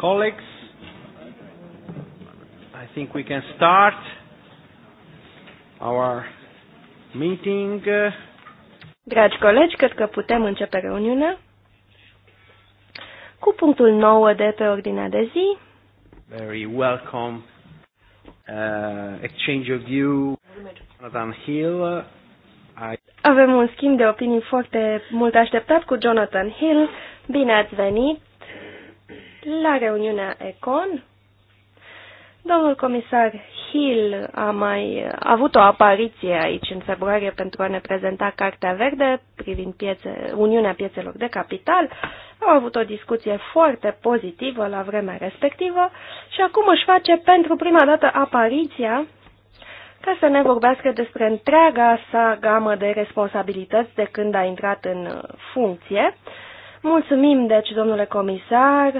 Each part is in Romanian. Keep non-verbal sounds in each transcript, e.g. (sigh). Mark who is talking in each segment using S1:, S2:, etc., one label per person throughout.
S1: Colleagues, I think we can start our meeting.
S2: Dragi colegi, cred că putem începe reuniunea cu punctul 9 de pe ordinea de zi.
S1: Very welcome uh, exchange of view. Jonathan Hill. Uh, I...
S2: Avem un schimb de opinii foarte mult așteptat cu Jonathan Hill. Bine ați venit! La reuniunea ECON, domnul comisar Hill a mai avut o apariție aici în februarie pentru a ne prezenta Cartea Verde privind piețe, Uniunea Piețelor de Capital. Au avut o discuție foarte pozitivă la vremea respectivă și acum își face pentru prima dată apariția ca să ne vorbească despre întreaga sa gamă de responsabilități de când a intrat în funcție. Mulțumim, deci, domnule comisar,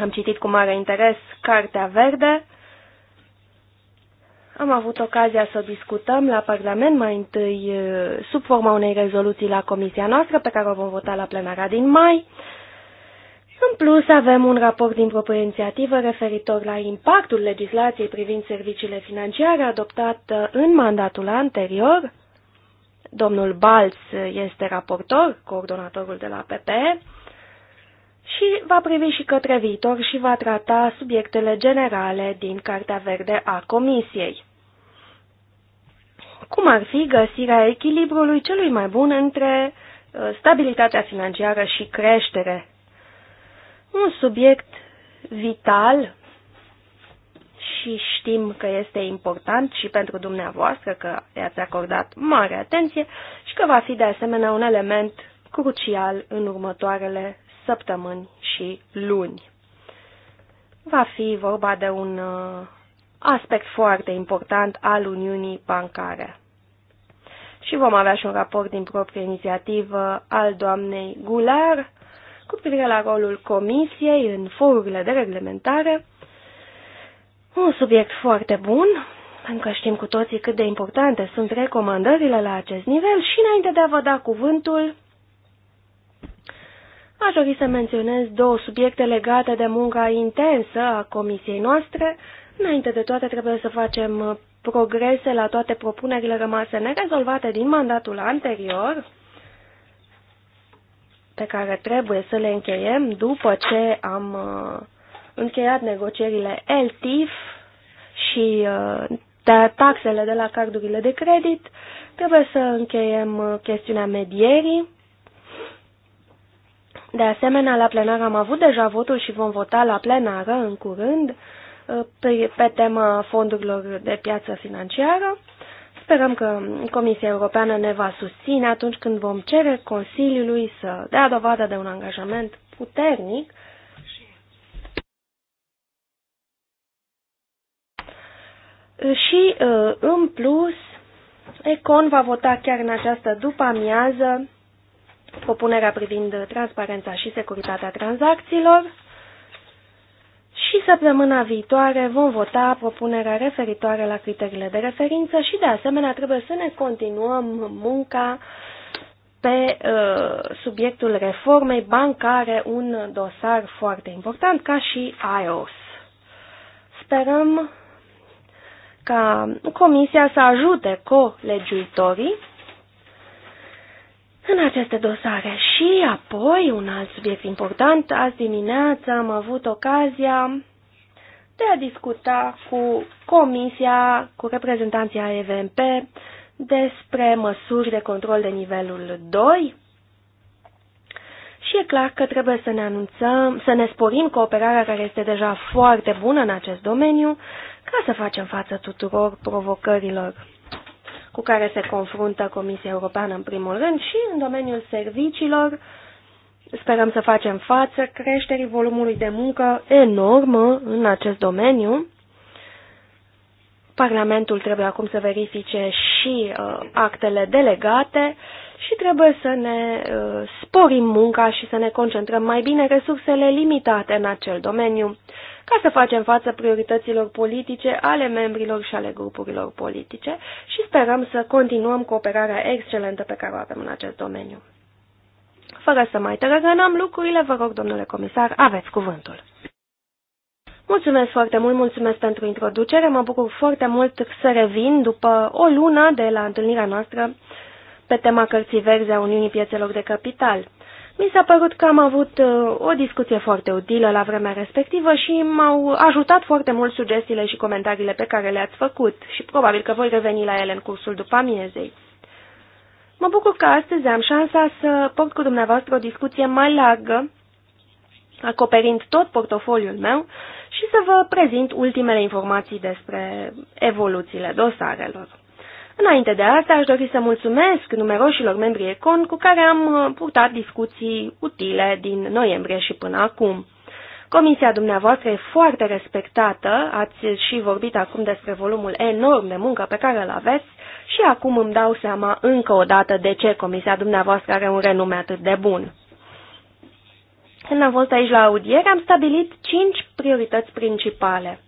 S2: am citit cu mare interes Cartea Verde. Am avut ocazia să o discutăm la Parlament mai întâi eh, sub forma unei rezoluții la comisia noastră pe care o vom vota la plenara din mai. În plus, avem un raport din proprie inițiativă referitor la impactul legislației privind serviciile financiare adoptat eh, în mandatul anterior. Domnul Balț eh, este raportor, coordonatorul de la PPE și va privi și către viitor și va trata subiectele generale din Cartea Verde a Comisiei. Cum ar fi găsirea echilibrului celui mai bun între uh, stabilitatea financiară și creștere? Un subiect vital și știm că este important și pentru dumneavoastră că i-ați acordat mare atenție și că va fi de asemenea un element crucial în următoarele săptămâni și luni. Va fi vorba de un uh, aspect foarte important al Uniunii Bancare. Și vom avea și un raport din proprie inițiativă al doamnei Gular cu privire la rolul Comisiei în forurile de reglementare. Un subiect foarte bun, pentru că știm cu toții cât de importante sunt recomandările la acest nivel și înainte de a vă da cuvântul, Aș dori să menționez două subiecte legate de munca intensă a comisiei noastre. Înainte de toate, trebuie să facem uh, progrese la toate propunerile rămase nerezolvate din mandatul anterior, pe care trebuie să le încheiem după ce am uh, încheiat negocierile LTIF și uh, de taxele de la cardurile de credit. Trebuie să încheiem chestiunea medierii de asemenea, la plenară am avut deja votul și vom vota la plenară în curând uh, pe, pe tema fondurilor de piață financiară. Sperăm că Comisia Europeană ne va susține atunci când vom cere Consiliului să dea dovadă de un angajament puternic Și, uh, în plus, Econ va vota chiar în această după-amiază propunerea privind transparența și securitatea tranzacțiilor și săptămâna viitoare vom vota propunerea referitoare la criteriile de referință și de asemenea trebuie să ne continuăm munca pe uh, subiectul reformei bancare, un dosar foarte important ca și IOS. Sperăm ca Comisia să ajute colegiuitorii în aceste dosare. Și apoi, un alt subiect important, azi dimineața am avut ocazia de a discuta cu comisia, cu reprezentanții AEVMP despre măsuri de control de nivelul 2 și e clar că trebuie să ne anunțăm, să ne sporim cooperarea care este deja foarte bună în acest domeniu ca să facem față tuturor provocărilor cu care se confruntă Comisia Europeană în primul rând și în domeniul serviciilor. Sperăm să facem față creșterii volumului de muncă enormă în acest domeniu. Parlamentul trebuie acum să verifice și uh, actele delegate și trebuie să ne uh, sporim munca și să ne concentrăm mai bine resursele limitate în acel domeniu ca să facem față priorităților politice ale membrilor și ale grupurilor politice și sperăm să continuăm cooperarea excelentă pe care o avem în acest domeniu. Fără să mai tărăgănăm lucrurile, vă rog, domnule comisar, aveți cuvântul. Mulțumesc foarte mult, mulțumesc pentru introducere. Mă bucur foarte mult să revin după o lună de la întâlnirea noastră pe tema cărții verzi a Uniunii Piețelor de Capital. Mi s-a părut că am avut uh, o discuție foarte utilă la vremea respectivă și m-au ajutat foarte mult sugestiile și comentariile pe care le-ați făcut și probabil că voi reveni la ele în cursul după amiezei. Mă bucur că astăzi am șansa să port cu dumneavoastră o discuție mai largă, acoperind tot portofoliul meu și să vă prezint ultimele informații despre evoluțiile dosarelor. Înainte de asta, aș dori să mulțumesc numeroșilor membri Econ cu care am uh, purtat discuții utile din noiembrie și până acum. Comisia dumneavoastră e foarte respectată, ați și vorbit acum despre volumul enorm de muncă pe care îl aveți și acum îmi dau seama încă o dată de ce comisia dumneavoastră are un renume atât de bun. Când am fost aici la audiere, am stabilit cinci priorități principale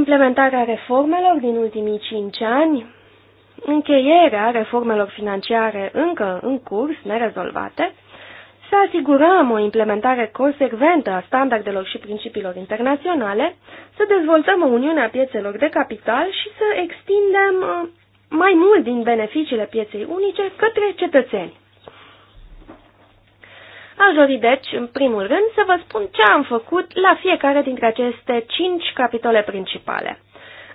S2: implementarea reformelor din ultimii cinci ani, încheierea reformelor financiare încă în curs, nerezolvate, să asigurăm o implementare consecventă a standardelor și principiilor internaționale, să dezvoltăm o uniune a piețelor de capital și să extindem uh, mai mult din beneficiile pieței unice către cetățeni. Aș dori, deci, în primul rând, să vă spun ce am făcut la fiecare dintre aceste cinci capitole principale.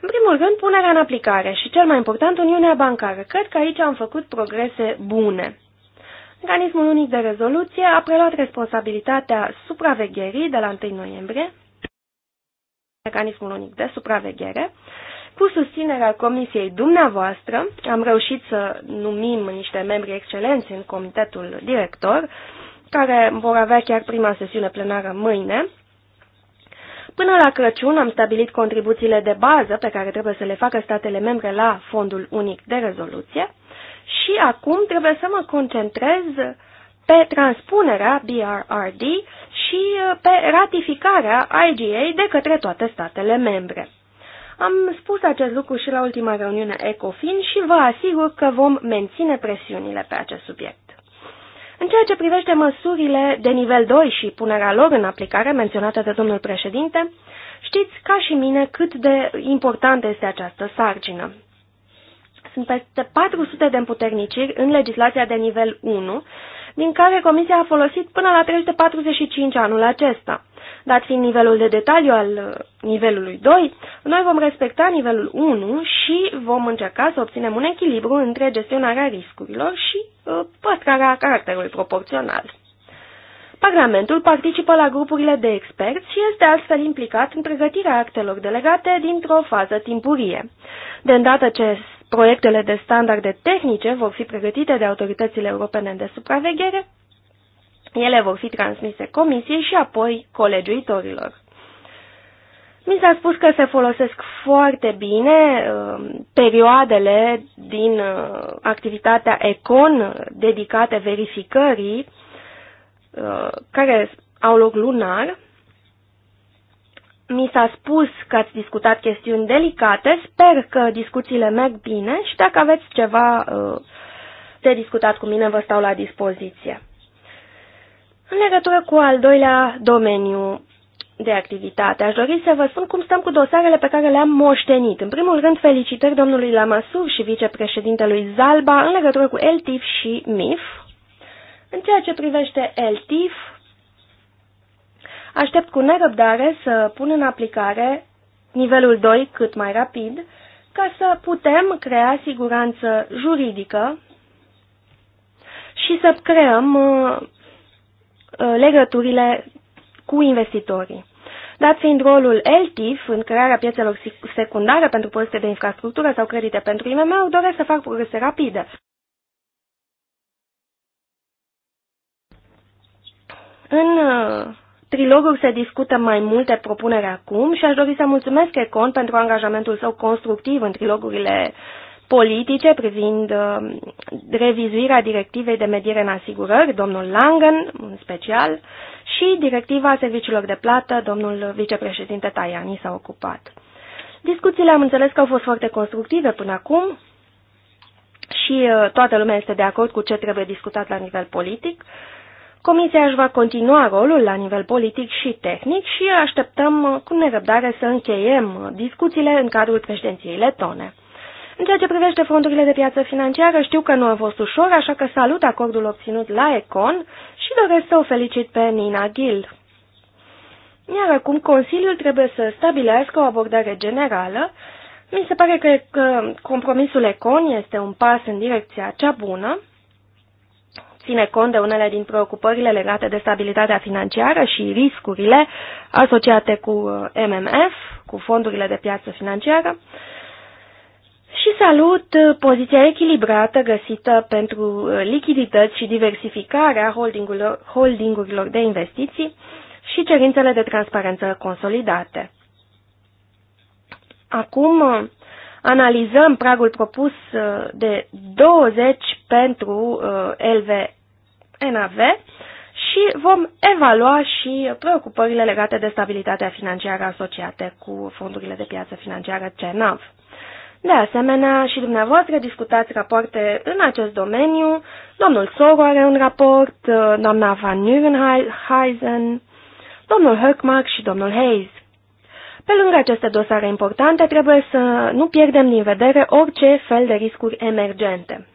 S2: În primul rând, punerea în aplicare și, cel mai important, Uniunea Bancară. Cred că aici am făcut progrese bune. Organismul unic de rezoluție a preluat responsabilitatea supravegherii de la 1 noiembrie, mecanismul unic de supraveghere, cu susținerea comisiei dumneavoastră, am reușit să numim niște membri excelenți în comitetul director care vor avea chiar prima sesiune plenară mâine. Până la Crăciun am stabilit contribuțiile de bază pe care trebuie să le facă statele membre la Fondul Unic de Rezoluție și acum trebuie să mă concentrez pe transpunerea BRRD și uh, pe ratificarea IGA de către toate statele membre. Am spus acest lucru și la ultima reuniune ECOFIN și vă asigur că vom menține presiunile pe acest subiect. În ceea ce privește măsurile de nivel 2 și punerea lor în aplicare menționată de domnul președinte, știți ca și mine cât de importantă este această sarcină. Sunt peste 400 de împuterniciri în legislația de nivel 1, din care Comisia a folosit până la 345 anul acesta dat fiind nivelul de detaliu al uh, nivelului 2, noi vom respecta nivelul 1 și vom încerca să obținem un echilibru între gestionarea riscurilor și uh, păstrarea caracterului proporțional. Parlamentul participă la grupurile de experți și este astfel implicat în pregătirea actelor delegate dintr-o fază timpurie. De îndată ce proiectele de standarde tehnice vor fi pregătite de autoritățile europene de supraveghere, ele vor fi transmise comisiei și apoi colegiuitorilor. Mi s-a spus că se folosesc foarte bine um, perioadele din uh, activitatea ECON uh, dedicate verificării uh, care au loc lunar. Mi s-a spus că ați discutat chestiuni delicate, sper că discuțiile merg bine și dacă aveți ceva de discutat cu mine, vă stau la dispoziție. În legătură cu al doilea domeniu de activitate, aș dori să vă spun cum stăm cu dosarele pe care le-am moștenit. În primul rând, felicitări domnului Lamasur și vicepreședintelui Zalba în legătură cu LTIF și MIF. În ceea ce privește LTIF, aștept cu nerăbdare să pun în aplicare nivelul 2 cât mai rapid, ca să putem crea siguranță juridică și să creăm uh, Uh, legăturile cu investitorii. Dat fiind rolul LTIF în crearea piețelor secundare pentru proiecte de infrastructură sau credite pentru IMM-uri, doresc să fac progrese rapide. În uh, trilogul se discută mai multe propuneri acum și aș dori să mulțumesc Econ pentru angajamentul său constructiv în trilogurile politice privind uh, revizuirea directivei de mediere în asigurări, domnul Langen în special, și directiva serviciilor de plată, domnul vicepreședinte Tajani s-a ocupat. Discuțiile am înțeles că au fost foarte constructive până acum și uh, toată lumea este de acord cu ce trebuie discutat la nivel politic. Comisia își va continua rolul la nivel politic și tehnic și așteptăm uh, cu nerăbdare să încheiem uh, discuțiile în cadrul președinției letone. În ceea ce privește fondurile de piață financiară, știu că nu a fost ușor, așa că salut acordul obținut la Econ și doresc să o felicit pe Nina Gil. Iar acum Consiliul trebuie să stabilească o abordare generală. Mi se pare că, că compromisul Econ este un pas în direcția cea bună, ține cont de unele din preocupările legate de stabilitatea financiară și riscurile asociate cu uh, MMF, cu fondurile de piață financiară, și salut uh, poziția echilibrată găsită pentru uh, lichidități și diversificarea holdingurilor, holdingurilor de investiții și cerințele de transparență consolidate. Acum uh, analizăm pragul propus de 20 pentru LVNAV și vom evalua și preocupările legate de stabilitatea financiară asociate cu fondurile de piață financiară CENAV. De asemenea, și dumneavoastră discutați rapoarte în acest domeniu. Domnul Soro are un raport, uh, doamna Van Nurenheisen, domnul Höckmark și domnul Hayes. Pe lângă aceste dosare importante, trebuie să nu pierdem din vedere orice fel de riscuri emergente.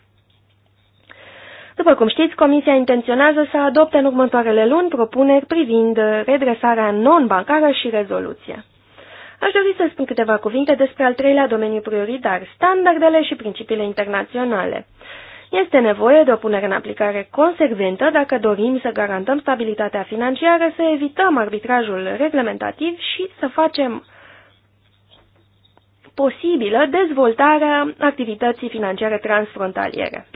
S2: După cum știți, Comisia intenționează să adopte în următoarele luni propuneri privind redresarea non-bancară și rezoluție. Aș dori să spun câteva cuvinte despre al treilea domeniu prioritar, standardele și principiile internaționale. Este nevoie de o punere în aplicare consecventă dacă dorim să garantăm stabilitatea financiară, să evităm arbitrajul reglementativ și să facem posibilă dezvoltarea activității financiare transfrontaliere.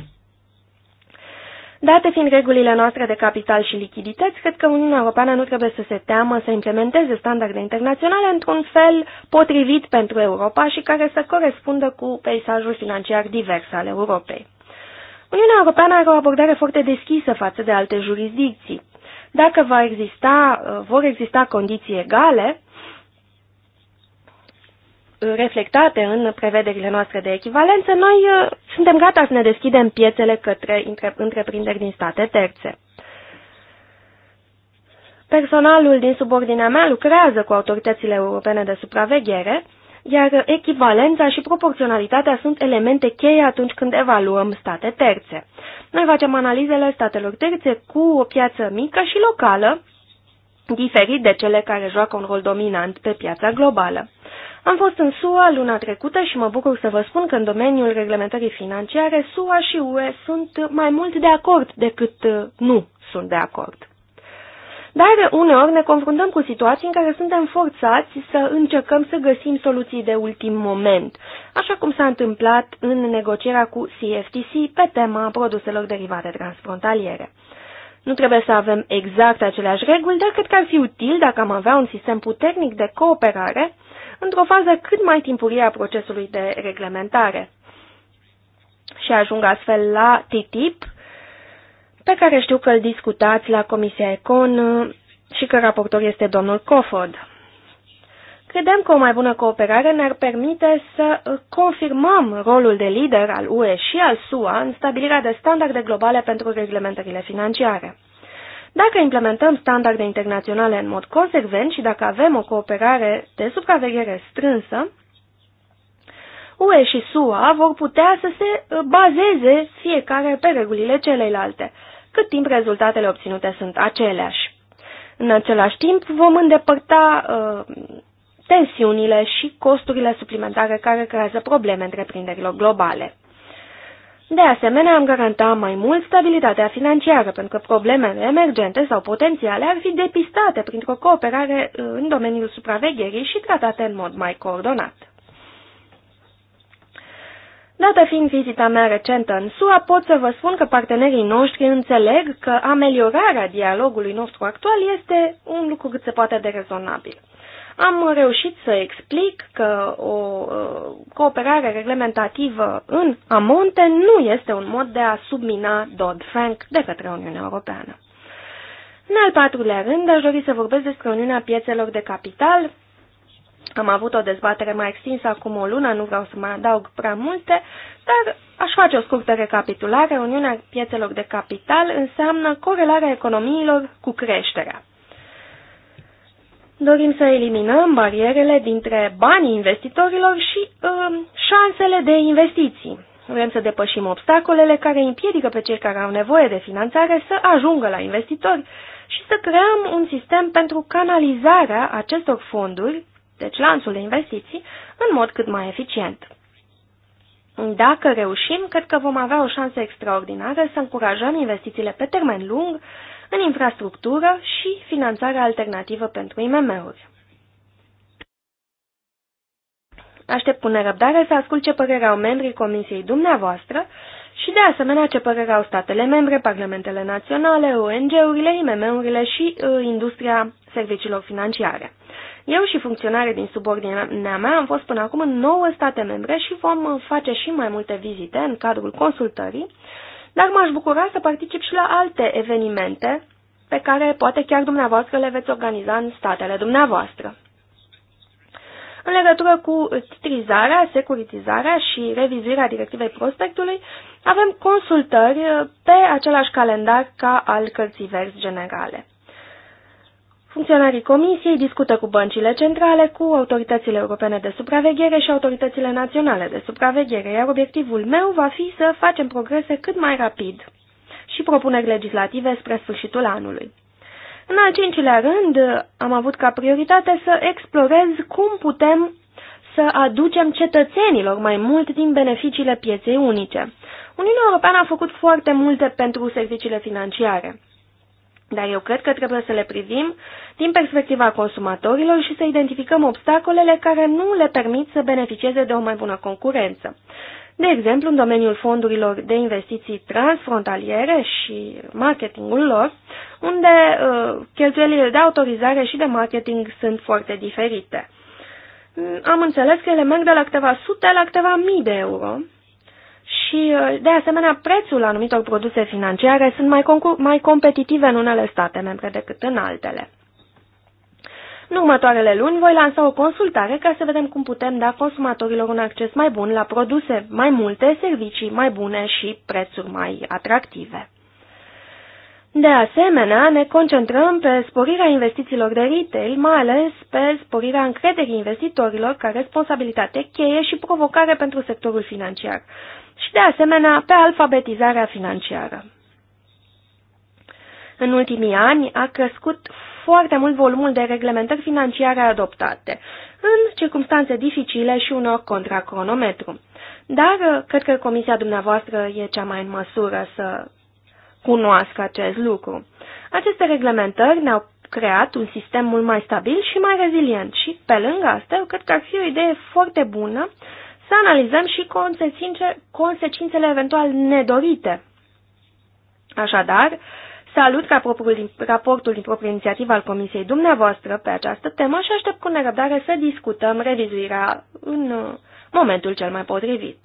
S2: Date fiind regulile noastre de capital și lichidități, cred că Uniunea Europeană nu trebuie să se teamă să implementeze standarde internaționale într-un fel potrivit pentru Europa și care să corespundă cu peisajul financiar divers al Europei. Uniunea Europeană are o abordare foarte deschisă față de alte jurisdicții. Dacă va exista, vor exista condiții egale, reflectate în prevederile noastre de echivalență, noi uh, suntem gata să ne deschidem piețele către întreprinderi din state terțe. Personalul din subordinea mea lucrează cu autoritățile europene de supraveghere, iar echivalența și proporționalitatea sunt elemente cheie atunci când evaluăm state terțe. Noi facem analizele statelor terțe cu o piață mică și locală, diferit de cele care joacă un rol dominant pe piața globală. Am fost în SUA luna trecută și mă bucur să vă spun că în domeniul reglementării financiare SUA și UE sunt mai mult de acord decât uh, nu sunt de acord. Dar uneori ne confruntăm cu situații în care suntem forțați să încercăm să găsim soluții de ultim moment, așa cum s-a întâmplat în negocierea cu CFTC pe tema produselor derivate transfrontaliere. Nu trebuie să avem exact aceleași reguli, dar cred că ar fi util dacă am avea un sistem puternic de cooperare într-o fază cât mai timpurie a procesului de reglementare. Și ajung astfel la TTIP, pe care știu că îl discutați la Comisia Econ și că raportor este domnul Cofod. Credem că o mai bună cooperare ne-ar permite să uh, confirmăm rolul de lider al UE și al SUA în stabilirea de standarde globale pentru reglementările financiare. Dacă implementăm standarde internaționale în mod consecvent și dacă avem o cooperare de supraveghere strânsă, UE și SUA vor putea să se uh, bazeze fiecare pe regulile celeilalte, cât timp rezultatele obținute sunt aceleași. În același timp, vom îndepărta uh, tensiunile și costurile suplimentare care creează probleme întreprinderilor globale. De asemenea, am garanta mai mult stabilitatea financiară, pentru că problemele emergente sau potențiale ar fi depistate printr-o cooperare uh, în domeniul supravegherii și tratate în mod mai coordonat. Dată fiind vizita mea recentă în SUA, pot să vă spun că partenerii noștri înțeleg că ameliorarea dialogului nostru actual este un lucru cât se poate de rezonabil am reușit să explic că o uh, cooperare reglementativă în amonte nu este un mod de a submina Dodd-Frank de către Uniunea Europeană. În al patrulea rând, aș dori să vorbesc despre Uniunea Piețelor de Capital. Am avut o dezbatere mai extinsă acum o lună, nu vreau să mai adaug prea multe, dar aș face o scurtă recapitulare. Uniunea Piețelor de Capital înseamnă corelarea economiilor cu creșterea. Dorim să eliminăm barierele dintre banii investitorilor și uh, șansele de investiții. Vrem să depășim obstacolele care împiedică pe cei care au nevoie de finanțare să ajungă la investitori și să creăm un sistem pentru canalizarea acestor fonduri, deci lanțul de investiții, în mod cât mai eficient. Dacă reușim, cred că vom avea o șansă extraordinară să încurajăm investițiile pe termen lung în infrastructură și finanțarea alternativă pentru IMM-uri. Aștept cu nerăbdare să ascult ce părere au membrii Comisiei dumneavoastră și de asemenea ce părere au statele membre, parlamentele naționale, ONG-urile, IMM-urile și uh, industria serviciilor financiare. Eu și funcționare din subordinea mea am fost până acum în 9 state membre și vom uh, face și mai multe vizite în cadrul consultării dar m-aș bucura să particip și la alte evenimente pe care poate chiar dumneavoastră le veți organiza în statele dumneavoastră. În legătură cu titrizarea, securitizarea și revizuirea directivei prospectului, avem consultări pe același calendar ca al cărții verzi generale. Funcționarii Comisiei discută cu băncile centrale, cu autoritățile europene de supraveghere și autoritățile naționale de supraveghere, iar obiectivul meu va fi să facem progrese cât mai rapid și propuneri legislative spre sfârșitul anului. În al cincilea rând, am avut ca prioritate să explorez cum putem să aducem cetățenilor mai mult din beneficiile pieței unice. Uniunea Europeană a făcut foarte multe pentru serviciile financiare, dar eu cred că trebuie să le privim din perspectiva consumatorilor și să identificăm obstacolele care nu le permit să beneficieze de o mai bună concurență. De exemplu, în domeniul fondurilor de investiții transfrontaliere și marketingul lor, unde uh, cheltuielile de autorizare și de marketing sunt foarte diferite. Am înțeles că ele merg de la câteva sute la câteva mii de euro și, uh, de asemenea, prețul anumitor produse financiare sunt mai, mai competitive în unele state membre decât în altele. În următoarele luni voi lansa o consultare ca să vedem cum putem da consumatorilor un acces mai bun la produse mai multe, servicii mai bune și prețuri mai atractive. De asemenea, ne concentrăm pe sporirea investițiilor de retail, mai ales pe sporirea încrederii investitorilor ca responsabilitate cheie și provocare pentru sectorul financiar și, de asemenea, pe alfabetizarea financiară. În ultimii ani a crescut foarte mult volumul de reglementări financiare adoptate, în circunstanțe dificile și unor contra cronometru. Dar uh, cred că comisia dumneavoastră e cea mai în măsură să cunoască acest lucru. Aceste reglementări ne-au creat un sistem mult mai stabil și mai rezilient și, pe lângă asta, eu cred că ar fi o idee foarte bună să analizăm și consecințe, consecințele eventual nedorite. Așadar, uh, Salut ca din, raportul din proprie inițiativă al Comisiei dumneavoastră pe această temă și aștept cu nerăbdare să discutăm revizuirea în uh, momentul cel mai potrivit.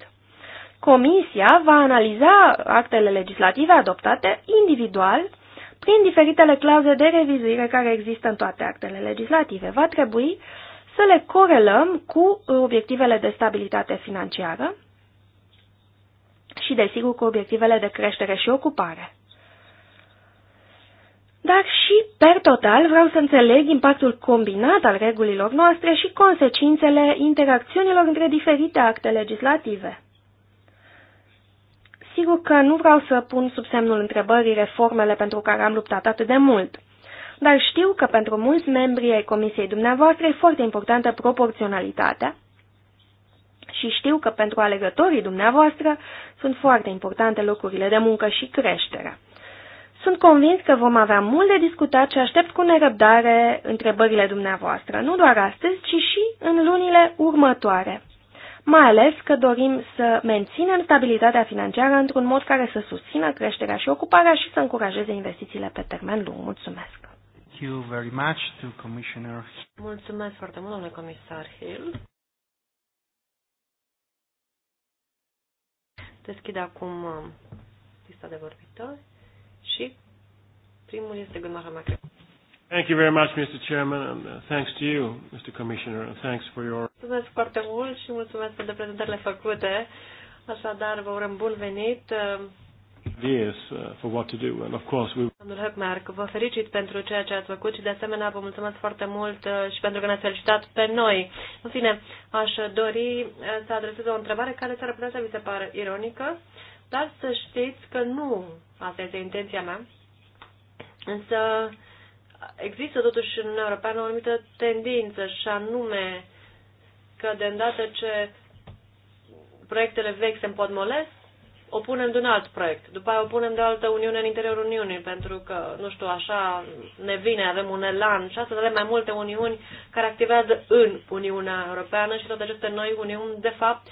S2: Comisia va analiza actele legislative adoptate individual prin diferitele clauze de revizuire care există în toate actele legislative. Va trebui să le corelăm cu obiectivele de stabilitate financiară și, desigur, cu obiectivele de creștere și ocupare dar și, per total, vreau să înțeleg impactul combinat al regulilor noastre și consecințele interacțiunilor între diferite acte legislative. Sigur că nu vreau să pun sub semnul întrebării reformele pentru care am luptat atât de mult, dar știu că pentru mulți membri ai comisiei dumneavoastră e foarte importantă proporționalitatea și știu că pentru alegătorii dumneavoastră sunt foarte importante locurile de muncă și creșterea. Sunt convins că vom avea mult de discutat și aștept cu nerăbdare întrebările dumneavoastră, nu doar astăzi, ci și în lunile următoare. Mai ales că dorim să menținem stabilitatea financiară într-un mod care să susțină creșterea și ocuparea și să încurajeze investițiile pe termen lung. Mulțumesc!
S1: you very much to Commissioner
S3: Mulțumesc foarte mult, domnule comisar Hill. Deschid acum uh, lista de vorbitori. Și primul este Gunnar Macri.
S1: Thank you very much, Mr. Chairman, and uh, thanks to you, Mr. Commissioner, and thanks for your...
S3: Mulțumesc foarte mult și mulțumesc pentru prezentările făcute. Așadar, vă urăm bun venit. Uh,
S1: Ideas uh, for what to do, and of course we...
S3: Domnul Höckmark, vă felicit pentru ceea ce ați făcut și de asemenea vă mulțumesc foarte mult uh, și pentru că ne-ați felicitat pe noi. În fine, aș dori să adresez o întrebare care s-ar putea să vi se pară ironică. Uh, dar să știți că nu asta este intenția mea. Însă există totuși în Uniunea Europeană o anumită tendință și anume că de îndată ce proiectele vechi se împotmolesc, o punem de un alt proiect. După aia o punem de o altă uniune în interiorul Uniunii, pentru că, nu știu, așa ne vine, avem un elan și astăzi avem mai multe uniuni care activează în Uniunea Europeană și toate aceste noi uniuni, de fapt,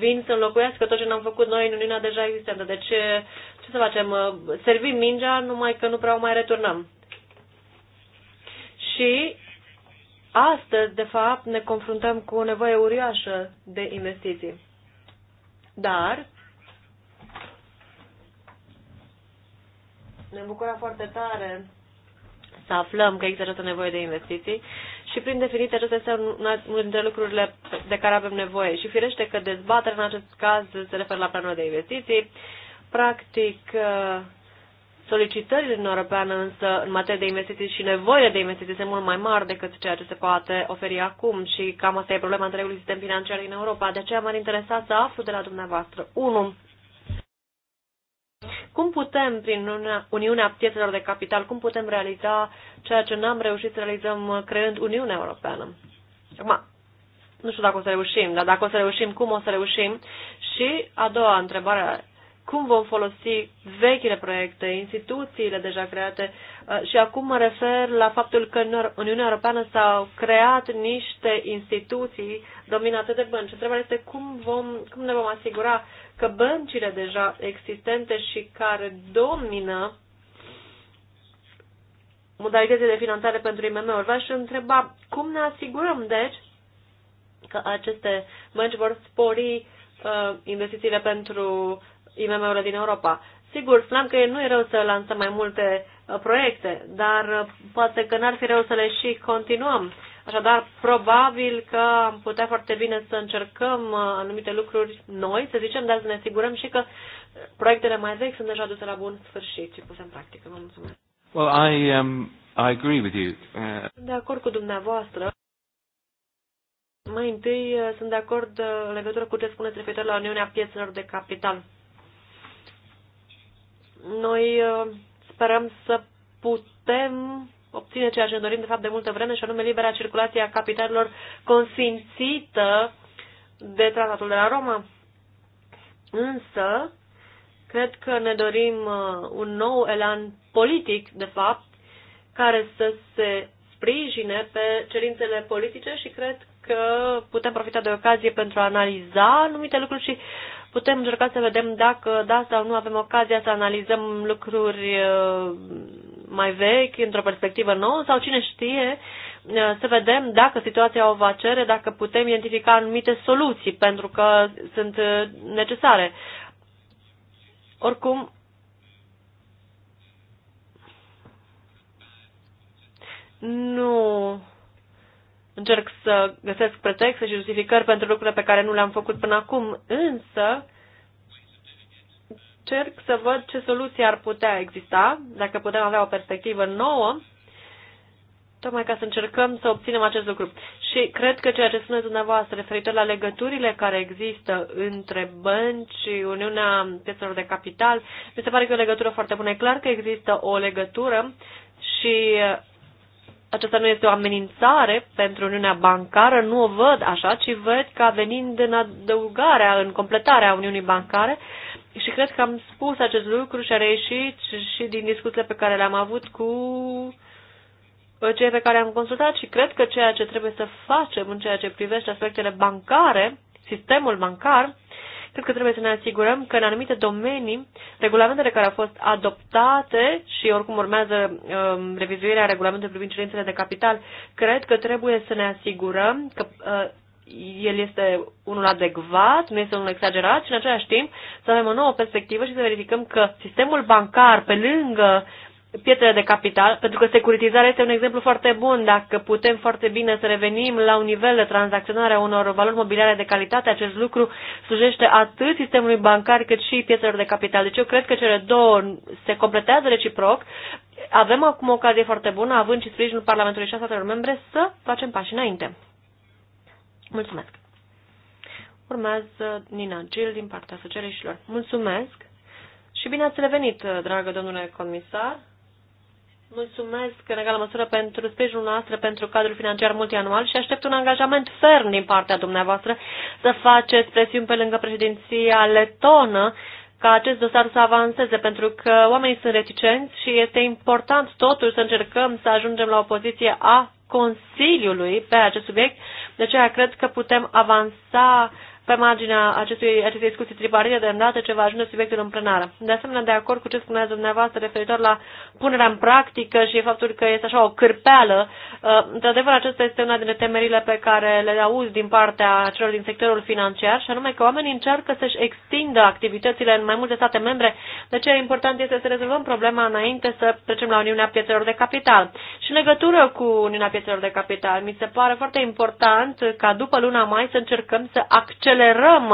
S3: vin să înlocuiască tot ce n-am făcut noi în Uniunea deja existentă. Deci, ce să facem? Uh, servim mingea, numai că nu prea o mai returnăm. Și astăzi, de fapt, ne confruntăm cu o nevoie uriașă de investiții. Dar ne bucură foarte tare să aflăm că există această nevoie de investiții și, prin definiție, acesta este unul dintre lucrurile de care avem nevoie. Și firește că dezbaterea în acest caz se referă la planul de investiții. Practic, solicitările în Europeană însă în materie de investiții și nevoile de investiții sunt mult mai mari decât ceea ce se poate oferi acum și cam asta e problema întregului sistem financiar din Europa. De aceea m-ar interesa să aflu de la dumneavoastră. 1. Cum putem, prin Uniunea Piețelor de Capital, cum putem realiza ceea ce n-am reușit să realizăm creând Uniunea Europeană? Acum, nu știu dacă o să reușim, dar dacă o să reușim, cum o să reușim? Și a doua întrebare, cum vom folosi vechile proiecte, instituțiile deja create. Uh, și acum mă refer la faptul că în Uniunea Europeană s-au creat niște instituții dominate de bănci. Întrebarea este cum, vom, cum ne vom asigura că băncile deja existente și care domină modalitățile de finanțare pentru IMM-uri. V-aș întreba cum ne asigurăm, deci, că aceste bănci vor spori uh, investițiile pentru IMM-urile din Europa. Sigur, spuneam că nu e rău să lansăm mai multe uh, proiecte, dar uh, poate că n-ar fi rău să le și continuăm. Așadar, probabil că am putea foarte bine să încercăm uh, anumite lucruri noi, să zicem, dar să ne asigurăm și că uh, proiectele mai vechi sunt deja duse la bun sfârșit și puse în practică. Vă mulțumesc.
S1: Well, I, um, I agree with you. Uh...
S3: De acord cu dumneavoastră. Mai întâi uh, sunt de acord uh, în legătură cu ce spuneți referitor la Uniunea Piețelor de Capital. Noi uh, sperăm să putem obține ceea ce ne dorim de fapt de multă vreme și anume libera circulație a capitalelor consimțită de tratatul de la Roma. Însă, cred că ne dorim un nou elan politic, de fapt, care să se sprijine pe cerințele politice și cred că putem profita de ocazie pentru a analiza anumite lucruri și putem încerca să vedem dacă da sau nu avem ocazia să analizăm lucruri uh, mai vechi, într-o perspectivă nouă sau cine știe, uh, să vedem dacă situația o va cere, dacă putem identifica anumite soluții pentru că sunt uh, necesare. Oricum, nu încerc să găsesc pretexte și justificări pentru lucrurile pe care nu le-am făcut până acum, însă încerc să văd ce soluții ar putea exista, dacă putem avea o perspectivă nouă, tocmai ca să încercăm să obținem acest lucru. Și cred că ceea ce spuneți dumneavoastră referitor la legăturile care există între bănci și Uniunea Piețelor de Capital, mi se pare că e o legătură foarte bună. E clar că există o legătură și aceasta nu este o amenințare pentru Uniunea Bancară, nu o văd așa, ci văd ca venind în adăugarea, în completarea Uniunii Bancare și cred că am spus acest lucru și a reieșit și din discuțiile pe care le-am avut cu cei pe care am consultat și cred că ceea ce trebuie să facem în ceea ce privește aspectele bancare, sistemul bancar, Cred că trebuie să ne asigurăm că în anumite domenii, regulamentele care au fost adoptate și oricum urmează um, revizuirea regulamentului privind cerințele de capital, cred că trebuie să ne asigurăm că uh, el este unul adecvat, nu este unul exagerat și în același timp să avem o nouă perspectivă și să verificăm că sistemul bancar, pe lângă pietrele de capital, pentru că securitizarea este un exemplu foarte bun. Dacă putem foarte bine să revenim la un nivel de tranzacționare a unor valori mobiliare de calitate, acest lucru slujește atât sistemului bancar cât și pietrelor de capital. Deci eu cred că cele două se completează reciproc. Avem acum o ocazie foarte bună, având și sprijinul Parlamentului și a statelor membre, să facem pași înainte. Mulțumesc. Urmează Nina Gil din partea socialiștilor. Mulțumesc și bine ați revenit, dragă domnule comisar. Mulțumesc în egală măsură pentru sprijinul noastră pentru cadrul financiar multianual și aștept un angajament ferm din partea dumneavoastră să faceți presiuni pe lângă președinția letonă ca acest dosar să avanseze, pentru că oamenii sunt reticenți și este important totuși să încercăm să ajungem la o poziție a Consiliului pe acest subiect. De aceea cred că putem avansa pe marginea acestui, acestei discuții tripartite de îndată ce va ajunge subiectul în plenară. De asemenea, de acord cu ce spuneați dumneavoastră referitor la punerea în practică și faptul că este așa o cârpeală, uh, într-adevăr, aceasta este una dintre temerile pe care le auzi din partea celor din sectorul financiar, și anume că oamenii încearcă să-și extindă activitățile în mai multe state membre. De ce important este să rezolvăm problema înainte să trecem la Uniunea Piețelor de Capital. Și în legătură cu Uniunea Piețelor de Capital, mi se pare foarte important ca după luna mai să încercăm să acceptăm accelerăm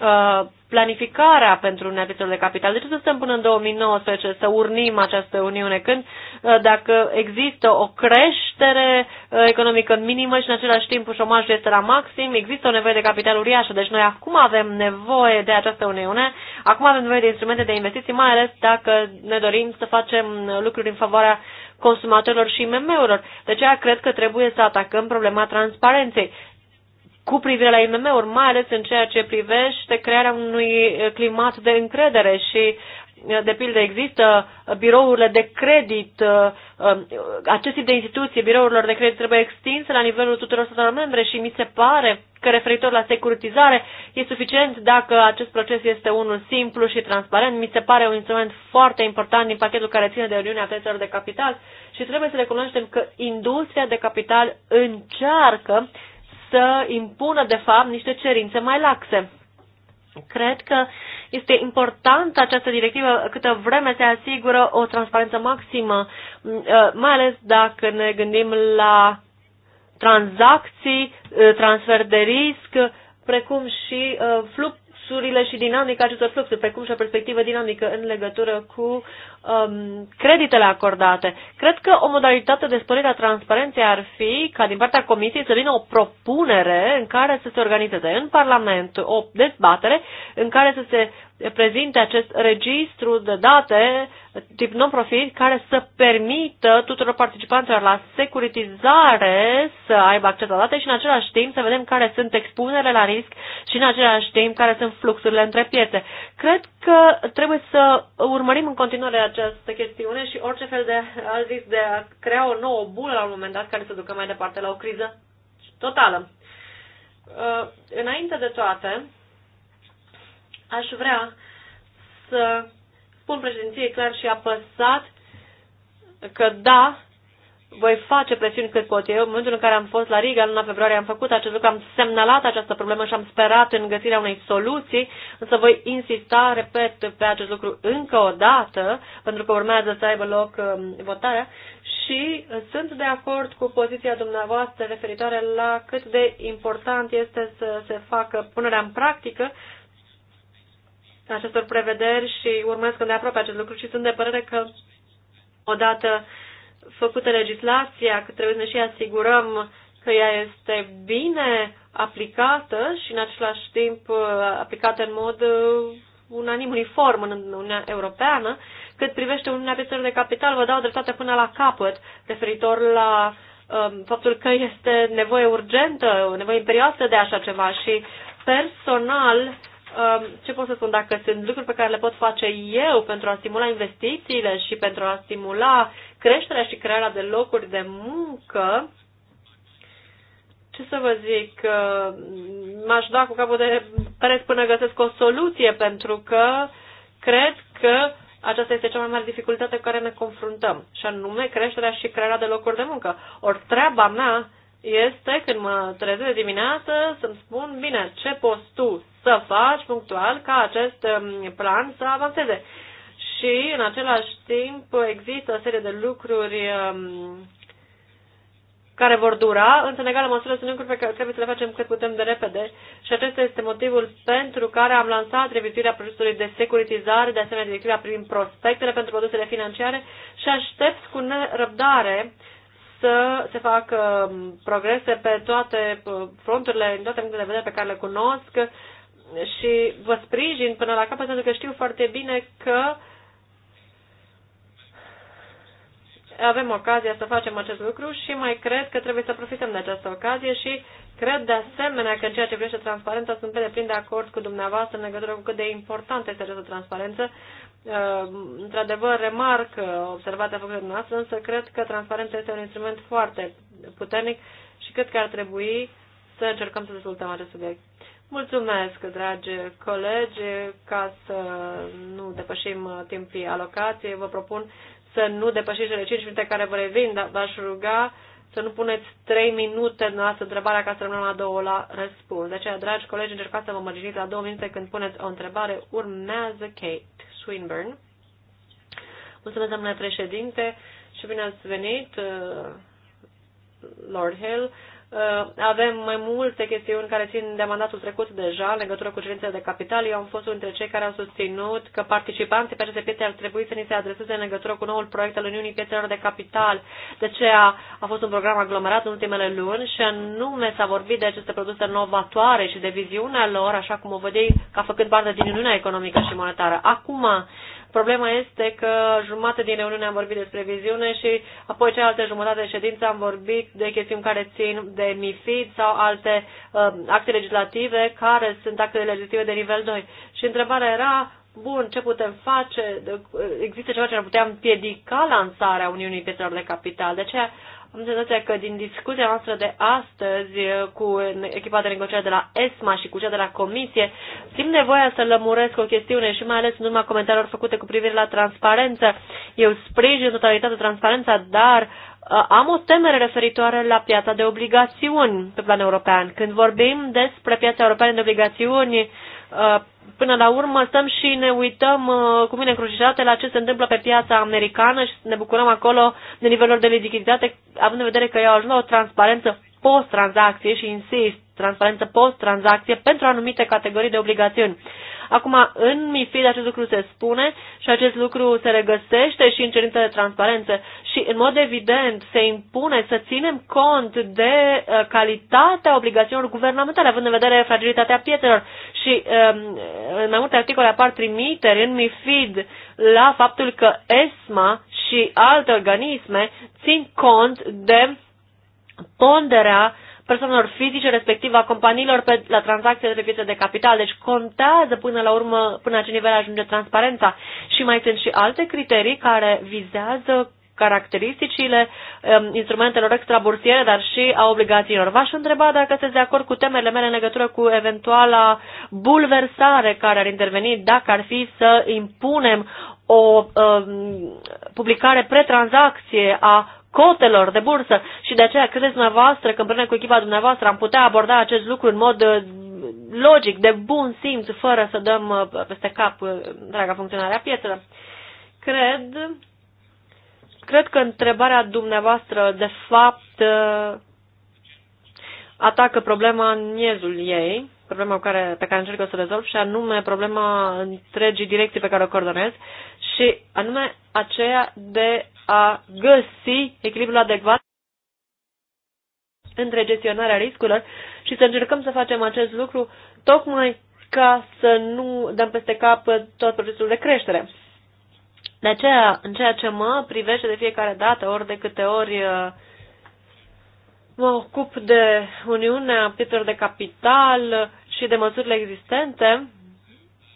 S3: uh, planificarea pentru neapitele de capital. De deci ce să stăm până în 2019 să urnim această Uniune când uh, dacă există o creștere uh, economică minimă și în același timp șomajul este la maxim, există o nevoie de capital uriașă. Deci noi acum avem nevoie de această Uniune, acum avem nevoie de instrumente de investiții, mai ales dacă ne dorim să facem uh, lucruri în favoarea consumatorilor și IMM-urilor. De aceea cred că trebuie să atacăm problema transparenței cu privire la IMM-uri, mai ales în ceea ce privește crearea unui eh, climat de încredere și eh, de pildă există birourile de credit, eh, acest tip de instituție birourilor de credit trebuie extinse la nivelul tuturor statelor membre și mi se pare că referitor la securitizare e suficient dacă acest proces este unul simplu și transparent. Mi se pare un instrument foarte important din pachetul care ține de Uniunea Piețelor de Capital și trebuie să recunoaștem că industria de capital încearcă să impună, de fapt, niște cerințe mai laxe. Cred că este importantă această directivă câtă vreme se asigură o transparență maximă, uh, mai ales dacă ne gândim la tranzacții, uh, transfer de risc, precum și uh, fluxurile și dinamica acestor fluxuri, precum și o perspectivă dinamică în legătură cu um, creditele acordate. Cred că o modalitate de sporire a transparenței ar fi ca din partea Comisiei să vină o propunere în care să se organizeze în Parlament o dezbatere în care să se prezinte acest registru de date tip non-profit care să permită tuturor participanților la securitizare să aibă acces la date și în același timp să vedem care sunt expunerile la risc și în același timp care sunt fluxurile între piețe. Cred că trebuie să urmărim în continuare această chestiune și orice fel de, a zis, de a crea o nouă bulă la un moment dat care să ducă mai departe la o criză totală. Uh, înainte de toate, aș vrea să spun președinției clar și apăsat că da, voi face presiuni cât pot eu. În momentul în care am fost la Riga, luna februarie, am făcut acest lucru, am semnalat această problemă și am sperat în găsirea unei soluții, însă voi insista, repet, pe acest lucru încă o dată, pentru că urmează să aibă loc um, votarea și uh, sunt de acord cu poziția dumneavoastră referitoare la cât de important este să se facă punerea în practică acestor prevederi și urmăresc de aproape acest lucru și sunt de părere că odată uh, făcută legislația, că trebuie să ne și asigurăm că ea este bine aplicată și în același timp uh, aplicată în mod uh, unanim uniform în Uniunea Europeană, cât privește Uniunea Piețelor de Capital, vă dau dreptate până la capăt referitor la um, faptul că este nevoie urgentă, nevoie imperioasă de așa ceva și personal, um, ce pot să spun, dacă sunt lucruri pe care le pot face eu pentru a stimula investițiile și pentru a stimula uh, creșterea și crearea de locuri de muncă, ce să vă zic, m-aș da cu capul de pereți până găsesc o soluție, pentru că cred că aceasta este cea mai mare dificultate cu care ne confruntăm, și anume creșterea și crearea de locuri de muncă. Ori treaba mea este când mă trezesc dimineață să-mi spun, bine, ce poți tu să faci punctual ca acest um, plan să avanseze și în același timp există o serie de lucruri um, care vor dura, însă în egală măsură sunt lucruri pe care trebuie să le facem cât putem de repede și acesta este motivul pentru care am lansat revizuirea procesului de securitizare, de asemenea directiva prin prospectele pentru produsele financiare și aștept cu nerăbdare să se facă um, progrese pe toate uh, fronturile, în toate punctele de vedere pe care le cunosc și vă sprijin până la capăt pentru că știu foarte bine că uh, avem ocazia să facem acest lucru și mai cred că trebuie să profităm de această ocazie și cred de asemenea că în ceea ce privește transparența sunt pe deplin de acord cu dumneavoastră în legătură cu cât de importantă este această transparență. Uh, într-adevăr, remarc observația făcută dumneavoastră, însă cred că transparența este un instrument foarte puternic și cred că ar trebui să încercăm să dezvoltăm acest subiect. Mulțumesc, dragi colegi, ca să nu depășim timpii alocației, vă propun să nu depășiți cele 5 minute care vă revin, dar v-aș ruga să nu puneți 3 minute în asta întrebarea ca să rămână la două la răspuns. De aceea, dragi colegi, încercați să vă mărginiți la două minute când puneți o întrebare. Urmează Kate Swinburne. Mulțumesc, domnule președinte, și bine ați venit, uh, Lord Hill. Uh, avem mai multe chestiuni care țin de mandatul trecut deja în legătură cu cerințele de capital. Eu am fost unul dintre cei care au susținut că participanții pe aceste piețe ar trebui să ni se adreseze în legătură cu noul proiect al Uniunii Piețelor de Capital. De ce a, a fost un program aglomerat în ultimele luni și anume s-a vorbit de aceste produse novatoare și de viziunea lor, așa cum o vădei ca făcând parte din Uniunea Economică și Monetară. Acum, Problema este că jumătate din reuniune am vorbit despre viziune și apoi cealaltă jumătate de ședință am vorbit de chestiuni care țin de MIFID sau alte uh, acte legislative care sunt acte legislative de nivel 2. Și întrebarea era, bun, ce putem face? Uh, există ceva ce ar putea împiedica lansarea Uniunii Pietrelor de Capital? De aceea am senzația că din discuția noastră de astăzi cu echipa de negociare de la ESMA și cu cea de la Comisie, simt nevoia să lămuresc o chestiune și mai ales în urma comentariilor făcute cu privire la transparență. Eu sprijin totalitatea totalitate transparența, dar uh, am o temere referitoare la piața de obligațiuni pe plan european. Când vorbim despre piața europeană de obligațiuni, Uh, până la urmă stăm și ne uităm uh, cu mine încrucișate la ce se întâmplă pe piața americană și ne bucurăm acolo de nivelul de lichiditate, având în vedere că eu ajuns la o transparență post-tranzacție și insist transparență post-tranzacție pentru anumite categorii de obligațiuni. Acum, în MIFID acest lucru se spune și acest lucru se regăsește și în cerințele de transparență și, în mod evident, se impune să ținem cont de uh, calitatea obligațiunilor guvernamentale, având în vedere fragilitatea piețelor. Și um, în mai multe articole apar trimiteri în MIFID la faptul că ESMA și alte organisme țin cont de ponderea uh, persoanelor fizice, respectiv a companiilor pe, la tranzacțiile de piețe de capital. Deci contează până la urmă, până la ce nivel ajunge transparența. Și mai sunt și alte criterii care vizează caracteristicile um, instrumentelor extrabursiere, dar și a obligațiilor. V-aș întreba dacă sunteți de acord cu temerile mele în legătură cu eventuala bulversare care ar interveni dacă ar fi să impunem o um, publicare pretranzacție a cotelor de bursă și de aceea credeți dumneavoastră că împreună cu echipa dumneavoastră am putea aborda acest lucru în mod uh, logic, de bun simț, fără să dăm uh, peste cap uh, draga a piețelor. Cred, cred că întrebarea dumneavoastră, de fapt, atacă problema în miezul ei, problema pe care, pe care încerc să o rezolv, și anume problema întregii direcții pe care o coordonez, și anume aceea de a găsi echilibrul adecvat între gestionarea riscurilor și să încercăm să facem acest lucru tocmai ca să nu dăm peste cap tot procesul de creștere. De aceea, în ceea ce mă privește de fiecare dată, ori de câte ori uh, mă ocup de Uniunea Pietrelor de Capital și de măsurile existente,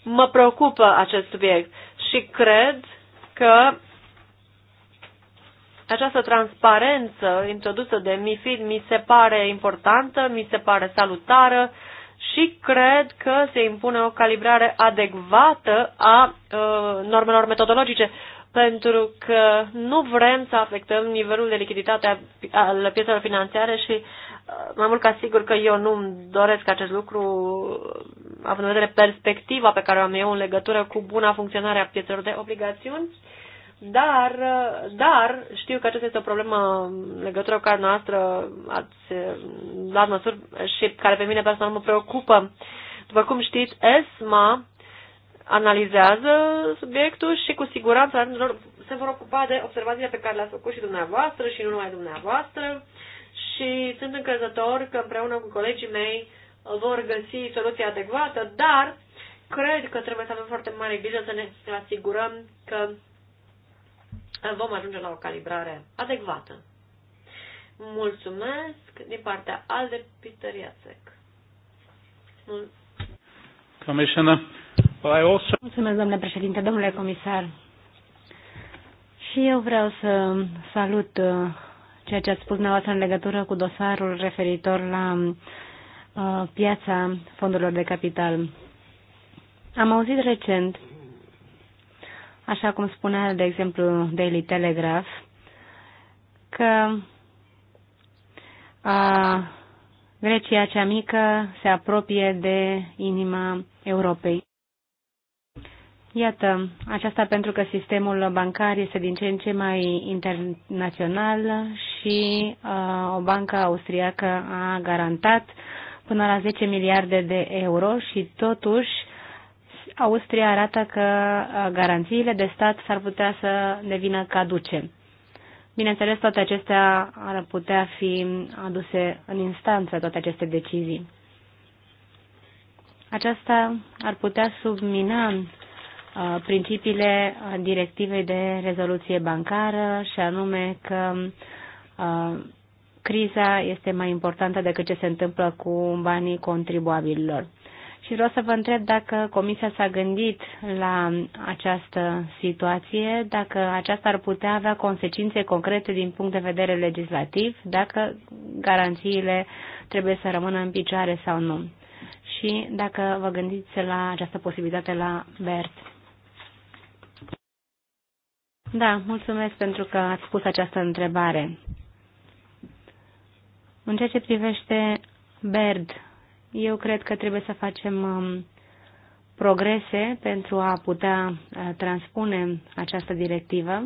S3: mă preocupă acest subiect și cred că această transparență introdusă de MIFID mi se pare importantă, mi se pare salutară și cred că se impune o calibrare adecvată a uh, normelor metodologice, pentru că nu vrem să afectăm nivelul de lichiditate al piețelor financiare și uh, mai mult ca sigur că eu nu-mi doresc acest lucru, având în vedere perspectiva pe care o am eu în legătură cu buna funcționare a piețelor de obligațiuni. Dar, dar știu că aceasta este o problemă legătură cu care noastră ați luat măsuri și care pe mine personal mă preocupă. După cum știți, ESMA analizează subiectul și cu siguranță se vor ocupa de observațiile pe care le-ați făcut și dumneavoastră și nu numai dumneavoastră și sunt încrezător că împreună cu colegii mei vor găsi soluția adecvată, dar cred că trebuie să avem foarte mare grijă să ne asigurăm că vom ajunge la o calibrare adecvată. Mulțumesc din partea ALDE
S4: Peter Iasek.
S5: Commissioner, I
S4: also... Mulțumesc, domnule președinte, domnule comisar. Și eu vreau să salut uh, ceea ce ați spus dumneavoastră în legătură cu dosarul referitor la uh, piața fondurilor de capital. Am auzit recent așa cum spunea, de exemplu, Daily Telegraph, că a, Grecia cea mică se apropie de inima Europei. Iată, aceasta pentru că sistemul bancar este din ce în ce mai internațional și a, o bancă austriacă a garantat până la 10 miliarde de euro și totuși Austria arată că uh, garanțiile de stat s-ar putea să devină caduce. Bineînțeles, toate acestea ar putea fi aduse în instanță, toate aceste decizii. Aceasta ar putea submina uh, principiile uh, directivei de rezoluție bancară și anume că criza este mai importantă decât ce se întâmplă cu banii contribuabililor și vreau să vă întreb dacă Comisia s-a gândit la această situație, dacă aceasta ar putea avea consecințe concrete din punct de vedere legislativ, dacă garanțiile trebuie să rămână în picioare sau nu. Și dacă vă gândiți la această posibilitate la BERT. Da, mulțumesc pentru că ați pus această întrebare. În ceea ce privește BERD, eu cred că trebuie să facem um, progrese pentru a putea uh, transpune această directivă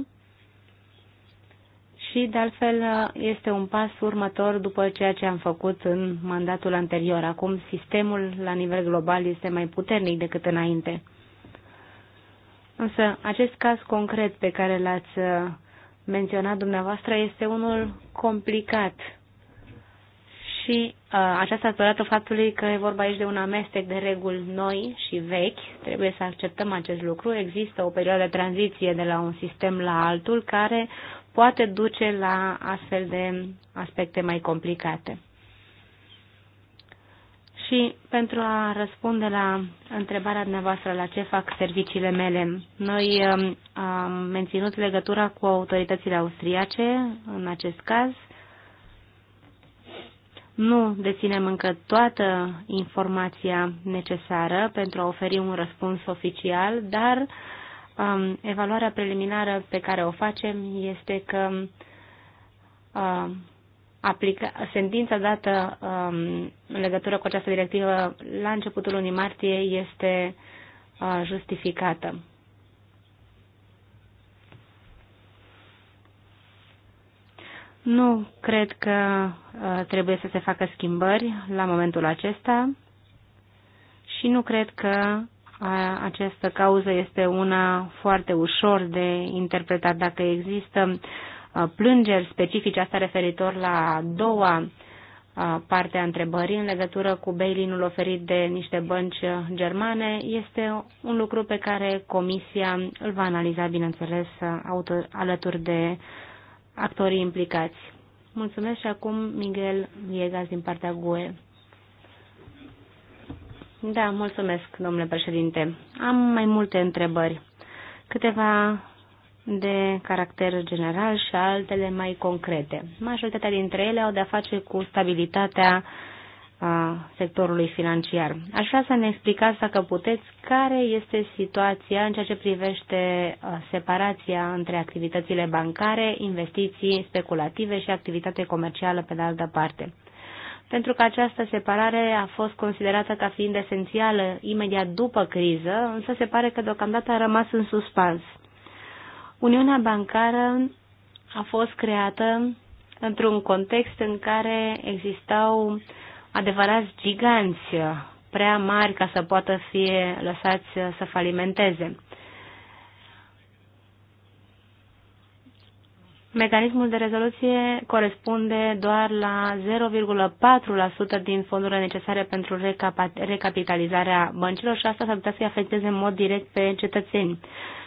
S4: și, de altfel, uh, este un pas următor după ceea ce am făcut în mandatul anterior. Acum sistemul la nivel global este mai puternic decât înainte. Însă, acest caz concret pe care l-ați uh, menționat dumneavoastră este unul complicat și uh, aceasta datorată faptului că e vorba aici de un amestec de reguli noi și vechi. Trebuie să acceptăm acest lucru. Există o perioadă de tranziție de la un sistem la altul care poate duce la astfel de aspecte mai complicate. Și pentru a răspunde la întrebarea dumneavoastră la ce fac serviciile mele, noi um, am menținut legătura cu autoritățile austriace în acest caz nu deținem încă toată informația necesară pentru a oferi un răspuns oficial, dar um, evaluarea preliminară pe care o facem este că um, aplica, sentința dată um, în legătură cu această directivă la începutul lunii martie este uh, justificată. Nu cred că ă, trebuie să se facă schimbări la momentul acesta și nu cred că ă, această cauză este una foarte ușor de interpretat. Dacă există ă, plângeri specifice, asta referitor la a doua parte a întrebării în legătură cu bailinul oferit de niște bănci germane, este un lucru pe care Comisia îl va analiza, bineînțeles, alături de actorii implicați. Mulțumesc și acum Miguel Viegas din partea GUE. Da, mulțumesc, domnule președinte. Am mai multe întrebări. Câteva de caracter general și altele mai concrete. Majoritatea dintre ele au de-a face cu stabilitatea uh, a sectorului financiar. Aș vrea să ne explicați, dacă puteți, care este situația în ceea ce privește uh, separația între activitățile bancare, investiții speculative și activitate comercială pe de altă parte. Pentru că această separare a fost considerată ca fiind esențială imediat după criză, însă se pare că deocamdată a rămas în suspans. Uniunea bancară a fost creată într-un context în care existau uh, adevărați giganți, uh, prea mari ca să poată fi lăsați uh, să falimenteze. Mecanismul de rezoluție corespunde doar la 0,4% din fondurile necesare pentru recapitalizarea băncilor și asta s-ar putea să-i afecteze în mod direct pe cetățeni.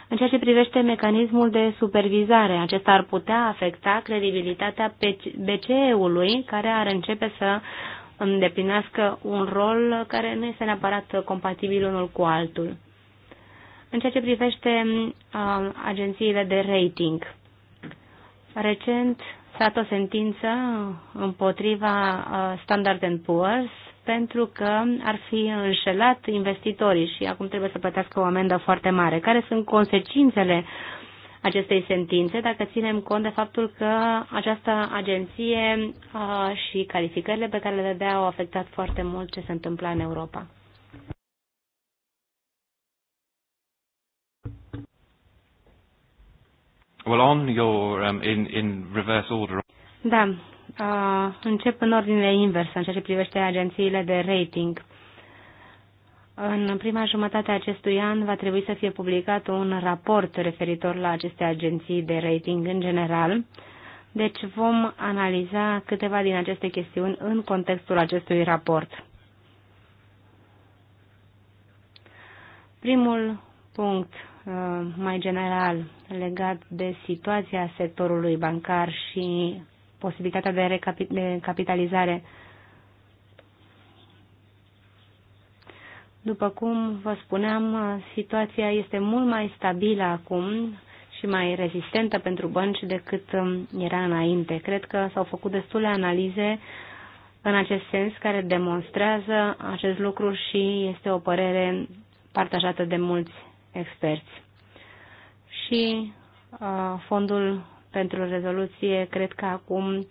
S4: În ceea ce privește mecanismul de supervizare, acesta ar putea afecta credibilitatea BCE-ului, care ar începe să îndeplinească un rol care nu este neapărat compatibil unul cu altul. În ceea ce privește uh, agențiile de rating, recent s-a dat o sentință împotriva uh, Standard Poor's pentru că ar fi înșelat investitorii și acum trebuie să plătească o amendă foarte mare. Care sunt consecințele uh, acestei sentințe, dacă ținem cont de faptul că această agenție și calificările pe care le dădea au afectat foarte mult ce se întâmpla în Europa.
S1: Well, on your, um, in, in reverse order.
S4: Da, uh, încep în ordine inversă în ceea ce privește agențiile de rating. Uh, în prima jumătate a acestui an va trebui să fie publicat un raport referitor la aceste agenții de rating în general, deci vom analiza câteva din aceste chestiuni în contextul acestui raport. Primul punct uh, mai general legat de situația sectorului bancar și posibilitatea de recapitalizare După cum vă spuneam, situația este mult mai stabilă acum și mai rezistentă pentru bănci decât um, era înainte. Cred că s-au făcut destule analize în acest sens care demonstrează acest lucru și este o părere partajată de mulți experți. Și uh, fondul pentru rezoluție cred că acum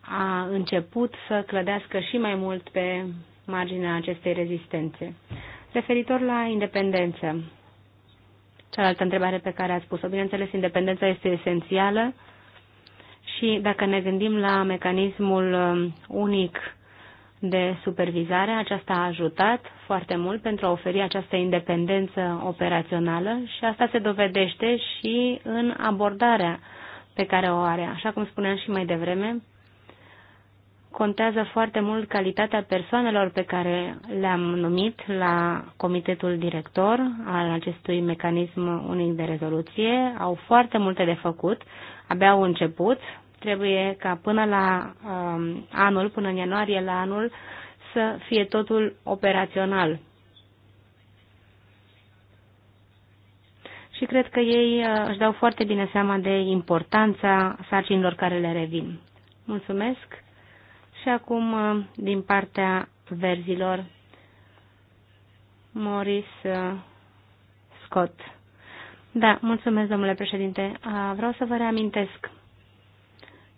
S4: a început să clădească și mai mult pe marginea acestei rezistențe. Referitor la independență, cealaltă întrebare pe care ați spus-o, bineînțeles, independența este esențială și dacă ne gândim la mecanismul um, unic de supervizare, aceasta a ajutat foarte mult pentru a oferi această independență operațională și asta se dovedește și în abordarea pe care o are. Așa cum spuneam și mai devreme, contează foarte mult calitatea persoanelor pe care le-am numit la comitetul director al acestui mecanism unic de rezoluție. Au foarte multe de făcut, abia au început. Trebuie ca până la um, anul, până în ianuarie la anul, să fie totul operațional. Și cred că ei uh, își dau foarte bine seama de importanța sarcinilor care le revin. Mulțumesc! Și acum, uh, din partea verzilor, Morris uh, Scott. Da, mulțumesc, domnule președinte. Uh, vreau să vă reamintesc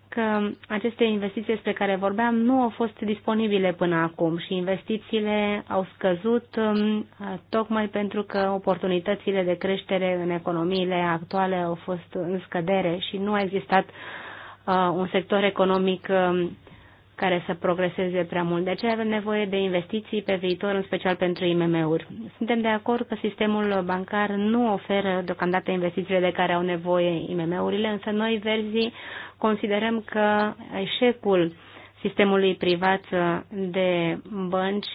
S4: că aceste investiții despre care vorbeam nu au fost disponibile până acum și investițiile au scăzut um, tocmai pentru că oportunitățile de creștere în economiile actuale au fost în scădere și nu a existat un sector economic um, care să progreseze prea mult. De aceea avem nevoie de investiții pe viitor, în special pentru IMM-uri. Suntem de acord că sistemul bancar nu oferă deocamdată investițiile de care au nevoie IMM-urile, însă noi, verzii, considerăm că eșecul sistemului privat de bănci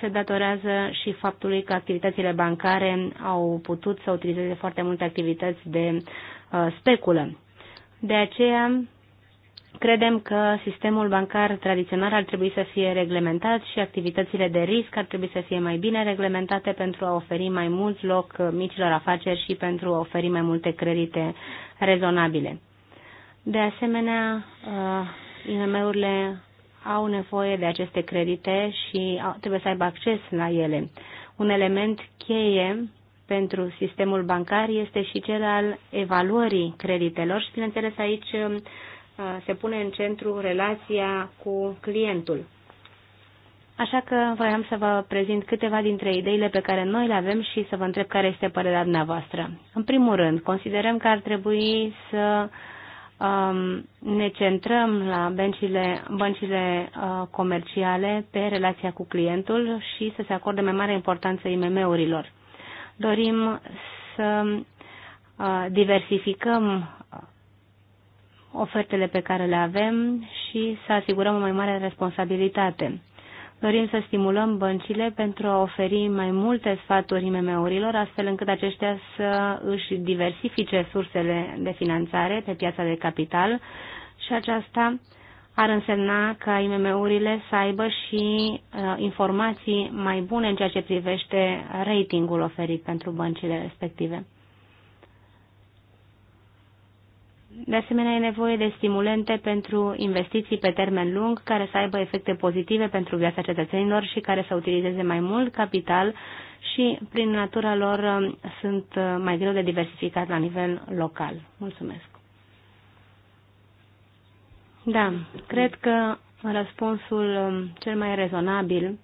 S4: se datorează și faptului că activitățile bancare au putut să utilizeze foarte multe activități de uh, speculă. De aceea, Credem că sistemul bancar tradițional ar trebui să fie reglementat și activitățile de risc ar trebui să fie mai bine reglementate pentru a oferi mai mult loc micilor afaceri și pentru a oferi mai multe credite rezonabile. De asemenea, uh, IMM-urile au nevoie de aceste credite și trebuie să aibă acces la ele. Un element cheie pentru sistemul bancar este și cel al evaluării creditelor și, bineînțeles, aici um, se pune în centru relația cu clientul. Așa că voiam să vă prezint câteva dintre ideile pe care noi le avem și să vă întreb care este părerea dumneavoastră. În primul rând, considerăm că ar trebui să um, ne centrăm la băncile, băncile uh, comerciale pe relația cu clientul și să se acorde mai mare importanță IMM-urilor. Dorim să uh, diversificăm uh, ofertele pe care le avem și să asigurăm o mai mare responsabilitate. Dorim să stimulăm băncile pentru a oferi mai multe sfaturi mmo urilor astfel încât aceștia să își diversifice sursele de finanțare pe piața de capital și aceasta ar însemna ca IMM-urile să aibă și uh, informații mai bune în ceea ce privește ratingul oferit pentru băncile respective. De asemenea, e nevoie de stimulente pentru investiții pe termen lung care să aibă efecte pozitive pentru viața cetățenilor și care să utilizeze mai mult capital și, prin natura lor, um, sunt uh, mai greu de diversificat la nivel local. Mulțumesc. Da, cred că răspunsul um, cel mai rezonabil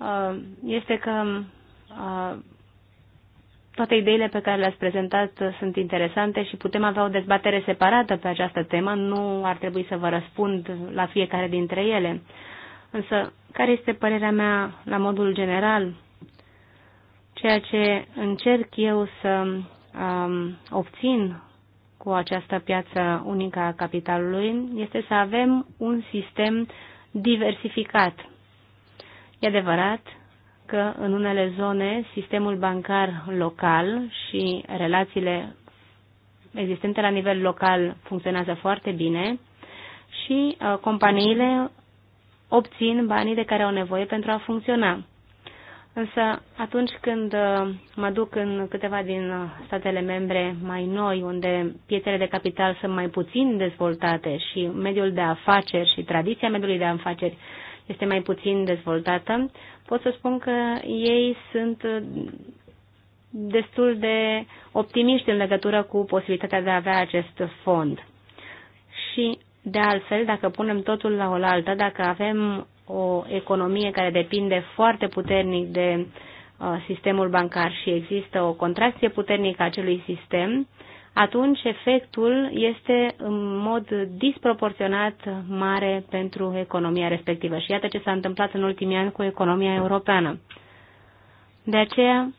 S4: uh, este că uh, toate ideile pe care le-ați prezentat sunt interesante și putem avea o dezbatere separată pe această temă. Nu ar trebui să vă răspund la fiecare dintre ele. Însă, care este părerea mea la modul general? Ceea ce încerc eu să um, obțin cu această piață unică a capitalului este să avem un sistem diversificat. E adevărat că în unele zone sistemul bancar local și relațiile existente la nivel local funcționează foarte bine și uh, companiile obțin banii de care au nevoie pentru a funcționa. Însă atunci când uh, mă duc în câteva din uh, statele membre mai noi, unde piețele de capital sunt mai puțin dezvoltate și mediul de afaceri și tradiția mediului de afaceri este mai puțin dezvoltată, pot să spun că ei sunt uh, destul de optimiști în legătură cu posibilitatea de a avea acest fond. Și, de altfel, dacă punem totul la oaltă, dacă avem o economie care depinde foarte puternic de uh, sistemul bancar și există o contracție puternică a acelui sistem, atunci efectul este în mod disproporționat mare pentru economia respectivă. Și iată ce s-a întâmplat în ultimii ani cu economia europeană. De aceea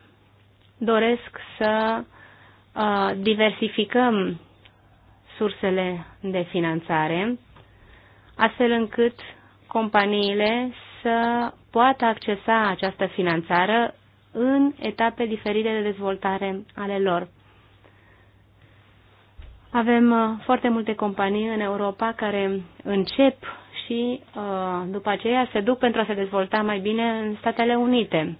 S4: doresc să uh, diversificăm sursele de finanțare, astfel încât companiile să poată accesa această finanțare în etape diferite de dezvoltare ale lor. Avem uh, foarte multe companii în Europa care încep și uh, după aceea se duc pentru a se dezvolta mai bine în Statele Unite.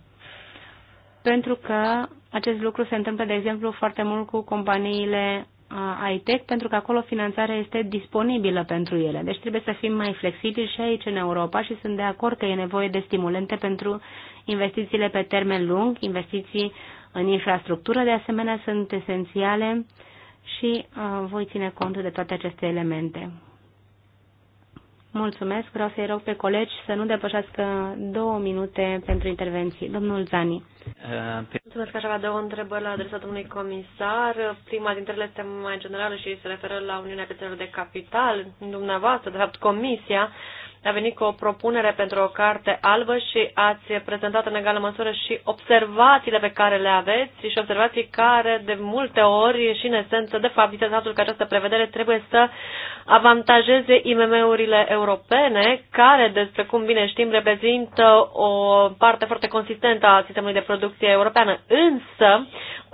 S4: Pentru că acest lucru se întâmplă, de exemplu, foarte mult cu companiile uh, ITEC, pentru că acolo finanțarea este disponibilă pentru ele. Deci trebuie să fim mai flexibili și aici în Europa și sunt de acord că e nevoie de stimulente pentru investițiile pe termen lung, investiții în infrastructură, de asemenea, sunt esențiale uh, și uh, voi ține cont de toate aceste elemente. Mulțumesc. Vreau să-i rog pe colegi să nu depășească două minute pentru intervenții. Domnul Zani. Uh,
S3: Mulțumesc. Aș avea două întrebări la adresa domnului comisar. Prima dintre ele este mai generală și se referă la Uniunea Piețelor de Capital. Dumneavoastră, de fapt, Comisia a venit cu o propunere pentru o carte albă și ați prezentat în egală măsură și observațiile pe care le aveți și observații care de multe ori și în esență de fapt vizează faptul că această prevedere trebuie să avantajeze IMM-urile europene care, despre cum bine știm, reprezintă o parte foarte consistentă a sistemului de producție europeană. Însă,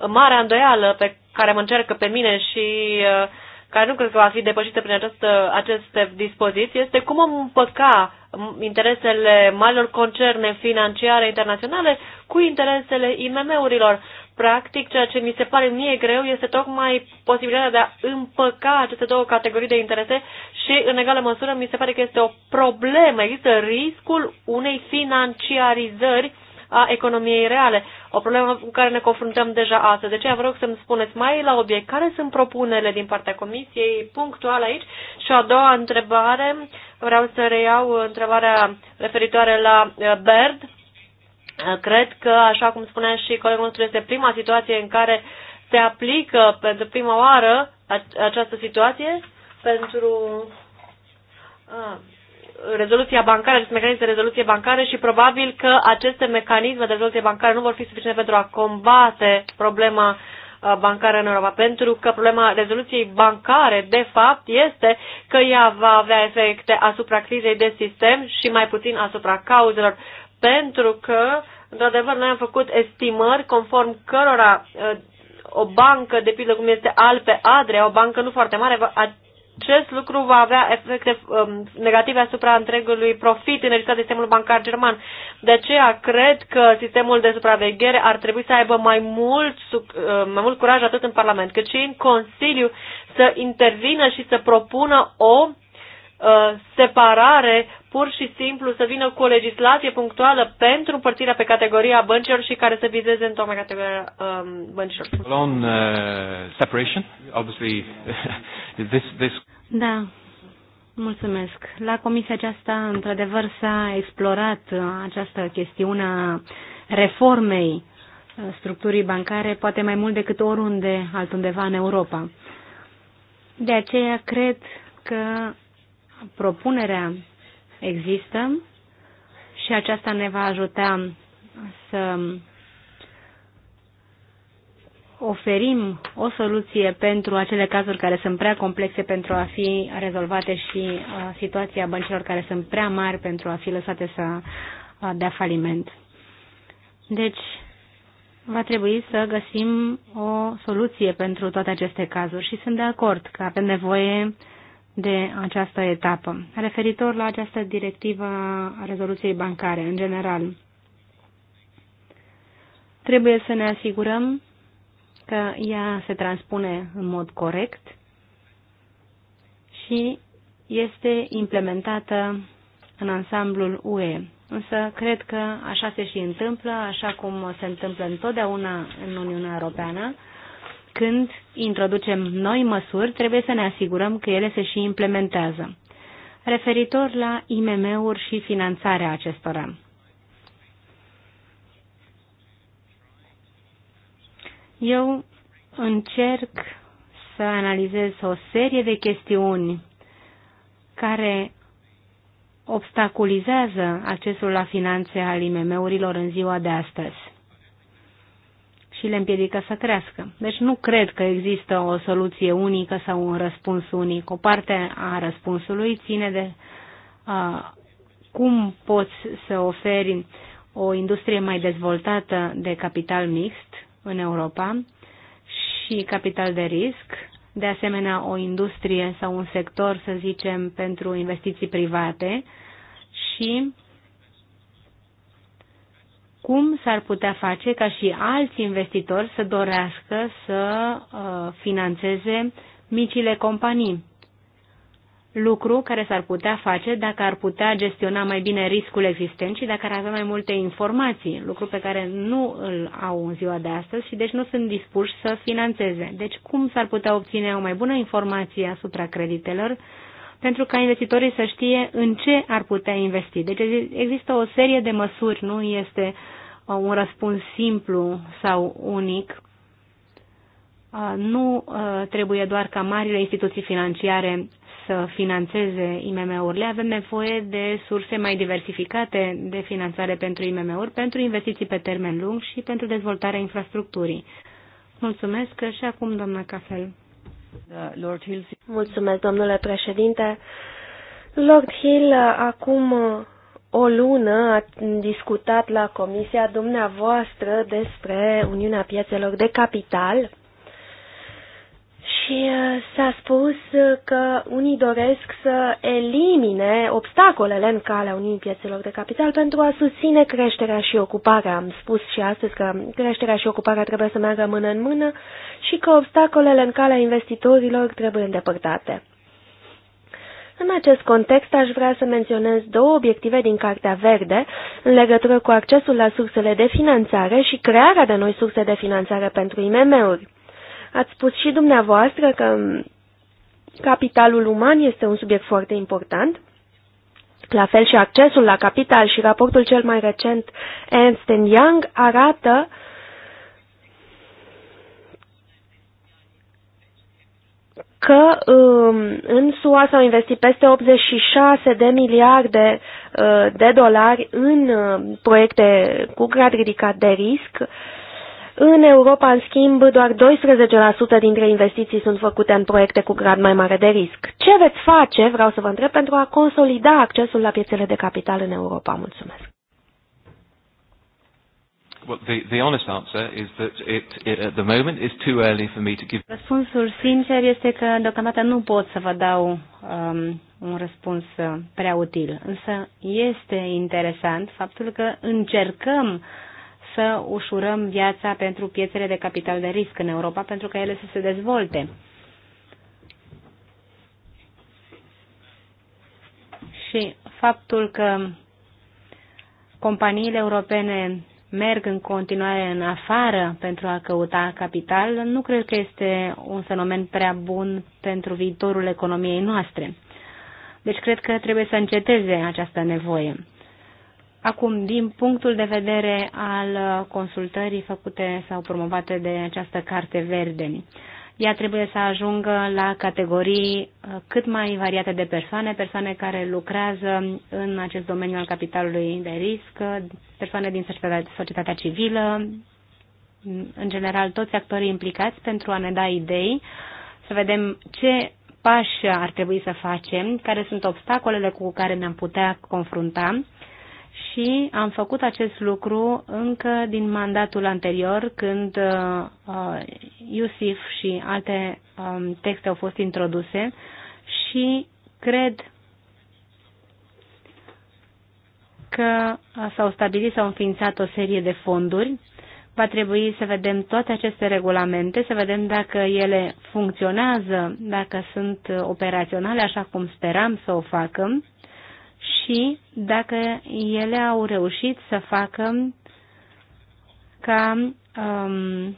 S3: marea îndoială pe care mă încercă pe mine și uh, care nu cred că va fi depășită prin această, aceste dispoziții, este cum am împăca interesele marilor concerne financiare internaționale cu interesele IMM-urilor. Practic, ceea ce mi se pare mie greu este tocmai posibilitatea de a împăca aceste două categorii de interese și, în egală măsură, mi se pare că este o problemă. Există riscul unei financiarizări a economiei reale, o problemă cu care ne confruntăm deja astăzi. De aceea vă rog să-mi spuneți mai la obiect care sunt propunerile din partea Comisiei punctual aici și a doua întrebare, vreau să reiau întrebarea referitoare la uh, BERD. Uh, cred că, așa cum spunea și colegul nostru, este prima situație în care se aplică pentru prima oară această situație pentru... Ah rezoluția bancară, acest mecanism de rezoluție bancară și probabil că aceste mecanisme de rezoluție bancară nu vor fi suficiente pentru a combate problema uh, bancară în Europa, pentru că problema rezoluției bancare, de fapt, este că ea va avea efecte asupra crizei de sistem și mai puțin asupra cauzelor, pentru că, într-adevăr, noi am făcut estimări conform cărora uh, o bancă, de pildă cum este Alpe Adria, o bancă nu foarte mare, acest lucru va avea efecte um, negative asupra întregului profit înregistrat de sistemul bancar german. De aceea cred că sistemul de supraveghere ar trebui să aibă mai mult, uh, mai mult curaj atât în Parlament cât și în Consiliu să intervină și să propună o uh, separare pur și simplu să vină cu o legislație punctuală pentru împărțirea pe categoria băncilor și care să vizeze în tocmai categoria um, băncilor.
S1: On uh, separation, obviously, (laughs) this, this...
S4: Da, mulțumesc. La comisia aceasta, într-adevăr, s-a explorat uh, această chestiune a reformei uh, structurii bancare, poate mai mult decât oriunde altundeva în Europa. De aceea cred că propunerea există și aceasta ne va ajuta să oferim o soluție pentru acele cazuri care sunt prea complexe pentru a fi rezolvate și uh, situația băncilor care sunt prea mari pentru a fi lăsate să uh, dea faliment. Deci, va trebui să găsim o soluție pentru toate aceste cazuri și sunt de acord că avem nevoie de această etapă. Referitor la această directivă a rezoluției bancare, în general, trebuie să ne asigurăm că ea se transpune în mod corect și este implementată în ansamblul UE. Însă cred că așa se și întâmplă, așa cum se întâmplă întotdeauna în Uniunea Europeană, când introducem noi măsuri, trebuie să ne asigurăm că ele se și implementează. Referitor la IMM-uri și finanțarea acestora. Eu încerc să analizez o serie de chestiuni care obstaculizează accesul la finanțe al IMM-urilor în ziua de astăzi și le împiedică să crească. Deci nu cred că există o soluție unică sau un răspuns unic. O parte a răspunsului ține de uh, cum poți să oferi o industrie mai dezvoltată de capital mixt în Europa și capital de risc, de asemenea o industrie sau un sector, să zicem, pentru investiții private și cum s-ar putea face ca și alți investitori să dorească să uh, financeze micile companii. Lucru care s-ar putea face dacă ar putea gestiona mai bine riscul existent și dacă ar avea mai multe informații, lucru pe care nu îl au în ziua de astăzi și deci nu sunt dispuși să financeze. Deci cum s-ar putea obține o mai bună informație asupra creditelor pentru ca investitorii să știe în ce ar putea investi. Deci există o serie de măsuri, nu este uh, Uh, un răspuns simplu sau unic. Uh, nu uh, trebuie doar ca marile instituții financiare să financeze IMM-urile, avem nevoie de surse mai diversificate de finanțare pentru IMM-uri, pentru investiții pe termen lung și pentru dezvoltarea infrastructurii. Mulțumesc și acum, doamna Cafel. Lord Hill. Mulțumesc, domnule
S2: președinte. Lord Hill acum o lună a discutat la comisia dumneavoastră despre Uniunea Piețelor de Capital și uh, s-a spus uh, că unii doresc să elimine obstacolele în calea Uniunii Piețelor de Capital pentru a susține creșterea și ocuparea. Am spus și astăzi că creșterea și ocuparea trebuie să meargă mână în mână și că obstacolele în calea investitorilor trebuie îndepărtate. În acest context, aș vrea să menționez două obiective din Cartea Verde în legătură cu accesul la sursele de finanțare și crearea de noi surse de finanțare pentru IMM-uri. Ați spus și dumneavoastră că capitalul uman este un subiect foarte important, la fel și accesul la capital și raportul cel mai recent Ernst Young arată uh, că um, în SUA s-au investit peste 86 de miliarde uh, de dolari în uh, proiecte cu grad ridicat de risc. În Europa, în schimb, doar 12% dintre investiții sunt făcute în proiecte cu grad mai mare de risc. Ce veți face, vreau să vă întreb, pentru a consolida accesul la piețele de capital în Europa? Mulțumesc!
S1: Well, the, the honest answer is that it, it, at the moment, too early for me to give.
S4: Răspunsul sincer este că deocamdată nu pot să vă dau um, un răspuns uh, prea util, însă este interesant faptul că încercăm să ușurăm viața pentru piețele de capital de risc în Europa pentru ca ele să se dezvolte. Și faptul că companiile europene merg în continuare în afară pentru a căuta capital, nu cred că este un fenomen prea bun pentru viitorul economiei noastre. Deci cred că trebuie să înceteze această nevoie. Acum, din punctul de vedere al consultării făcute sau promovate de această carte verde, ea trebuie să ajungă la categorii uh, cât mai variate de persoane, persoane care lucrează în acest domeniu al capitalului de risc, persoane din societatea civilă, mm, în general toți actorii implicați pentru a ne da idei, să vedem ce pași ar trebui să facem, care sunt obstacolele cu care ne-am putea confrunta și am făcut acest lucru încă din mandatul anterior, când uh, Iusif și alte um, texte au fost introduse și cred că s-au stabilit, s-au înființat o serie de fonduri. Va trebui să vedem toate aceste regulamente, să vedem dacă ele funcționează, dacă sunt operaționale așa cum speram să o facem și dacă ele au reușit să facă ca um,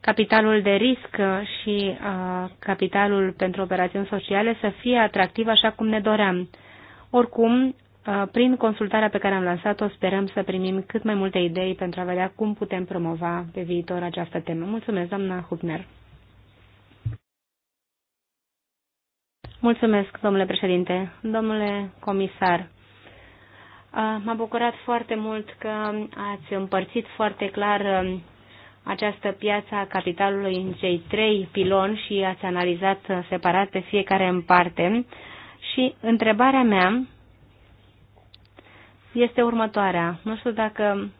S4: capitalul de risc și uh, capitalul pentru operațiuni sociale să fie atractiv așa cum ne doream. Oricum, uh, prin consultarea pe care am lansat-o, sperăm să primim cât mai multe idei pentru a vedea cum putem promova pe viitor această temă. Mulțumesc, doamna Hubner. Mulțumesc, domnule președinte. Domnule comisar, m-a bucurat foarte mult că ați împărțit foarte clar um, această piață a capitalului în cei trei piloni și ați analizat uh, separat pe fiecare în parte. Și întrebarea mea este următoarea. Nu știu dacă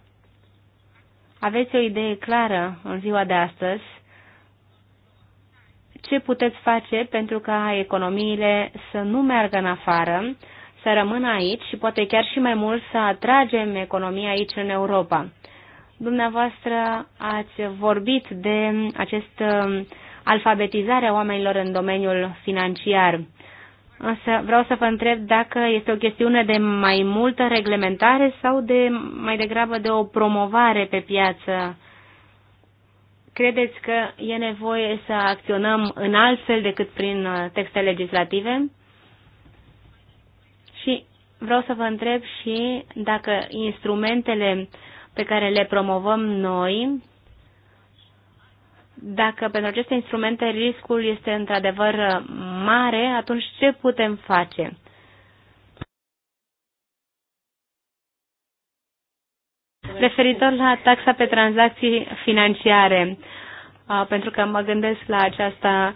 S4: aveți o idee clară în ziua de astăzi ce puteți face pentru ca economiile să nu meargă în afară, să rămână aici și poate chiar și mai mult să atragem economia aici în Europa. Dumneavoastră ați vorbit de acest alfabetizare a oamenilor în domeniul financiar. Însă vreau să vă întreb dacă este o chestiune de mai multă reglementare sau de mai degrabă de o promovare pe piață Credeți că e nevoie să acționăm în alt fel decât prin uh, texte legislative? Și vreau să vă întreb și dacă instrumentele pe care le promovăm noi, dacă pentru aceste instrumente riscul este într-adevăr mare, atunci ce putem face? Referitor la taxa pe tranzacții financiare, pentru că mă gândesc la aceasta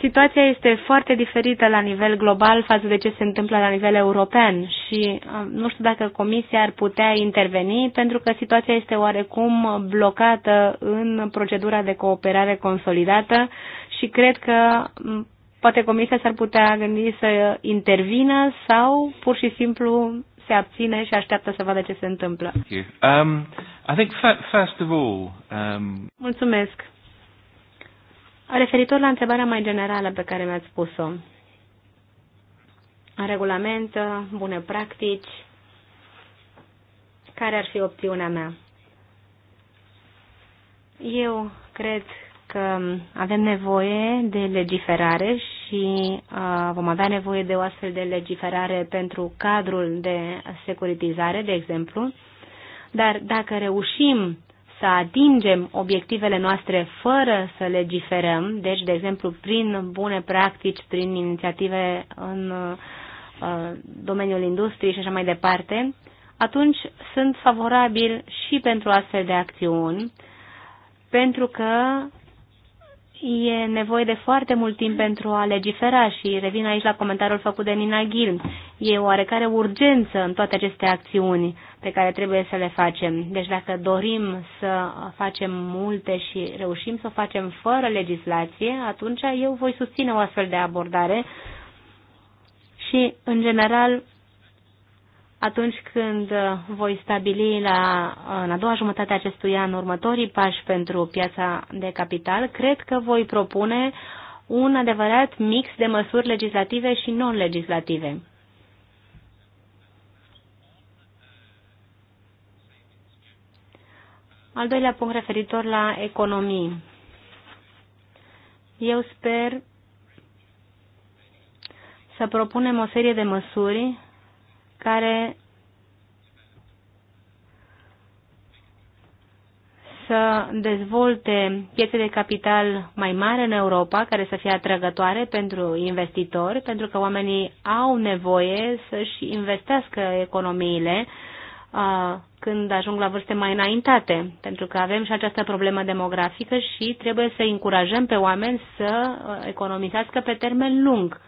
S4: Situația este foarte diferită la nivel global față de ce se întâmplă la nivel european și nu știu dacă Comisia ar putea interveni pentru că situația este oarecum blocată în procedura de cooperare consolidată și cred că Poate comisia s-ar putea gândi să intervină sau pur și simplu se abține și așteaptă să vadă ce se întâmplă.
S1: Um, I think first of all, um...
S4: Mulțumesc. Referitor la întrebarea mai generală pe care mi-ați spus-o, regulament, bune practici, care ar fi opțiunea mea? Eu cred că avem nevoie de legiferare și uh, vom avea nevoie de o astfel de legiferare pentru cadrul de securitizare, de exemplu, dar dacă reușim să atingem obiectivele noastre fără să legiferăm, deci, de exemplu, prin bune practici, prin inițiative în uh, domeniul industriei și așa mai departe, atunci sunt favorabil și pentru astfel de acțiuni, pentru că e nevoie de foarte mult timp pentru a legifera și revin aici la comentariul făcut de Nina Gil. E oarecare urgență în toate aceste acțiuni pe care trebuie să le facem. Deci dacă dorim să facem multe și reușim să o facem fără legislație, atunci eu voi susține o astfel de abordare și, în general, atunci când uh, voi stabili la, uh, în a doua jumătate a acestui an următorii pași pentru piața de capital, cred că voi propune un adevărat mix de măsuri legislative și non-legislative. Al doilea punct referitor la economii. Eu sper să propunem o serie de măsuri care să dezvolte piețe de capital mai mari în Europa, care să fie atrăgătoare pentru investitori, pentru că oamenii au nevoie să-și investească economiile uh, când ajung la vârste mai înaintate, pentru că avem și această problemă demografică și trebuie să încurajăm pe oameni să uh, economisească pe termen lung.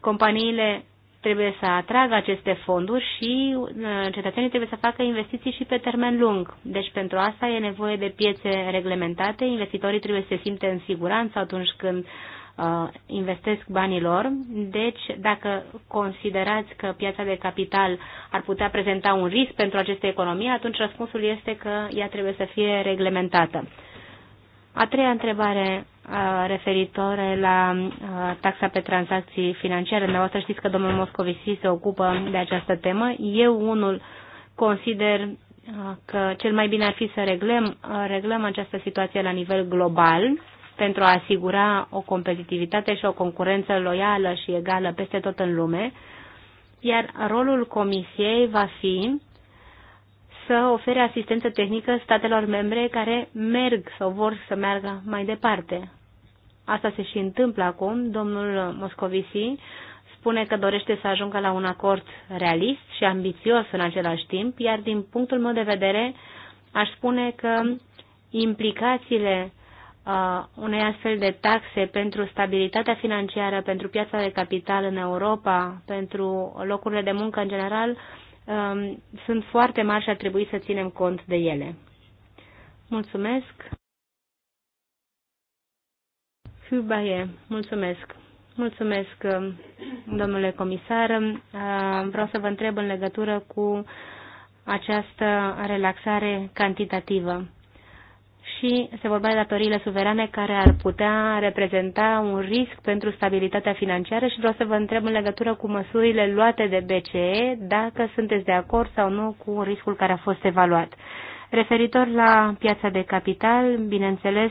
S4: Companiile trebuie să atragă aceste fonduri și uh, cetățenii trebuie să facă investiții și pe termen lung. Deci pentru asta e nevoie de piețe reglementate, investitorii trebuie să se simte în siguranță atunci când uh, investesc banii lor. Deci, dacă considerați că piața de capital ar putea prezenta un risc pentru aceste economii, atunci răspunsul este că ea trebuie să fie reglementată. A treia întrebare Uh, referitoare la uh, taxa pe tranzacții financiare. Dumneavoastră știți că domnul Moscovici se ocupă de această temă. Eu unul consider uh, că cel mai bine ar fi să reglăm, reglăm această situație la nivel global pentru a asigura o competitivitate și o concurență loială și egală peste tot în lume, iar rolul Comisiei va fi să ofere asistență tehnică statelor membre care merg sau vor să meargă mai departe. Asta se și întâmplă acum. Domnul Moscovici spune că dorește să ajungă la un acord realist și ambițios în același timp, iar din punctul meu de vedere aș spune că implicațiile uh, unei astfel de taxe pentru stabilitatea financiară, pentru piața de capital în Europa, pentru locurile de muncă în general, Um, sunt foarte mari și ar trebui să ținem cont de ele. Mulțumesc. Hubaie, mulțumesc. Mulțumesc, um, domnule comisar. Um, vreau să vă întreb în legătură cu această relaxare cantitativă și se vorbea de datoriile suverane care ar putea reprezenta un risc pentru stabilitatea financiară și vreau să vă întreb în legătură cu măsurile luate de BCE dacă sunteți de acord sau nu cu riscul care a fost evaluat. Referitor la piața de capital, bineînțeles,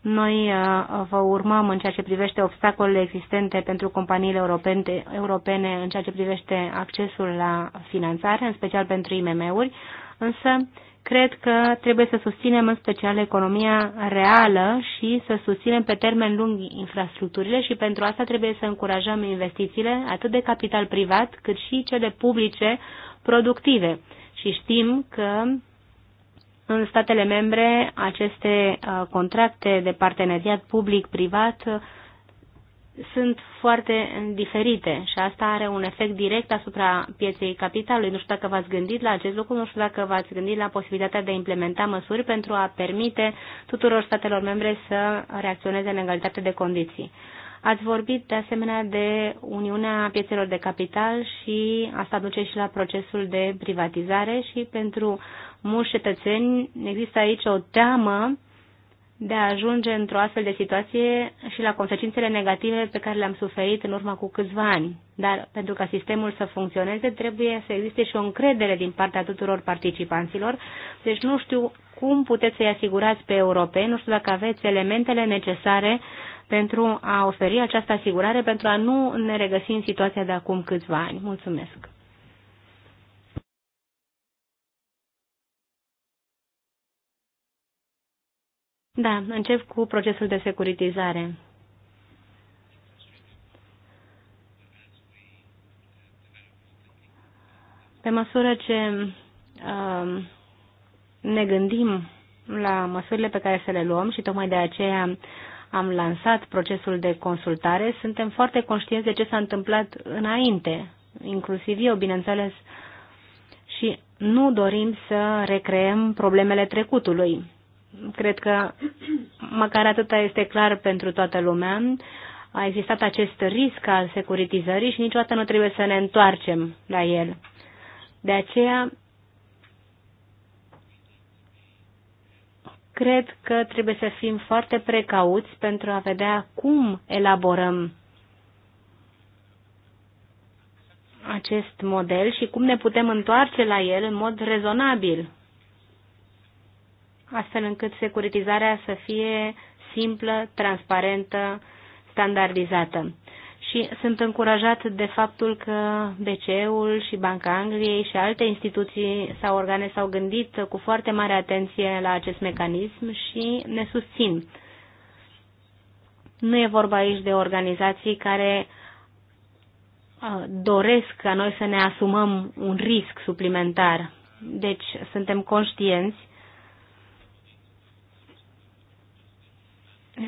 S4: noi uh, vă urmăm în ceea ce privește obstacolele existente pentru companiile europene, europene în ceea ce privește accesul la finanțare, în special pentru IMM-uri, însă cred că trebuie să susținem în special economia reală și să susținem pe termen lung infrastructurile și pentru asta trebuie să încurajăm investițiile atât de capital privat cât și cele publice productive. Și știm că în statele membre aceste uh, contracte de parteneriat public-privat sunt foarte diferite și asta are un efect direct asupra pieței capitalului. Nu știu dacă v-ați gândit la acest lucru, nu știu dacă v-ați gândit la posibilitatea de a implementa măsuri pentru a permite tuturor statelor membre să reacționeze în egalitate de condiții. Ați vorbit de asemenea de Uniunea Piețelor de Capital și asta duce și la procesul de privatizare și pentru mulți cetățeni există aici o teamă de a ajunge într-o astfel de situație și la consecințele negative pe care le-am suferit în urma cu câțiva ani. Dar pentru ca sistemul să funcționeze, trebuie să existe și o încredere din partea tuturor participanților. Deci nu știu cum puteți să-i asigurați pe europeni, nu știu dacă aveți elementele necesare pentru a oferi această asigurare, pentru a nu ne regăsi în situația de acum câțiva ani. Mulțumesc! Da, încep cu procesul de securitizare. Pe măsură ce uh, ne gândim la măsurile pe care să le luăm și tocmai de aceea am lansat procesul de consultare, suntem foarte conștienți de ce s-a întâmplat înainte, inclusiv eu, bineînțeles, și nu dorim să recreăm problemele trecutului. Cred că măcar atâta este clar pentru toată lumea. A existat acest risc al securitizării și niciodată nu trebuie să ne întoarcem la el. De aceea, cred că trebuie să fim foarte precauți pentru a vedea cum elaborăm acest model și cum ne putem întoarce la el în mod rezonabil astfel încât securitizarea să fie simplă, transparentă, standardizată. Și sunt încurajat de faptul că BCE-ul și Banca Angliei și alte instituții sau organe s-au gândit cu foarte mare atenție la acest mecanism și ne susțin. Nu e vorba aici de organizații care doresc ca noi să ne asumăm un risc suplimentar. Deci suntem conștienți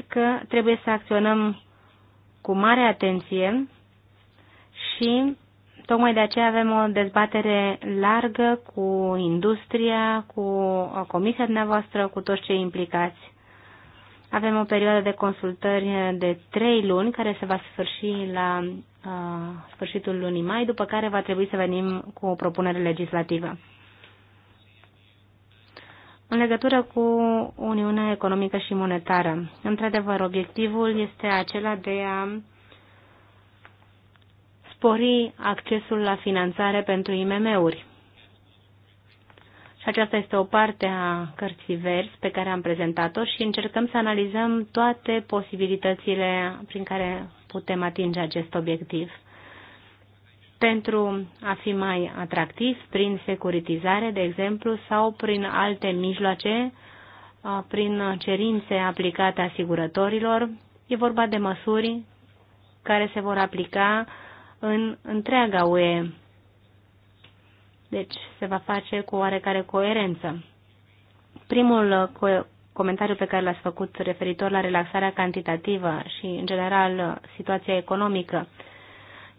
S4: că trebuie să acționăm cu mare atenție și tocmai de aceea avem o dezbatere largă cu industria, cu comisia dumneavoastră, cu toți cei implicați. Avem o perioadă de consultări de trei luni, care se va sfârși la uh, sfârșitul lunii mai, după care va trebui să venim cu o propunere legislativă. În legătură cu Uniunea Economică și Monetară, într-adevăr, obiectivul este acela de a spori accesul la finanțare pentru IMM-uri. Și aceasta este o parte a cărții verzi pe care am prezentat-o și încercăm să analizăm toate posibilitățile prin care putem atinge acest obiectiv pentru a fi mai atractiv prin securitizare, de exemplu, sau prin alte mijloace, prin cerințe aplicate asigurătorilor. E vorba de măsuri care se vor aplica în întreaga UE. Deci se va face cu oarecare coerență. Primul co comentariu pe care l-ați făcut referitor la relaxarea cantitativă și, în general, situația economică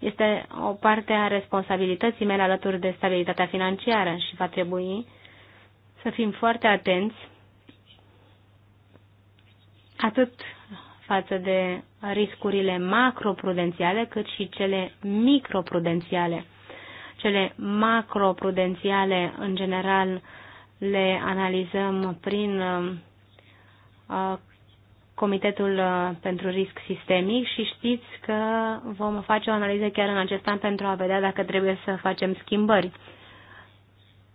S4: este o parte a responsabilității mele alături de stabilitatea financiară și va trebui să fim foarte atenți atât față de riscurile macroprudențiale, cât și cele microprudențiale. Cele macroprudențiale, în general, le analizăm prin uh, Comitetul uh, pentru Risc Sistemic și știți că vom face o analiză chiar în acest an pentru a vedea dacă trebuie să facem schimbări.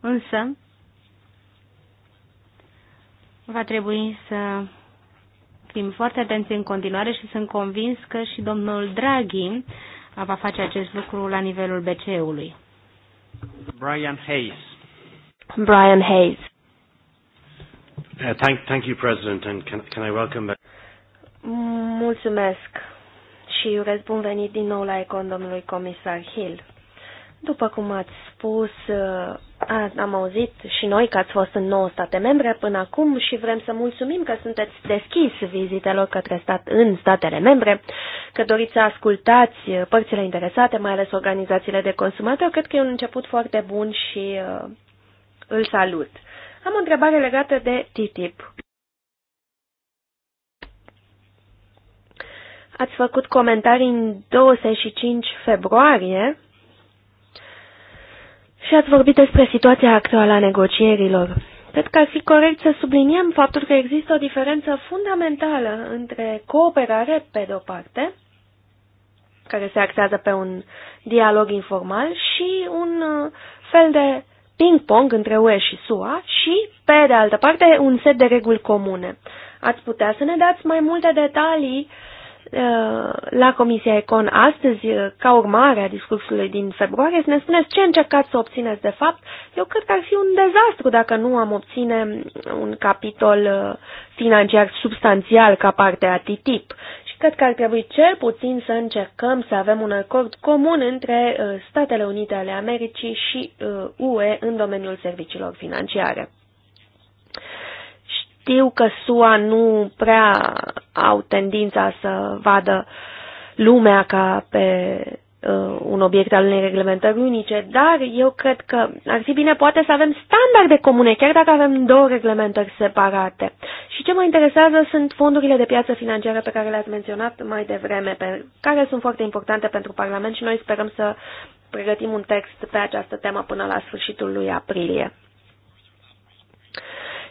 S4: Însă, va trebui să fim foarte atenți în continuare și sunt convins că și domnul Draghi uh, va face acest lucru la nivelul BCE-ului.
S1: Brian Hayes.
S4: Brian Hayes.
S1: Uh, thank, thank you, President, and can, can I welcome back?
S2: Mulțumesc și urez bun venit din nou la econ domnului comisar Hill. După cum ați spus, am auzit și noi că ați fost în 9 state membre până acum și vrem să mulțumim că sunteți deschis vizitelor către stat, în statele membre, că doriți să ascultați părțile interesate, mai ales organizațiile de consumatori. Cred că e un început foarte bun și uh, îl salut. Am o întrebare legată de TTIP. Ați făcut comentarii în 25 februarie și ați vorbit despre situația actuală a negocierilor. Cred că ar fi corect să subliniem faptul că există o diferență fundamentală între cooperare, pe de-o parte, care se axează pe un dialog informal și un uh, fel de ping-pong între UE și SUA și, pe de altă parte, un set de reguli comune. Ați putea să ne dați mai multe detalii uh, la Comisia Econ astăzi, ca urmare a discursului din februarie, să ne spuneți ce încercați să obțineți de fapt. Eu cred că ar fi un dezastru dacă nu am obține un capitol uh, financiar substanțial ca parte a TTIP. Și cred că ar trebui cel puțin să încercăm să avem un acord comun între uh, Statele Unite ale Americii și UE uh, în domeniul serviciilor financiare. Știu că SUA nu prea au tendința să vadă lumea ca pe uh, un obiect al unei reglementări unice, dar eu cred că ar fi bine poate să avem standarde comune, chiar dacă avem două reglementări separate. Și ce mă interesează sunt fondurile de piață financiară pe care le-ați menționat mai devreme, pe, care sunt foarte importante pentru Parlament și noi sperăm să pregătim un text pe această temă până la sfârșitul lui aprilie.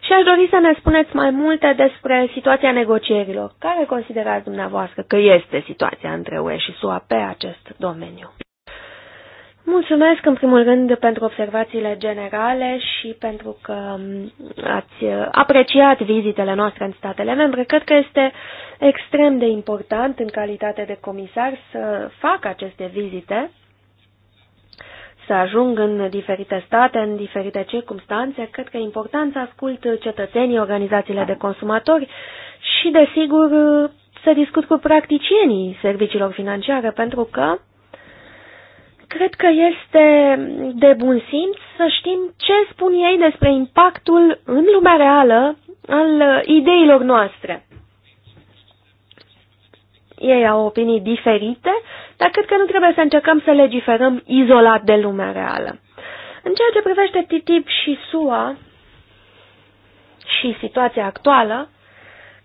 S2: Și aș dori să ne spuneți mai multe despre situația negocierilor. Care considerați dumneavoastră că este situația între UE și SUA pe acest domeniu? Mulțumesc în primul rând pentru observațiile generale și pentru că ați apreciat vizitele noastre în statele membre. Cred că este extrem de important în calitate de comisar să fac aceste vizite să ajung în diferite state, în diferite circunstanțe. Cred că e important să ascult cetățenii, organizațiile de consumatori și, desigur, să discut cu practicienii serviciilor financiare, pentru că cred că este de bun simț să știm ce spun ei despre impactul în lumea reală al ideilor noastre ei au opinii diferite, dar cred că nu trebuie să încercăm să legiferăm izolat de lumea reală. În ceea ce privește TTIP și SUA și situația actuală,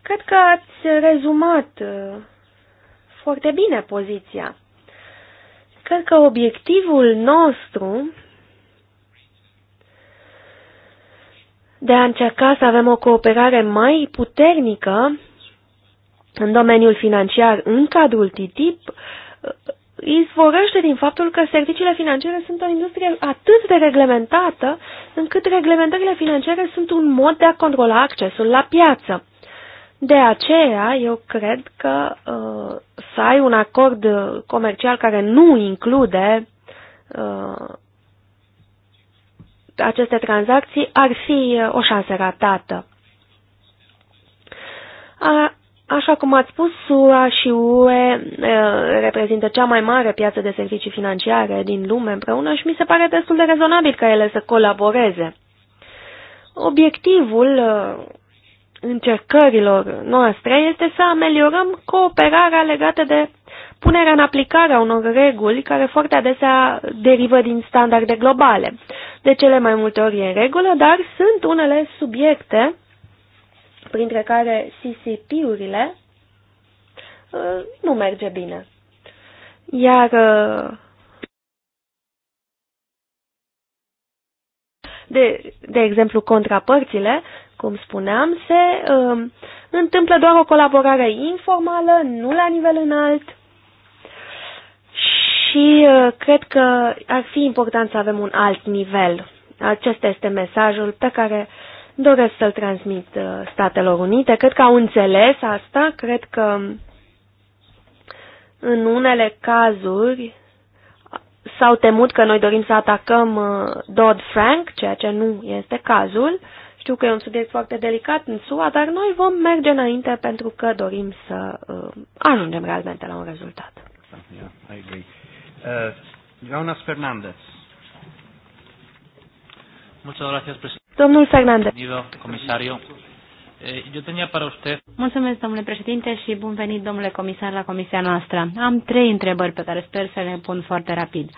S2: cred că ați rezumat uh, foarte bine poziția. Cred că obiectivul nostru de a încerca să avem o cooperare mai puternică în domeniul financiar în cadrul TTIP izvorăște din faptul că serviciile financiare sunt o industrie atât de reglementată încât reglementările financiare sunt un mod de a controla accesul la piață. De aceea, eu cred că uh, să ai un acord comercial care nu include uh, aceste tranzacții ar fi uh, o șansă ratată. Așa cum ați spus, SUA și UE eh, reprezintă cea mai mare piață de servicii financiare din lume împreună și mi se pare destul de rezonabil ca ele să colaboreze. Obiectivul eh, încercărilor noastre este să ameliorăm cooperarea legată de punerea în aplicare a unor reguli care foarte adesea derivă din standarde globale. De cele mai multe ori e în regulă, dar sunt unele subiecte printre care CCP-urile, uh, nu merge bine. Iar uh, de, de exemplu, contrapărțile, cum spuneam, se uh, întâmplă doar o colaborare informală, nu la nivel înalt. Și uh, cred că ar fi important să avem un alt nivel. Acesta este mesajul pe care doresc să-l transmit uh, Statelor Unite. Cred că au înțeles asta, cred că în unele cazuri s-au temut că noi dorim să atacăm uh, Dodd-Frank, ceea ce nu este cazul. Știu că e un subiect foarte delicat în SUA, dar noi vom merge înainte pentru că dorim să uh, ajungem realmente la un rezultat.
S1: Yeah, I agree. Uh, Jonas Fernandez. Muchas gracias, presidente. Domnul Fernandez. Comisario. Eu eh, para usted. Mulțumesc, domnule
S4: președinte, și bun venit, domnule comisar, la comisia noastră. Am trei întrebări pe care sper să le pun foarte rapid.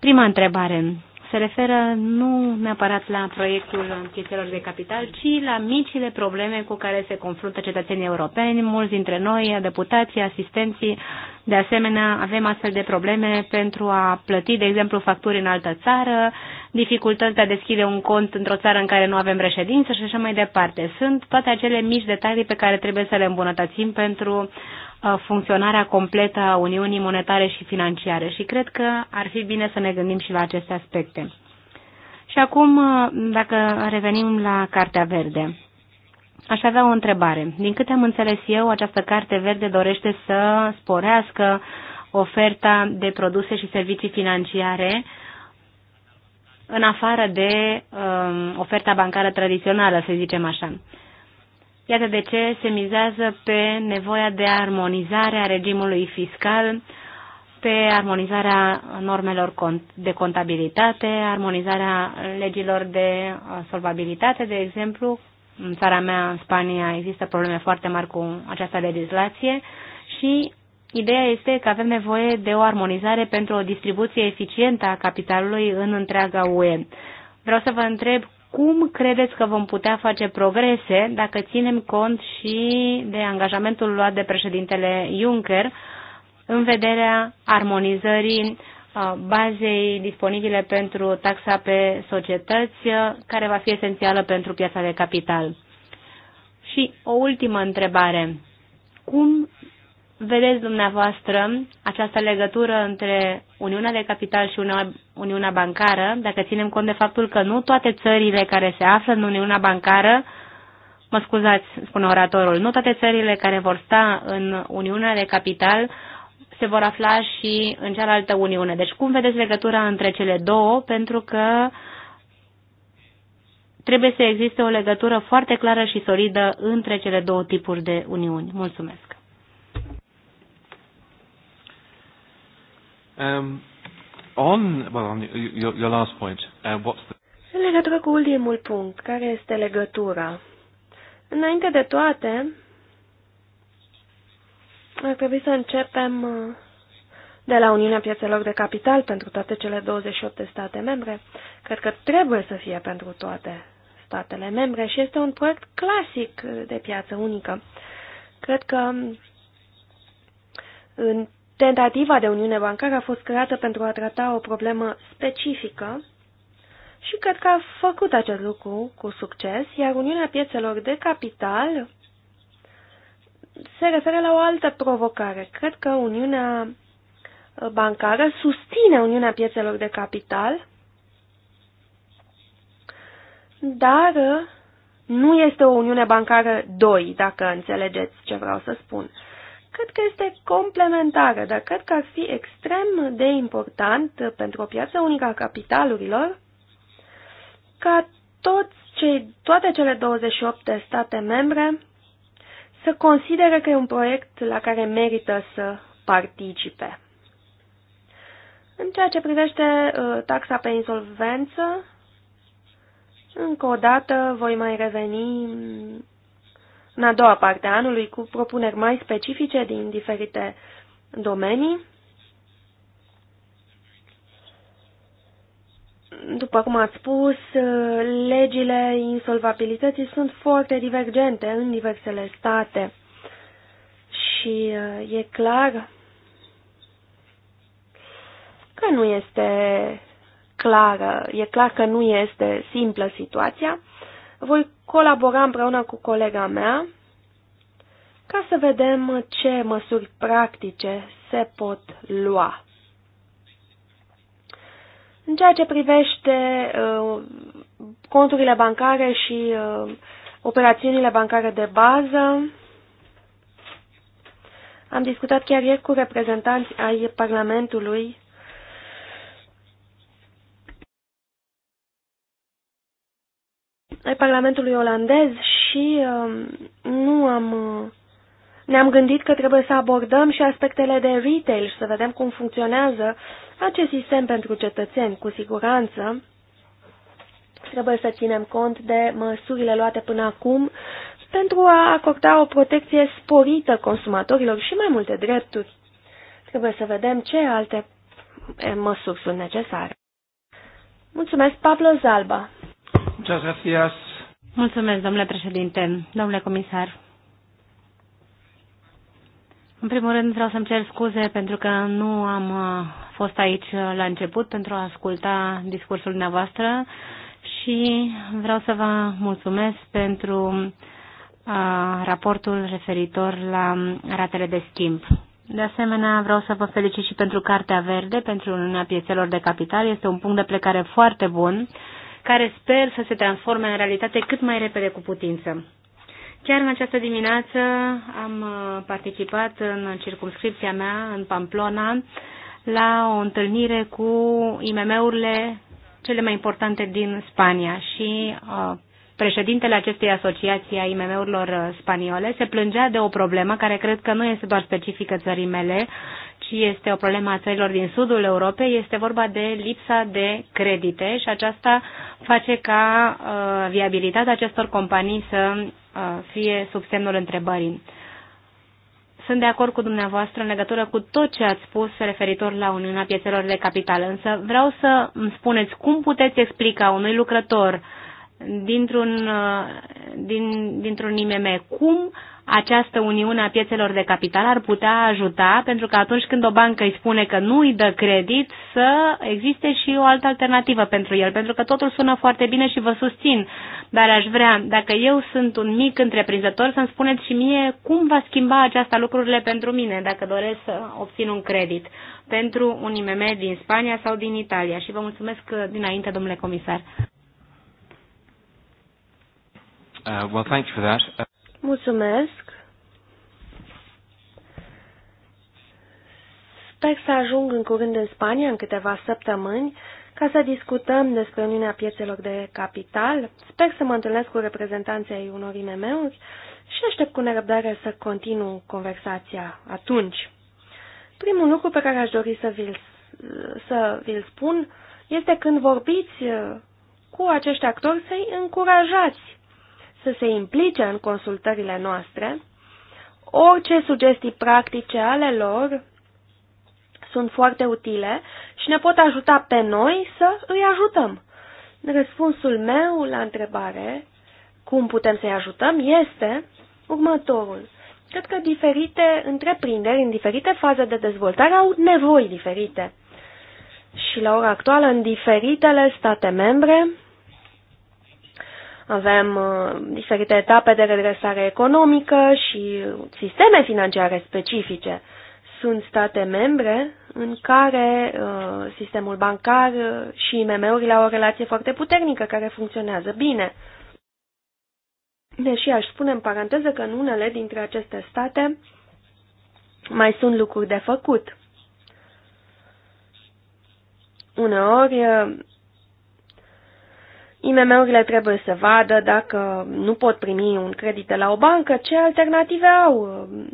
S4: Prima întrebare se referă nu neapărat la proiectul piețelor de capital, ci la micile probleme cu care se confruntă cetățenii europeni. Mulți dintre noi, deputații, asistenții, de asemenea, avem astfel de probleme pentru a plăti, de exemplu, facturi în altă țară dificultăți de a deschide un cont într-o țară în care nu avem reședință și așa mai departe. Sunt toate acele mici detalii pe care trebuie să le îmbunătățim pentru uh, funcționarea completă a Uniunii Monetare și Financiare și cred că ar fi bine să ne gândim și la aceste aspecte. Și acum, uh, dacă revenim la Cartea Verde. Aș avea o întrebare. Din câte am înțeles eu, această carte verde dorește să sporească oferta de produse și servicii financiare în afară de um, oferta bancară tradițională, să zicem așa. Iată de ce se mizează pe nevoia de armonizare a regimului fiscal, pe armonizarea normelor de contabilitate, armonizarea legilor de uh, solvabilitate, de exemplu. În țara mea, în Spania, există probleme foarte mari cu această legislație și Ideea este că avem nevoie de o armonizare pentru o distribuție eficientă a capitalului în întreaga UE. Vreau să vă întreb cum credeți că vom putea face progrese dacă ținem cont și de angajamentul luat de președintele Juncker în vederea armonizării uh, bazei disponibile pentru taxa pe societăți, uh, care va fi esențială pentru piața de capital. Și o ultimă întrebare. Cum vedeți dumneavoastră această legătură între Uniunea de Capital și Uniunea Bancară, dacă ținem cont de faptul că nu toate țările care se află în Uniunea Bancară, mă scuzați, spune oratorul, nu toate țările care vor sta în Uniunea de Capital se vor afla și în cealaltă Uniune. Deci cum vedeți legătura între cele două? Pentru că trebuie să existe o legătură foarte clară și solidă între cele două tipuri de Uniuni. Mulțumesc!
S1: Um, on, well, on your, your last point, uh, what's the...
S2: În legătură cu ultimul punct, care este legătura? Înainte de toate, ar trebui să începem uh, de la Uniunea Piețelor de Capital pentru toate cele 28 de state membre. Cred că trebuie să fie pentru toate statele membre și este un proiect clasic de piață unică. Cred că în Tentativa de uniune bancară a fost creată pentru a trata o problemă specifică și cred că a făcut acest lucru cu succes, iar Uniunea Piețelor de Capital se referă la o altă provocare. Cred că Uniunea Bancară susține Uniunea Piețelor de Capital, dar nu este o Uniune Bancară 2, dacă înțelegeți ce vreau să spun cred că este complementară, dar cred că ar fi extrem de important pentru o piață unică a capitalurilor ca toți cei, toate cele 28 de state membre să considere că e un proiect la care merită să participe. În ceea ce privește uh, taxa pe insolvență, încă o dată voi mai reveni în a doua parte a anului cu propuneri mai specifice din diferite domenii. După cum ați spus, legile insolvabilității sunt foarte divergente în diversele state și uh, e clar că nu este clară, e clar că nu este simplă situația voi colabora împreună cu colega mea ca să vedem ce măsuri practice se pot lua. În ceea ce privește uh, conturile bancare și uh, operațiunile bancare de bază, am discutat chiar ieri cu reprezentanți ai Parlamentului ai Parlamentului olandez și um, nu am... Uh, ne-am gândit că trebuie să abordăm și aspectele de retail și să vedem cum funcționează acest sistem pentru cetățeni. Cu siguranță trebuie să ținem cont de măsurile luate până acum pentru a acorda o protecție sporită consumatorilor și mai multe drepturi. Trebuie să vedem ce alte
S4: eh, măsuri sunt necesare. Mulțumesc, Pablo Zalba.
S1: Muchas gracias.
S4: Mulțumesc, domnule președinte, domnule comisar. În primul rând vreau să-mi cer scuze pentru că nu am uh, fost aici uh, la început pentru a asculta discursul dumneavoastră și vreau să vă mulțumesc pentru uh, raportul referitor la ratele de schimb. De asemenea, vreau să vă felicit și pentru Cartea Verde, pentru Uniunea Piețelor de Capital. Este un punct de plecare foarte bun care sper să se transforme în realitate cât mai repede cu putință. Chiar în această dimineață am uh, participat în circumscripția mea, în Pamplona, la o întâlnire cu IMM-urile cele mai importante din Spania și uh, președintele acestei asociații a IMM-urilor uh, spaniole se plângea de o problemă care cred că nu este doar specifică țării mele, și este o problemă a țărilor din sudul Europei, este vorba de lipsa de credite și aceasta face ca uh, viabilitatea acestor companii să uh, fie sub semnul întrebării. Sunt de acord cu dumneavoastră în legătură cu tot ce ați spus referitor la Uniunea Piețelor de Capital, însă vreau să îmi spuneți cum puteți explica unui lucrător dintr-un, uh, din, dintr-un IMM cum uh, această uniune a piețelor de capital ar putea ajuta, pentru că atunci când o bancă îi spune că nu îi dă credit, să existe și o altă alternativă pentru el, pentru că totul sună foarte bine și vă susțin. Dar aș vrea, dacă eu sunt un mic întreprinzător, să-mi spuneți și mie cum va schimba aceasta lucrurile pentru mine, dacă doresc să obțin un credit pentru un IMM din Spania sau din Italia. Și vă mulțumesc dinainte, domnule comisar.
S1: Uh, well, you for that. Uh...
S4: Mulțumesc.
S2: Sper să ajung în curând în Spania, în câteva săptămâni, ca să discutăm despre Uniunea Piețelor de Capital. Sper să mă întâlnesc cu reprezentanții ai unor IMM-uri și aștept cu nerăbdare să continu conversația atunci. Primul lucru pe care aș dori să vi-l, să vi-l spun este când vorbiți cu acești actori să-i încurajați să se implice în consultările noastre. Orice sugestii practice ale lor sunt foarte utile și ne pot ajuta pe noi să îi ajutăm. Răspunsul meu la întrebare cum putem să-i ajutăm este următorul. Cred că diferite întreprinderi în diferite faze de dezvoltare au nevoi diferite. Și la ora actuală, în diferitele state membre, avem uh, diferite etape de redresare economică și sisteme financiare specifice. Sunt state membre în care uh, sistemul bancar uh, și IMM-urile au o relație foarte puternică care funcționează bine. Deși aș spune în paranteză că în unele dintre aceste state mai sunt lucruri de făcut. Uneori IMM-urile trebuie să vadă dacă nu pot primi un credit de la o bancă, ce alternative au um,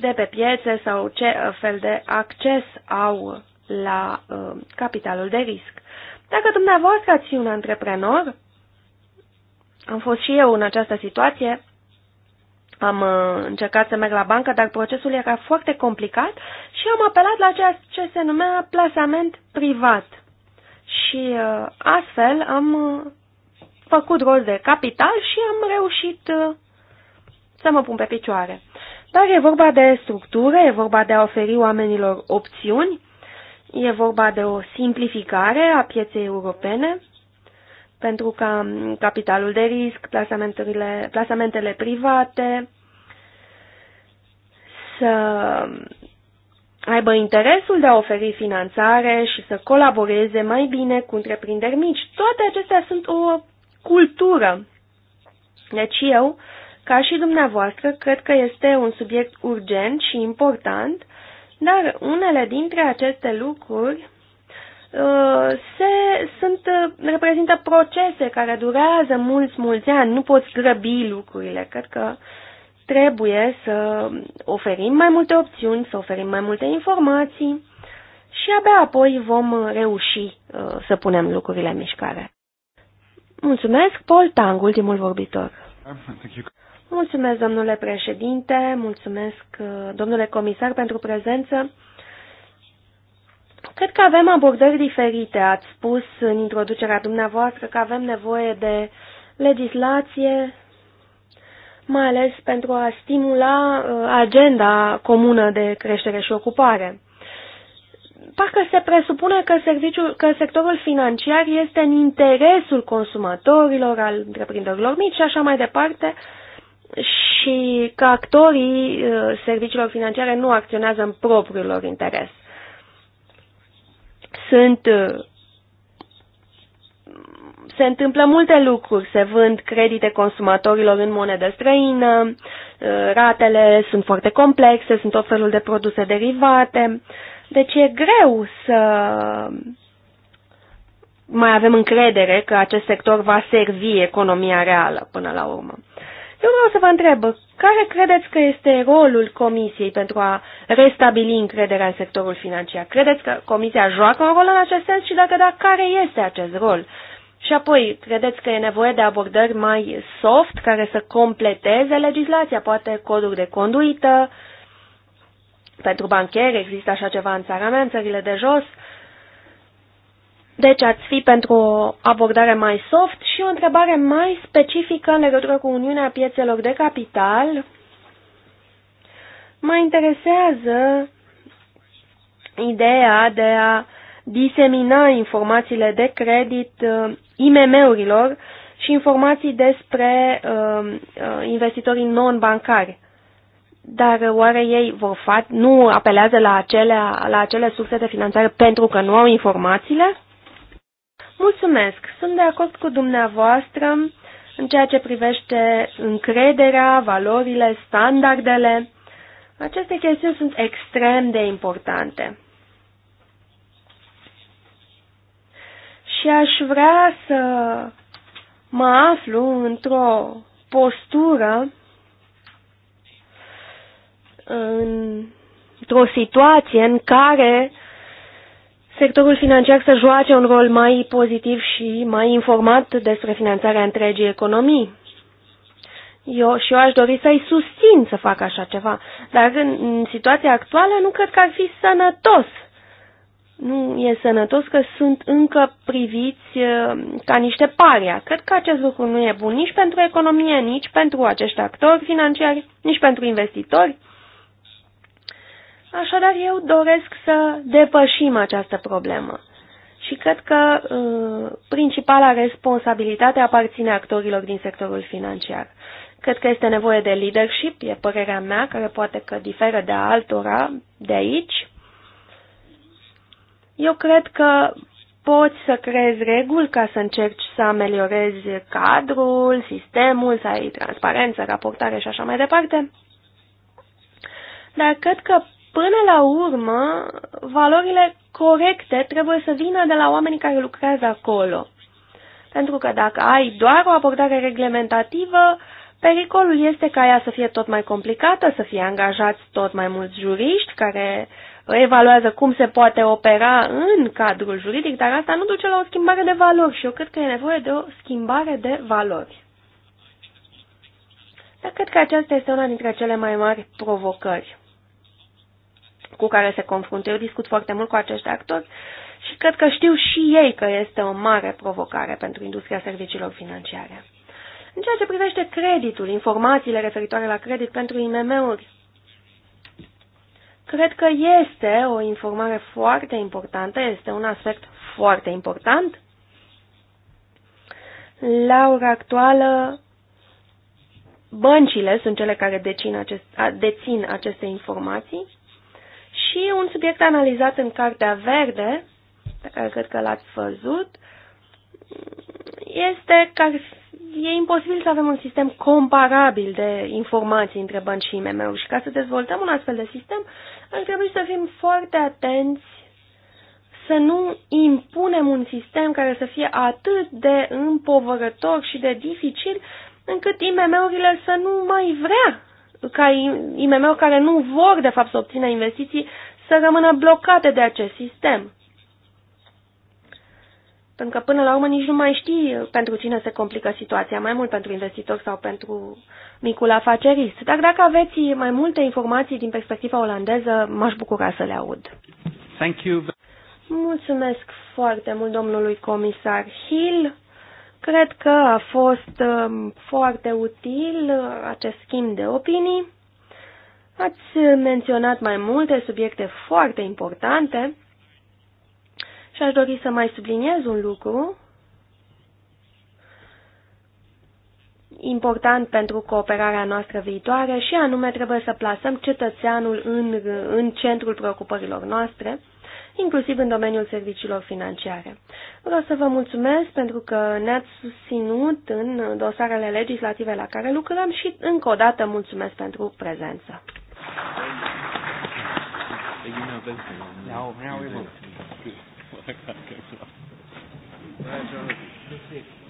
S2: de pe piețe sau ce uh, fel de acces au la uh, capitalul de risc. Dacă dumneavoastră ați fi un antreprenor, am fost și eu în această situație, am uh, încercat să merg la bancă, dar procesul era foarte complicat și am apelat la ceea ce se numea plasament privat. Și uh, astfel am uh, făcut rost de capital și am reușit uh, să mă pun pe picioare. Dar e vorba de structură, e vorba de a oferi oamenilor opțiuni, e vorba de o simplificare a pieței europene, pentru ca um, capitalul de risc, plasamentele, plasamentele private, să aibă interesul de a oferi finanțare și să colaboreze mai bine cu întreprinderi mici. Toate acestea sunt o cultură. Deci eu, ca și dumneavoastră, cred că este un subiect urgent și important, dar unele dintre aceste lucruri uh, se, sunt, uh, reprezintă procese care durează mulți, mulți ani, nu poți grăbi lucrurile. Cred că uh, Trebuie să oferim mai multe opțiuni, să oferim mai multe informații și abia apoi vom reuși uh, să punem lucrurile în mișcare. Mulțumesc, Paul Tang, ultimul vorbitor. Mulțumesc, domnule președinte, mulțumesc, uh, domnule comisar, pentru prezență. Cred că avem abordări diferite. Ați spus în introducerea dumneavoastră că avem nevoie de legislație mai ales pentru a stimula uh, agenda comună de creștere și ocupare. Parcă se presupune că, serviciul, că sectorul financiar este în interesul consumatorilor, al întreprinderilor mici și așa mai departe, și că actorii uh, serviciilor financiare nu acționează în propriul lor interes. Sunt uh, se întâmplă multe lucruri. Se vând credite consumatorilor în monedă străină, uh, ratele sunt foarte complexe, sunt tot felul de produse derivate. Deci e greu să mai avem încredere că acest sector va servi economia reală până la urmă. Eu vreau să vă întreb, care credeți că este rolul Comisiei pentru a restabili încrederea în sectorul financiar? Credeți că Comisia joacă un rol în acest sens și dacă da, care este acest rol? Și apoi, credeți că e nevoie de abordări mai soft care să completeze legislația, poate coduri de conduită, pentru bancheri există așa ceva în țara mea, în țările de jos. Deci ați fi pentru o abordare mai soft și o întrebare mai specifică în legătură cu Uniunea Piețelor de Capital. Mă interesează ideea de a disemina informațiile de credit IMM-urilor și informații despre um, uh, investitorii non-bancari. Dar oare ei vor face? nu apelează la acele, la acele surse de finanțare pentru că nu au informațiile? Mulțumesc! Sunt de acord cu dumneavoastră în ceea ce privește încrederea, valorile, standardele. Aceste chestiuni sunt extrem de importante. și aș vrea să mă aflu într-o postură, într-o situație în care sectorul financiar să joace un rol mai pozitiv și mai informat despre finanțarea întregii economii. Eu și eu aș dori să-i susțin să facă așa ceva, dar în, în situația actuală nu cred că ar fi sănătos nu e sănătos că sunt încă priviți uh, ca niște paria. Cred că acest lucru nu e bun nici pentru economie, nici pentru acești actori financiari, nici pentru investitori. Așadar, eu doresc să depășim această problemă. Și cred că uh, principala responsabilitate aparține actorilor din sectorul financiar. Cred că este nevoie de leadership, e părerea mea, care poate că diferă de altora de aici, eu cred că poți să creezi reguli ca să încerci să ameliorezi cadrul, sistemul, să ai transparență, raportare și așa mai departe. Dar cred că până la urmă valorile corecte trebuie să vină de la oamenii care lucrează acolo. Pentru că dacă ai doar o abordare reglementativă, pericolul este ca ea să fie tot mai complicată, să fie angajați tot mai mulți juriști care uh, evaluează cum se poate opera în cadrul juridic, dar asta nu duce la o schimbare de valori și eu cred că e nevoie de o schimbare de valori. Dar cred că aceasta este una dintre cele mai mari provocări cu care se confruntă. Eu discut foarte mult cu acești actori și cred că știu și ei că este o mare provocare pentru industria serviciilor financiare. În ceea ce privește creditul, informațiile referitoare la credit pentru IMM-uri, Cred că este o informare foarte importantă, este un aspect foarte important. La ora actuală, băncile sunt cele care dețin, acest, dețin aceste informații și un subiect analizat în Cartea Verde, pe care cred că l-ați văzut, este care e imposibil să avem un sistem comparabil de informații între bănci și IMM-uri și ca să dezvoltăm un astfel de sistem ar trebui să fim foarte atenți să nu impunem un sistem care să fie atât de împovărător și de dificil încât IMM-urile să nu mai vrea ca IMM-uri care nu vor de fapt să obțină investiții să rămână blocate de acest sistem. Pentru că până la urmă nici nu mai știi pentru cine se complică situația, mai mult pentru investitor sau pentru micul afacerist. Dar dacă aveți mai multe informații din perspectiva olandeză, m-aș bucura să le aud. Thank you. Mulțumesc foarte mult domnului comisar Hill. Cred că a fost um, foarte util uh, acest schimb de opinii. Ați menționat mai multe subiecte foarte importante și aș dori să mai subliniez un lucru important pentru cooperarea noastră viitoare și anume trebuie să plasăm cetățeanul în, în centrul preocupărilor noastre, inclusiv în domeniul serviciilor financiare. Vreau să vă mulțumesc pentru că ne-ați susținut în dosarele legislative la care lucrăm și încă o dată mulțumesc pentru prezență.
S1: Thank you. Grazie. (laughs)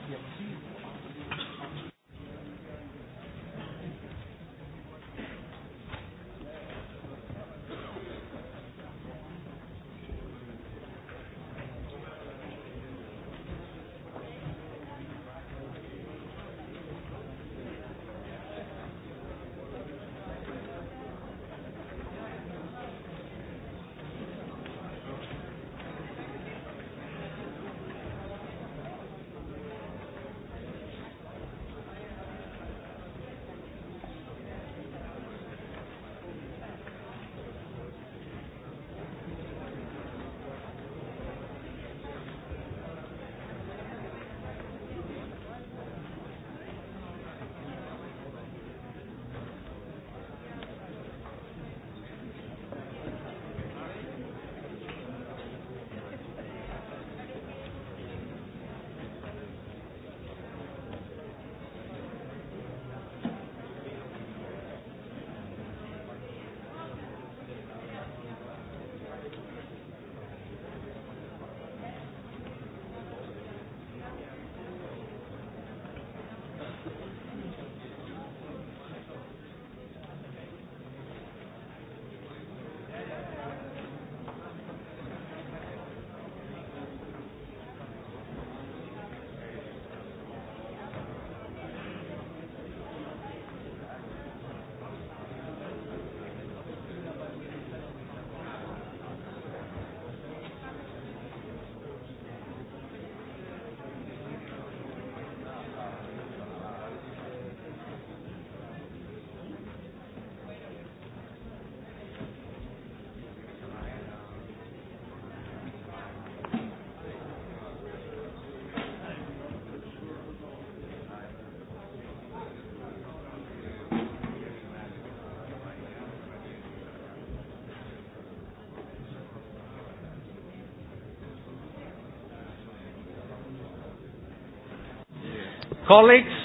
S1: colleagues,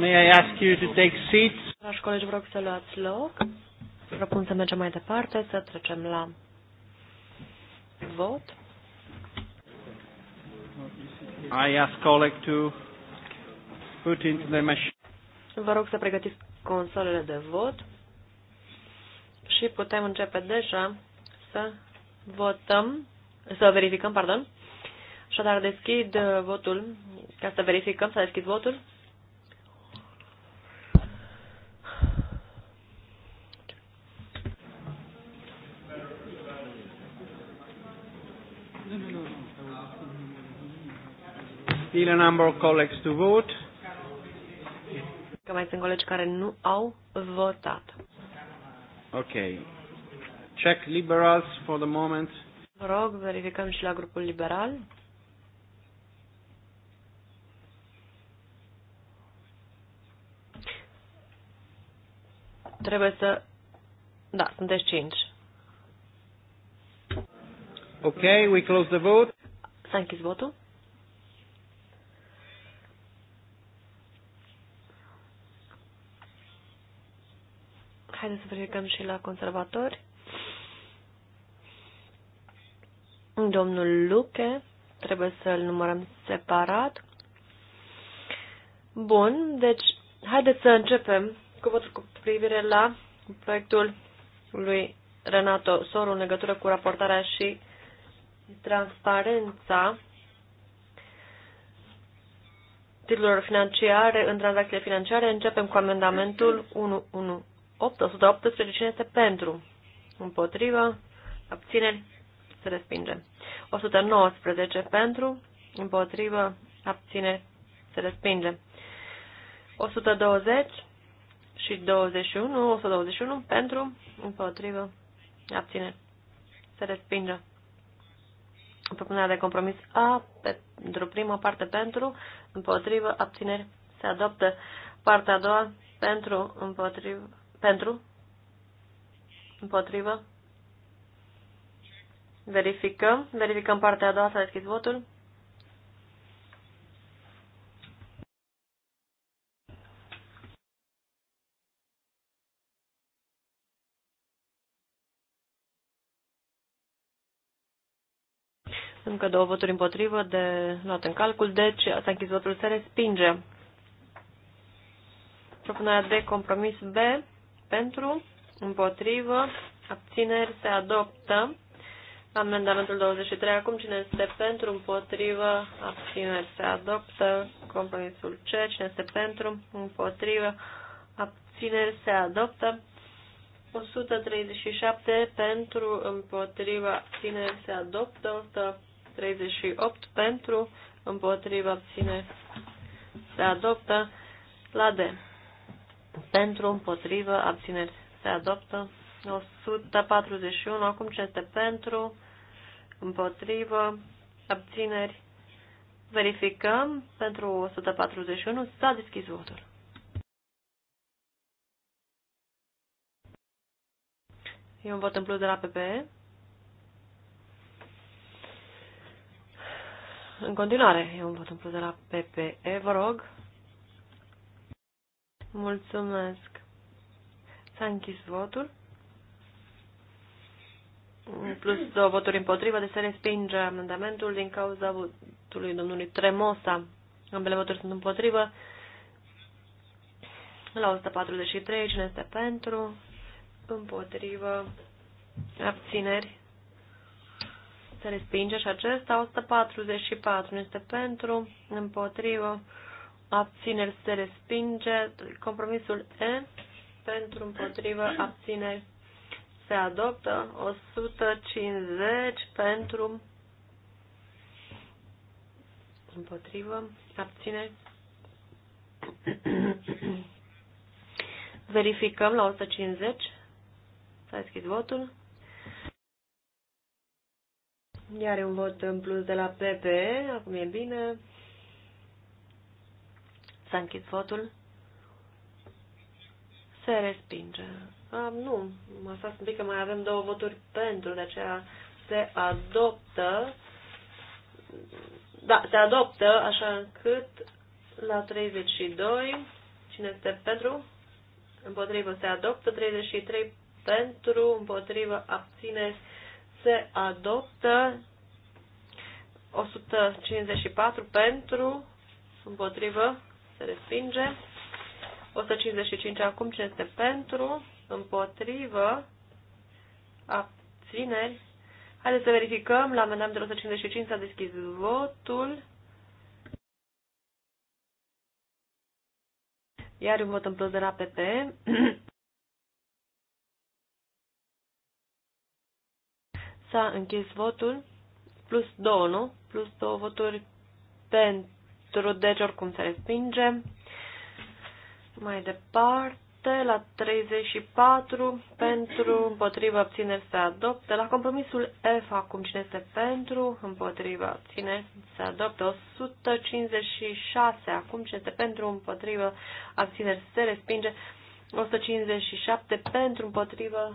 S1: may I ask you to take
S3: seats? Dragi colegi, vă rog să luați loc. Propun să mergem mai departe, să trecem la vot.
S1: I ask colleagues to put into the machine.
S3: Vă rog să pregătiți consolele de vot și putem începe deja să votăm, să verificăm, pardon. Așadar, deschid votul ca să verificăm, să deschid votul.
S5: Still a number of colleagues to vote.
S3: Că mai sunt colegi care nu au votat.
S1: Ok. Check liberals for the moment.
S3: Vă rog, verificăm și la grupul liberal. Trebuie să... Da, sunteți cinci. Ok, we close the vote. S-a închis votul. Haideți să verificăm și la conservatori. Domnul Luche, trebuie să-l numărăm separat. Bun, deci haideți să începem cuvântul cu privire la proiectul lui Renato Soru în legătură cu raportarea și transparența titlurilor financiare în tranzacțiile financiare. Începem cu amendamentul 118. Cine este pentru? Împotrivă? Abțineri? Se respinge. 119 pentru? Împotrivă? Abțineri? Se respinge. 120 și 21, 121 pentru, împotrivă, abține. Se respinge. Propunerea de compromis A pentru prima parte pentru, împotrivă, abțineri. Se adoptă partea a doua pentru, împotrivă, pentru, împotrivă. Verificăm. Verificăm partea a doua. S-a deschis votul. încă două voturi împotrivă de luat în calcul, deci s-a închis votul, se respinge. Propunerea de compromis B pentru, împotrivă, abțineri se adoptă. Amendamentul 23. Acum cine este pentru, împotrivă, abțineri se adoptă. Compromisul C. Cine este pentru, împotrivă, abțineri se adoptă. 137 pentru, împotriva, abțineri se adoptă, 38 pentru, împotriva abțineri se adoptă. La D. Pentru, împotrivă, abțineri se adoptă. 141. Acum ce este pentru, împotrivă, abțineri. Verificăm. Pentru 141 s-a deschis votul. E un vot în plus de la PPE. în continuare. E un vot în plus de la PPE, vă rog. Mulțumesc. S-a închis votul. Plus două voturi împotrivă, de deci să respinge amendamentul din cauza votului domnului Tremosa. Ambele voturi sunt împotrivă. La 143, cine este pentru? Împotrivă. Abțineri se respinge și acesta 144 nu este pentru, împotrivă, abțineri se respinge, compromisul E pentru, împotrivă, abțineri se adoptă, 150 pentru, împotrivă, abțineri. (coughs) Verificăm la 150. S-a deschis votul. Iar un vot în plus de la PP, acum e bine. S-a închis votul. Se respinge. A, nu, asta spune că mai avem două voturi pentru, de aceea se adoptă. Da, se adoptă, așa încât la 32, cine este pentru? Împotrivă se adoptă, 33 pentru, împotrivă abțineri se adoptă 154 pentru, împotrivă, se respinge. 155 acum, cine este pentru, împotrivă, abțineri. Haideți să verificăm, la de 155 s-a deschis votul. Iar un vot în plus de la PP. (clears throat) S-a închis votul. Plus 2, nu? Plus 2 voturi pentru. Deci oricum se respinge. Mai departe. la 34 pentru, împotriva abțineri se adoptă. La compromisul F acum cine este pentru, împotriva abțineri se adoptă. 156 acum cine este pentru, împotriva abțineri se respinge. 157 pentru, împotriva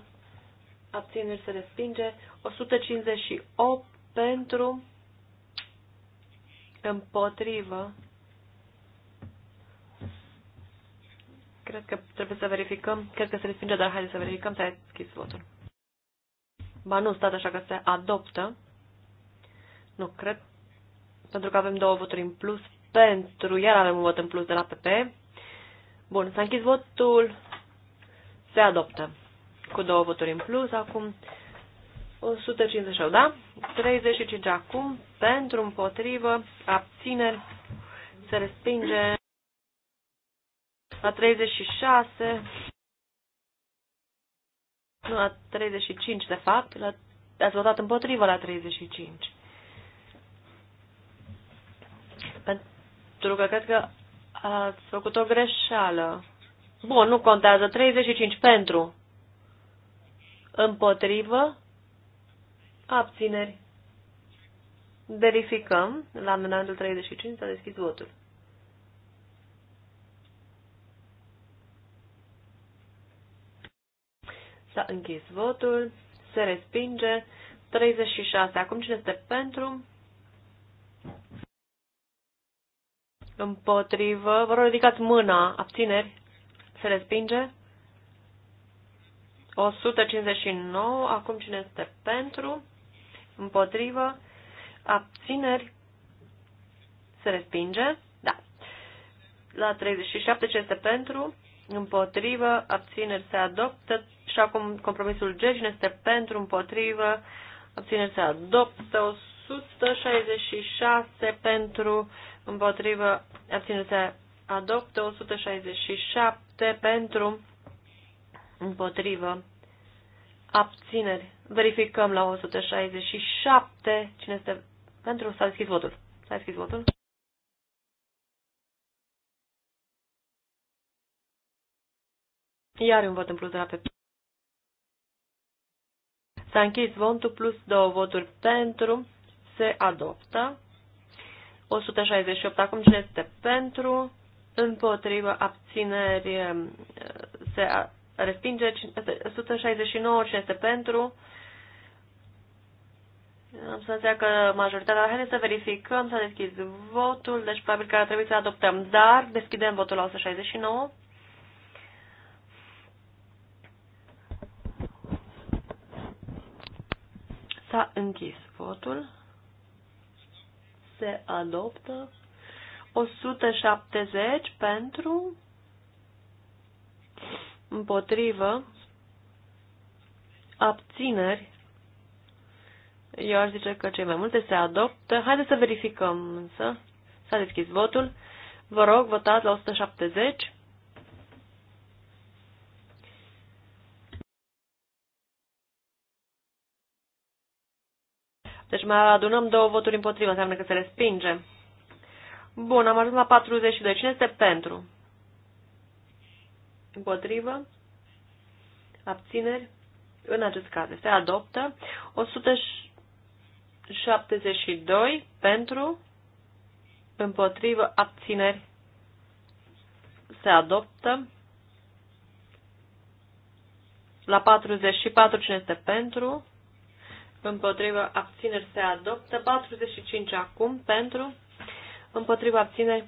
S3: abțineri se respinge, 158 pentru, împotrivă. Cred că trebuie să verificăm, cred că se respinge, dar haideți să verificăm, să a deschis votul. Ba nu, stat așa că se adoptă. Nu, cred, pentru că avem două voturi în plus pentru, iar avem un vot în plus de la PP. Bun, s-a închis votul, se adoptă cu două voturi în plus acum. 158, da? 35 acum, pentru, împotrivă, abțineri, se respinge la 36, nu, la 35, de fapt, la, ați votat împotrivă la 35. Pentru că cred că ați făcut o greșeală. Bun, nu contează. 35 pentru. Împotrivă. Abțineri. Verificăm. La amendamentul 35 s-a deschis votul. S-a închis votul. Se respinge. 36. Acum cine este pentru? Împotrivă. Vă rog, ridicați mâna. Abțineri. Se respinge. 159. Acum cine este pentru? Împotrivă? Abțineri? Se respinge? Da. La 37 ce este pentru? Împotrivă? Abțineri? Se adoptă? Și acum compromisul G. Cine este pentru? Împotrivă? Abțineri? Se adoptă? 166 pentru? Împotrivă? Abțineri? Se adoptă? 167 pentru? împotrivă, abțineri. Verificăm la 167 cine este pentru. S-a deschis votul. S-a deschis votul. Iar un vot în plus de la pe. S-a închis votul plus două voturi pentru. Se adoptă. 168. Acum cine este pentru? Împotrivă abțineri se respinge 169 cine este pentru. Am senzația că majoritatea, haideți să verificăm, să a deschis votul, deci probabil că ar trebui să adoptăm, dar deschidem votul la 169. S-a închis votul. Se adoptă 170 pentru împotrivă, abțineri, eu aș zice că cei mai multe se adoptă. Haideți să verificăm însă. S-a deschis votul. Vă rog, votați la 170. Deci mai adunăm două voturi împotriva, înseamnă că se respinge. Bun, am ajuns la 42. Cine este pentru? împotrivă, abțineri, în acest caz se adoptă 172 pentru, împotrivă, abțineri, se adoptă la 44 cine este pentru, împotrivă, abțineri, se adoptă 45 acum pentru, împotrivă, abțineri,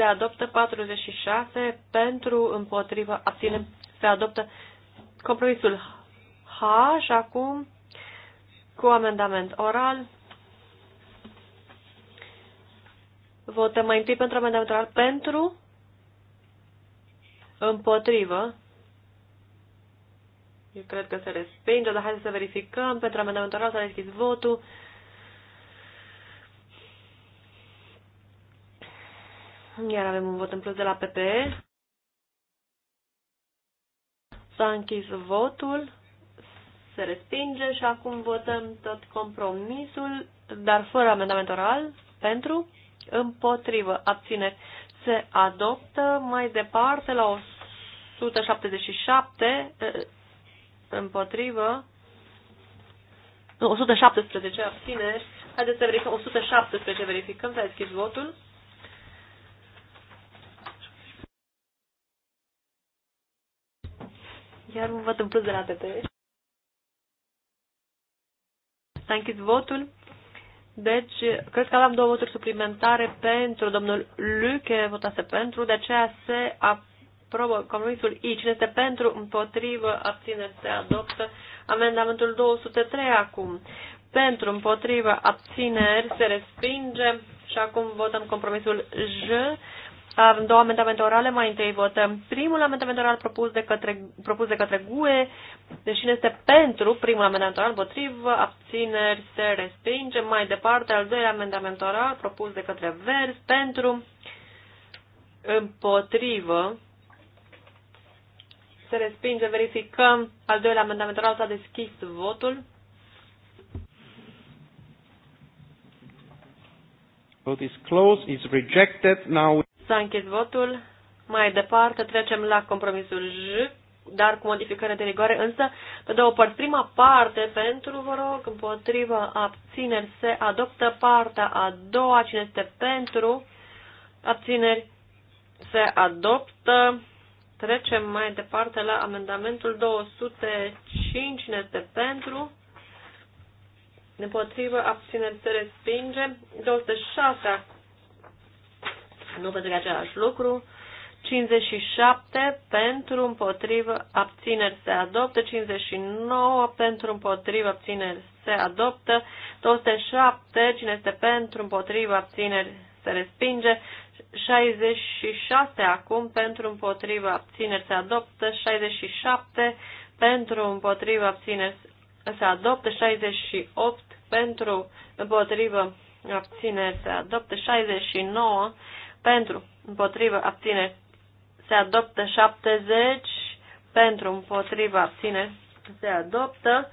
S3: se adoptă 46 pentru împotrivă abținem se adoptă compromisul H și acum cu amendament oral. Votăm mai întâi pentru amendament oral pentru împotrivă. Eu cred că se respinge, dar haideți să verificăm. Pentru amendament oral s-a deschis votul. Iar avem un vot în plus de la PPE. S-a închis votul, se respinge și acum votăm tot compromisul, dar fără amendament oral, pentru, împotrivă, abține, se adoptă mai departe la 177, împotrivă, 117 abțineri, haideți să verificăm, 117 verificăm, s-a deschis votul. Iar un vot în plus de la PP. S-a închis votul. Deci, cred că aveam două voturi suplimentare pentru domnul Luche, votase pentru, de aceea se aprobă compromisul I. Cine este pentru, împotrivă, abține, se adoptă. Amendamentul 203 acum. Pentru, împotrivă, abțineri, se respinge. Și acum votăm compromisul J. Avem două amendamente orale, mai întâi votăm primul amendament oral propus de către, propus de către GUE, deși este pentru primul amendament oral, potrivă, abțineri, se respinge. Mai departe, al doilea amendament oral propus de către VERS, pentru, împotrivă, se respinge, verificăm. Al doilea amendament oral s-a deschis votul.
S1: Vote is closed, is rejected. Now
S3: S-a închis votul. Mai departe trecem la compromisul J, dar cu modificare de rigoare, însă pe două părți. Prima parte pentru, vă rog, împotriva abțineri se adoptă partea a doua, cine este pentru, abțineri se adoptă. Trecem mai departe la amendamentul 205, cine este pentru, Împotrivă, abțineri se respinge. 206 nu pentru că același lucru. 57 pentru împotrivă abțineri se adoptă, 59 pentru împotrivă abțineri se adoptă, 207 cine este pentru împotrivă abțineri se respinge, 66 acum pentru împotrivă abțineri se adoptă, 67 pentru împotrivă abțineri se adoptă, 68 pentru împotrivă abțineri se adoptă, 69 pentru, împotrivă, abține, se adoptă 70, pentru, împotrivă, abține, se adoptă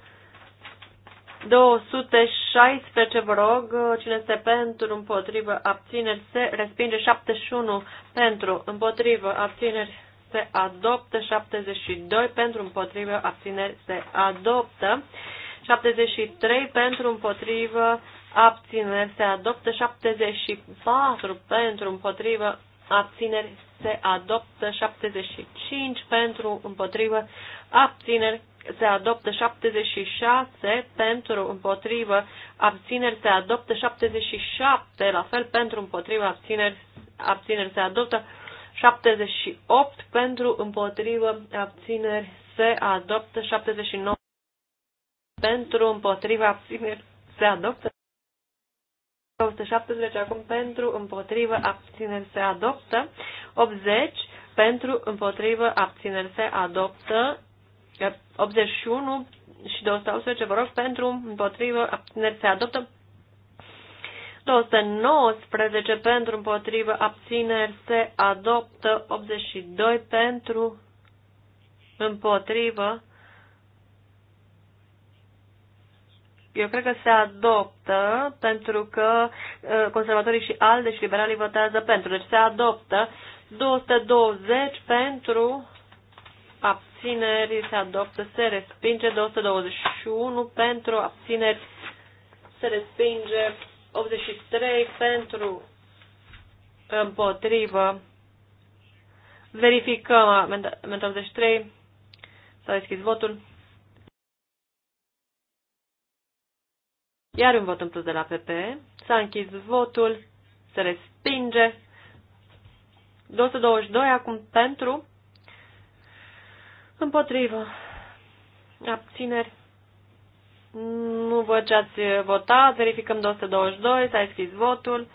S3: 216, vă rog, cine este pentru, împotrivă, abțineri, se respinge 71, pentru, împotrivă, abțineri, se adoptă 72, pentru, împotrivă, abțineri, se adoptă 73, pentru, împotrivă, abțineri se adoptă, 74 pentru împotrivă, abțineri se adoptă, 75 pentru împotrivă, abțineri se adoptă 76 pentru împotrivă, abțineri se adoptă 77, la fel pentru împotrivă, abțineri, abțineri se adoptă 78 pentru împotrivă, abțineri se adoptă 79 pentru împotrivă, abțineri se adoptă 170 acum pentru, împotrivă, abțineri se adoptă. 80 pentru, împotrivă, abțineri se adoptă. 81 și 211, vă rog, pentru, împotrivă, abțineri se adoptă. 219 pentru, împotrivă, abțineri se adoptă. 82 pentru, împotrivă, Eu cred că se adoptă pentru că uh, conservatorii și ALDE și liberalii votează pentru. Deci se adoptă 220 pentru abțineri, se adoptă, se respinge 221 pentru abțineri, se respinge 83 pentru împotrivă. Verificăm amendamentul 83. S-a deschis votul. Iar un vot în plus de la PP. S-a închis votul. Se respinge. 222 acum pentru. Împotrivă. Abțineri. Nu văd ce ați votat. Verificăm 222. S-a deschis votul.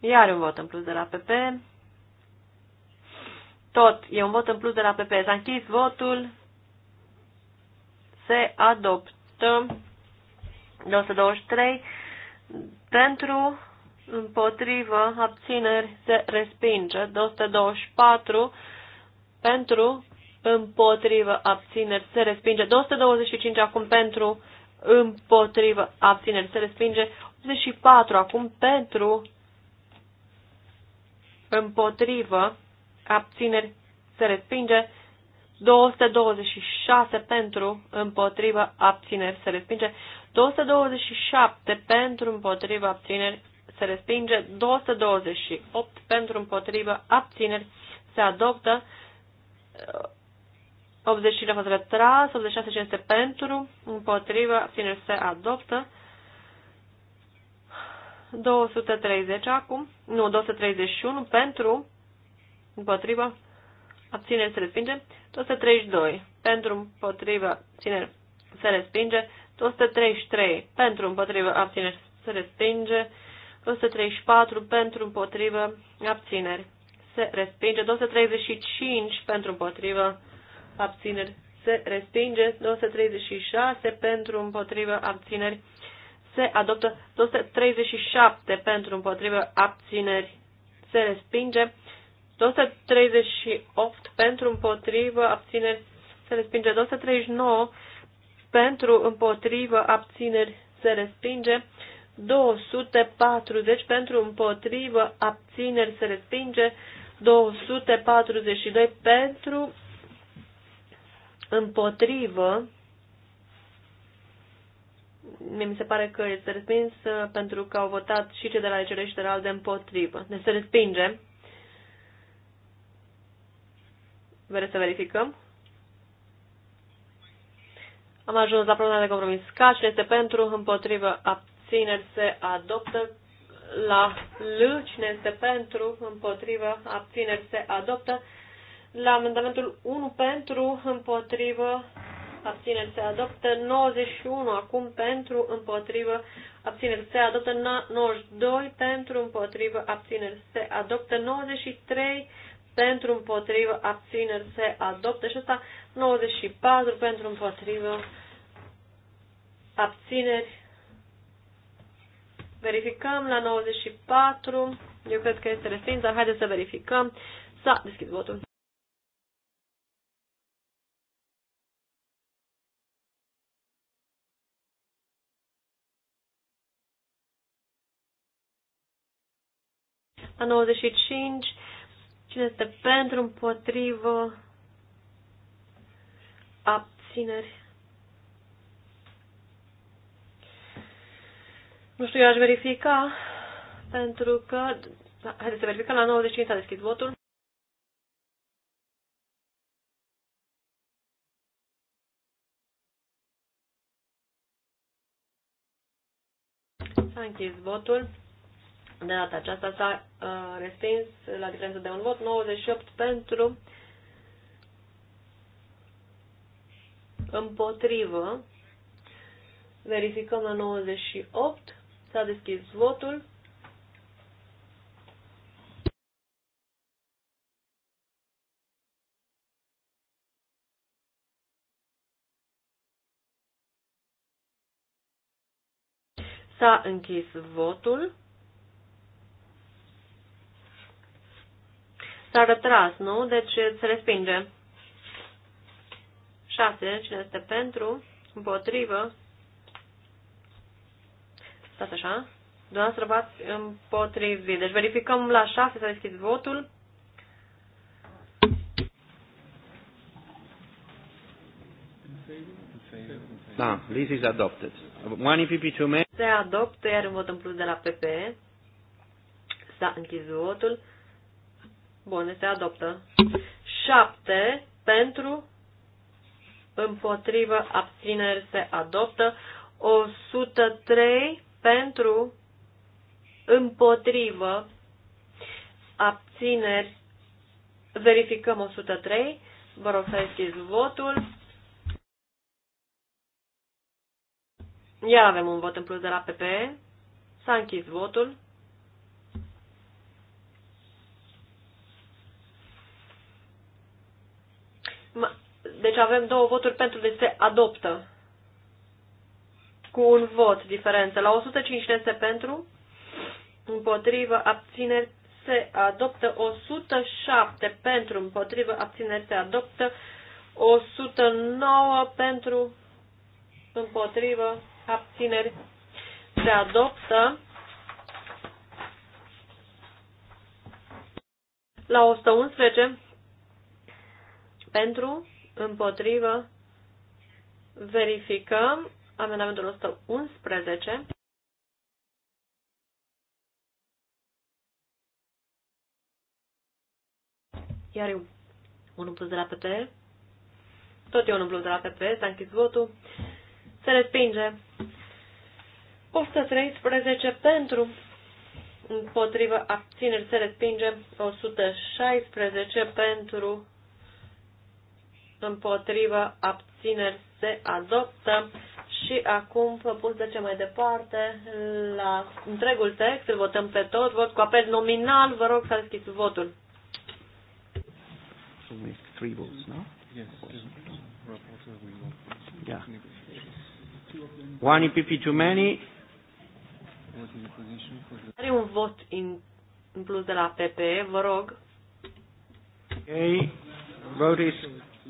S3: Iar un vot în plus de la PP. Tot. E un vot în plus de la PP. S-a închis votul se adoptă 223 pentru împotrivă abțineri se respinge 224 pentru împotrivă abțineri se respinge 225 acum pentru împotrivă abțineri se respinge 84 acum pentru împotrivă abțineri se respinge 226 pentru, împotriva abțineri, se respinge. 227 pentru, împotriva abțineri, se respinge. 228 pentru, împotriva abțineri, se adoptă. 89 a fost retras, 86 este pentru, împotriva abțineri, se adoptă. 230 acum, nu, 231 pentru, împotriva abțineri se respinge, 232 pentru împotrivă, abțineri se respinge, 233 pentru împotrivă, abțineri se respinge, 234 pentru împotrivă, abțineri se respinge, 235 pentru împotrivă, abțineri se respinge, 236 pentru împotrivă, abțineri se adoptă, 237 pentru împotrivă abțineri se respinge, 238 pentru împotrivă abțineri se respinge. 239 pentru împotrivă abțineri se respinge. 240 pentru împotrivă abțineri se respinge. 242 pentru împotrivă mi se pare că este respins pentru că au votat și cei de la ECR și de la ALDE împotrivă. Ne deci se respinge. Vreți să verificăm? Am ajuns la problema de compromis. Cașul este pentru, împotrivă, abțineri, se adoptă. La L, cine este pentru, împotrivă, abțineri, se adoptă. La amendamentul 1 pentru, împotrivă, abțineri, se adoptă. 91 acum pentru, împotrivă, abțineri, se adoptă. 92 pentru, împotrivă, abțineri, se adoptă. 93 pentru împotrivă, abțineri se adoptă și asta 94 pentru împotrivă, abțineri. Verificăm la 94, eu cred că este respins, dar haideți să verificăm. S-a deschis votul. La 95 Cine este pentru, împotrivă, abțineri. Nu știu, eu aș verifica, pentru că... Da, haideți să verificăm, la 95 s-a deschis votul. S-a închis votul. De data aceasta s-a uh, respins la diferență de un vot 98 pentru împotrivă. Verificăm la 98. S-a deschis votul. S-a închis votul. S-a retras, nu? Deci se respinge. 6. Cine este pentru? Împotrivă. Stați așa. Dumneavoastră v-ați împotrivit. Deci verificăm la 6 să deschid votul.
S1: Da, this is adopted. One PP2 men.
S3: Se adoptă, iar un vot în plus de la PP. S-a închis votul. Bun, se adoptă. 7 pentru, împotrivă, abțineri, se adoptă. 103 pentru, împotrivă, abțineri, verificăm 103. Vă rog să deschizi votul. Iar avem un vot în plus de la PP. S-a închis votul. Deci avem două voturi pentru, de deci se adoptă. Cu un vot diferență. La 105 este pentru, împotrivă, abțineri, se adoptă. 107 pentru, împotrivă, abțineri, se adoptă. 109 pentru, împotrivă, abțineri, se adoptă. La 111 pentru, împotrivă, verificăm amendamentul 111. Iar eu, 1 plus de la PP, tot eu 1 plus de la PP, s-a închis votul, se respinge. 113 pentru, împotrivă abțineri se respinge, 116 pentru, împotrivă, abțineri, se adoptă. Și acum, propus de ce mai departe, la întregul text, îl votăm pe tot, vot cu apel nominal, vă rog să deschideți votul.
S1: So we One EPP too many.
S3: Are un vot in, în plus de la PPE, vă rog.
S1: Okay. Vote is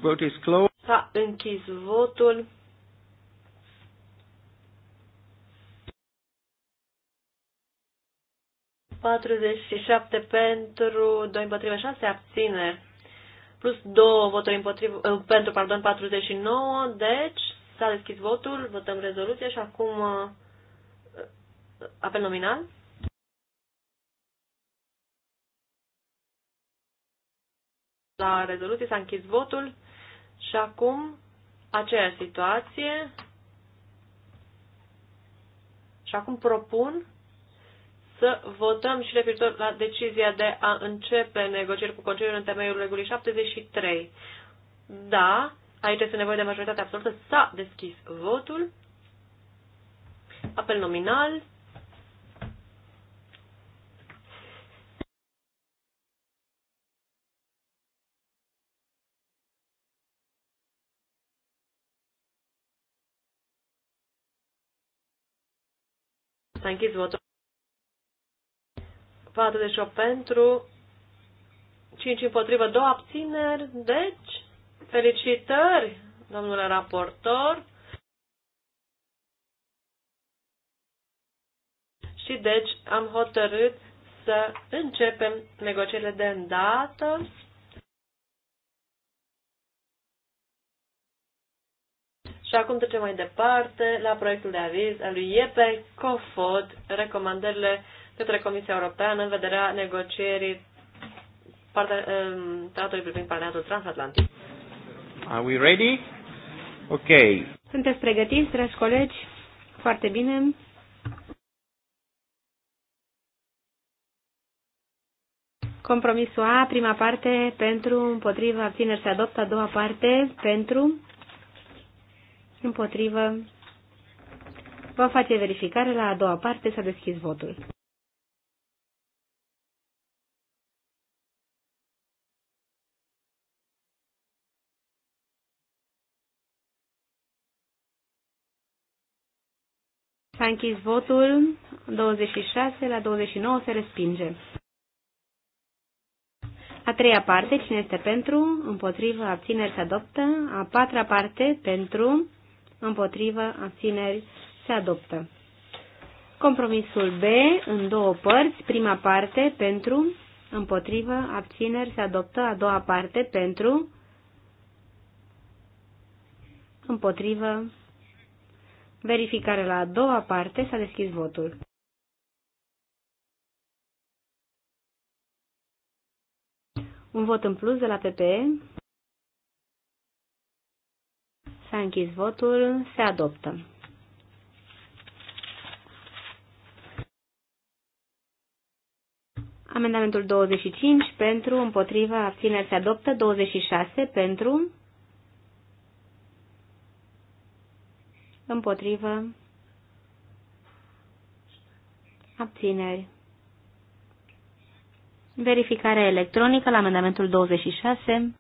S1: Vote is closed.
S3: S-a închis votul. Patruzeci și șapte pentru, doi împotriva, șase abțineri, plus două voturi împotriva, uh, pentru, pardon, 49, deci s-a deschis votul, votăm rezoluția și acum uh, uh, apel nominal. La rezoluție s-a închis votul. Și acum, aceea situație. Și acum propun să votăm și referitor la decizia de a începe negocieri cu Consiliul în temeiul regulii 73. Da, aici este nevoie de majoritate absolută. S-a deschis votul. Apel nominal. să închizi închis votul. 48 pentru, 5 împotrivă, 2 abțineri. Deci, felicitări, domnule raportor. Și deci am hotărât să începem negocierile de îndată. Și acum trecem mai departe la proiectul de aviz al lui Iepe Cofod, recomandările către Comisia Europeană în vederea negocierii um, tratului privind parteneriatul transatlantic.
S1: Are we ready? Ok.
S4: Sunteți pregătiți, dragi colegi? Foarte bine. Compromisul A, prima parte, pentru, împotriva, abțineri se adoptă, a doua parte, pentru, împotrivă. Vom face verificare la a doua parte, s-a deschis votul. S-a închis votul, 26 la 29 se respinge. A treia parte, cine este pentru, împotrivă, abțineri se adoptă. A patra parte, pentru, împotrivă, abțineri, se adoptă. Compromisul B, în două părți, prima parte pentru, împotrivă, abțineri, se adoptă, a doua parte pentru, împotrivă, verificare la a doua parte, s-a deschis votul. Un vot în plus de la PPE. S-a închis votul. Se adoptă. Amendamentul 25 pentru, împotriva, abțineri se adoptă. 26 pentru, împotrivă, abțineri. Verificare electronică la amendamentul 26.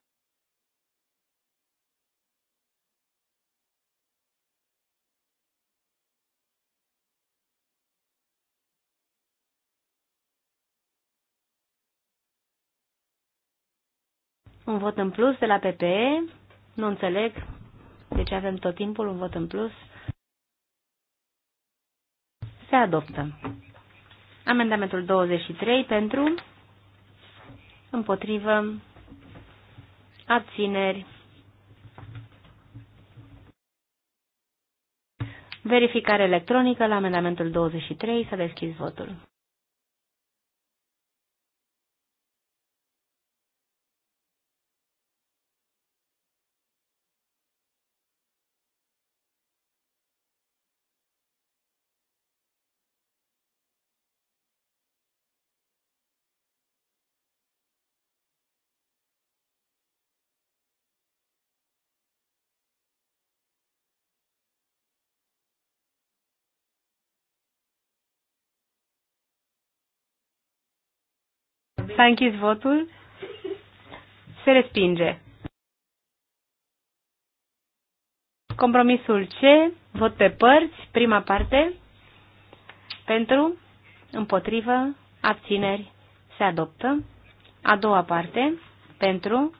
S4: vot în plus de la PPE. Nu înțeleg. de Deci avem tot timpul un vot în plus. Se adoptă. Amendamentul 23 pentru, împotrivă, abțineri. Verificare electronică la amendamentul 23. S-a deschis votul. S-a închis votul. Se respinge. Compromisul C, vot pe părți, prima parte, pentru, împotrivă, abțineri, se adoptă. A doua parte, pentru,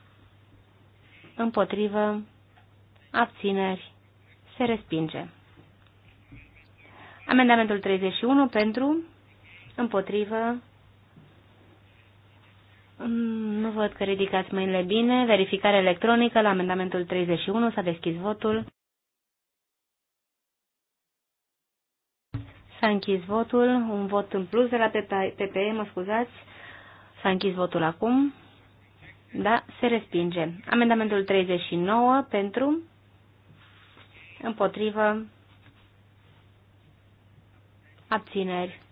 S4: împotrivă, abțineri, se respinge. Amendamentul 31 pentru, împotrivă, Mm, nu văd că ridicați mâinile bine. Verificare electronică la amendamentul 31. S-a deschis votul. S-a închis votul. Un vot în plus de la PPE, mă scuzați. S-a închis votul acum. Da, se respinge. Amendamentul 39 pentru, împotrivă, abțineri.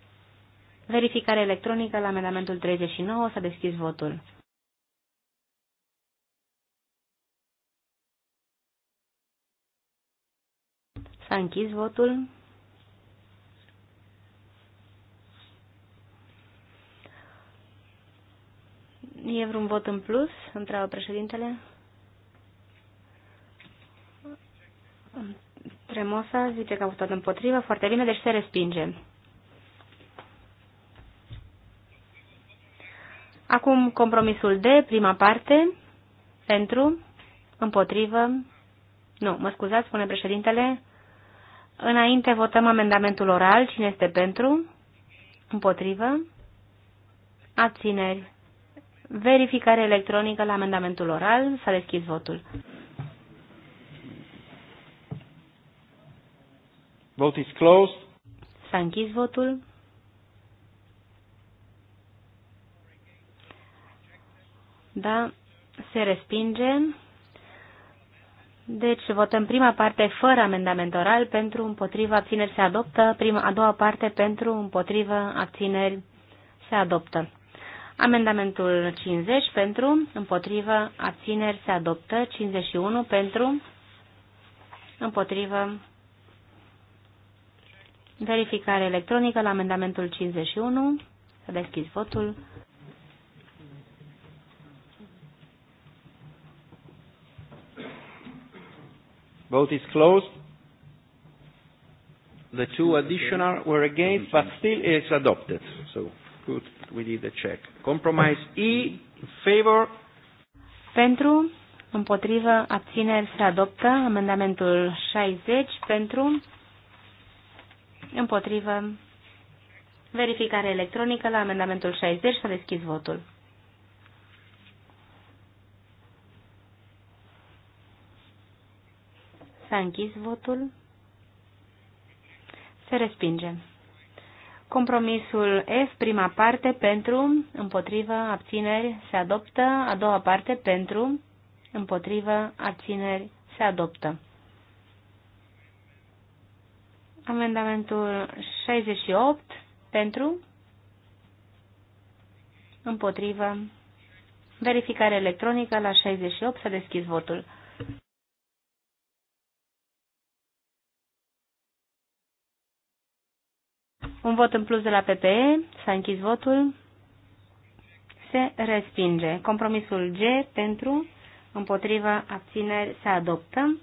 S4: Verificare electronică la amendamentul 39. S-a deschis votul. S-a închis votul. E vreun vot în plus? Întreabă președintele. Tremosa zice că a votat împotriva. Foarte bine, deci se respinge. Acum compromisul D, prima parte, pentru, împotrivă, nu, mă scuzați, spune președintele, înainte votăm amendamentul oral, cine este pentru, împotrivă, abțineri, verificare electronică la amendamentul oral, s-a deschis votul. Vote is closed. S-a închis votul. Da? Se respinge. Deci votăm prima parte fără amendament oral pentru împotriva abțineri se adoptă, prima, a doua parte pentru împotriva abțineri se adoptă. Amendamentul 50 pentru împotriva abțineri se adoptă, 51 pentru împotriva verificare electronică la amendamentul 51. Să deschis votul.
S5: Vote is closed. The two additional were
S1: against, but still it's adopted. So good, we did the check. Compromise E, in favor.
S4: Pentru, împotrivă, abțineri se adoptă. Amendamentul 60 pentru, împotrivă, verificare electronică la amendamentul 60 s-a deschis votul. S-a închis votul. Se respinge. Compromisul F, prima parte, pentru, împotrivă, abțineri, se adoptă. A doua parte, pentru, împotrivă, abțineri, se adoptă. Amendamentul 68, pentru, împotrivă, verificare electronică la 68, s-a deschis votul. Un vot în plus de la PPE. S-a închis votul. Se respinge. Compromisul G pentru, împotriva, abțineri se adoptă.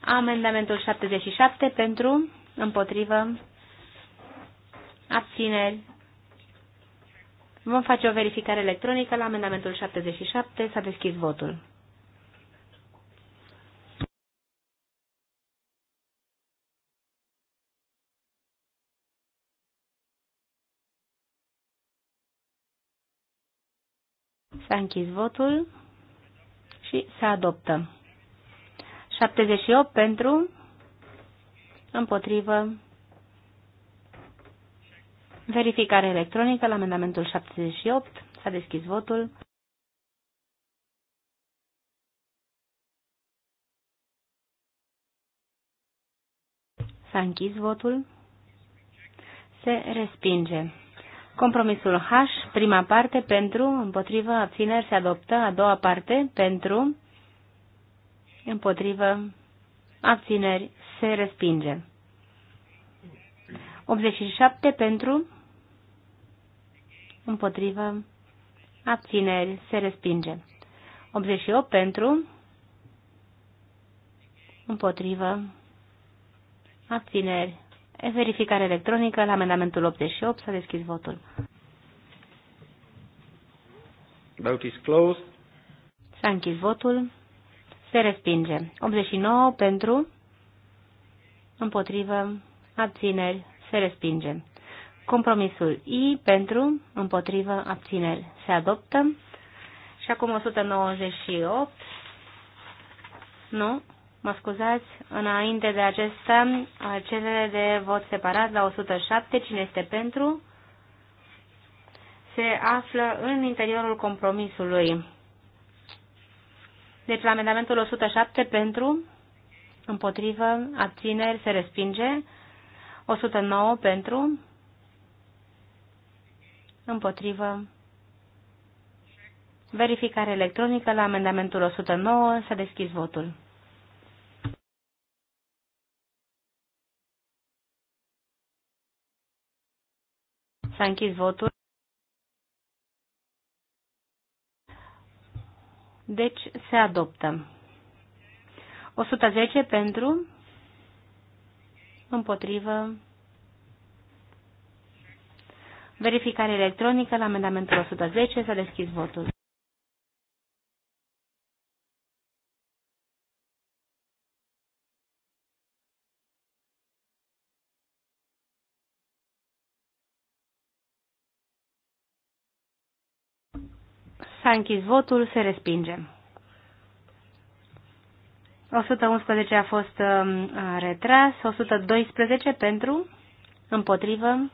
S4: Amendamentul 77 pentru, împotrivă, abțineri. Vom face o verificare electronică la amendamentul 77. S-a deschis votul. S-a închis votul și se adoptă. 78 pentru, împotrivă, verificare electronică la amendamentul 78. S-a deschis votul. S-a închis votul. Se respinge. Compromisul H, prima parte, pentru, împotrivă, abțineri, se adoptă. A doua parte, pentru, împotrivă, abțineri, se respinge. 87 pentru, împotrivă, abțineri, se respinge. 88 pentru, împotrivă, abțineri, E Verificare electronică la amendamentul 88. S-a deschis votul.
S5: Vote is closed.
S4: S-a închis votul. Se respinge. 89 pentru, împotrivă, abțineri, se respinge. Compromisul I pentru, împotrivă, abțineri, se adoptă. Și acum 198. Nu mă scuzați, înainte de acesta, cerere de vot separat la 107, cine este pentru, se află în interiorul compromisului. Deci la amendamentul 107 pentru, împotrivă, abțineri, se respinge, 109 pentru, împotrivă, verificare electronică la amendamentul 109, s-a deschis votul. S-a închis votul. Deci se adoptă. 110 pentru, împotrivă, verificare electronică la amendamentul 110, s-a
S1: deschis votul.
S4: închis votul, se respinge. 111 a fost um, retras, 112 pentru, împotrivă.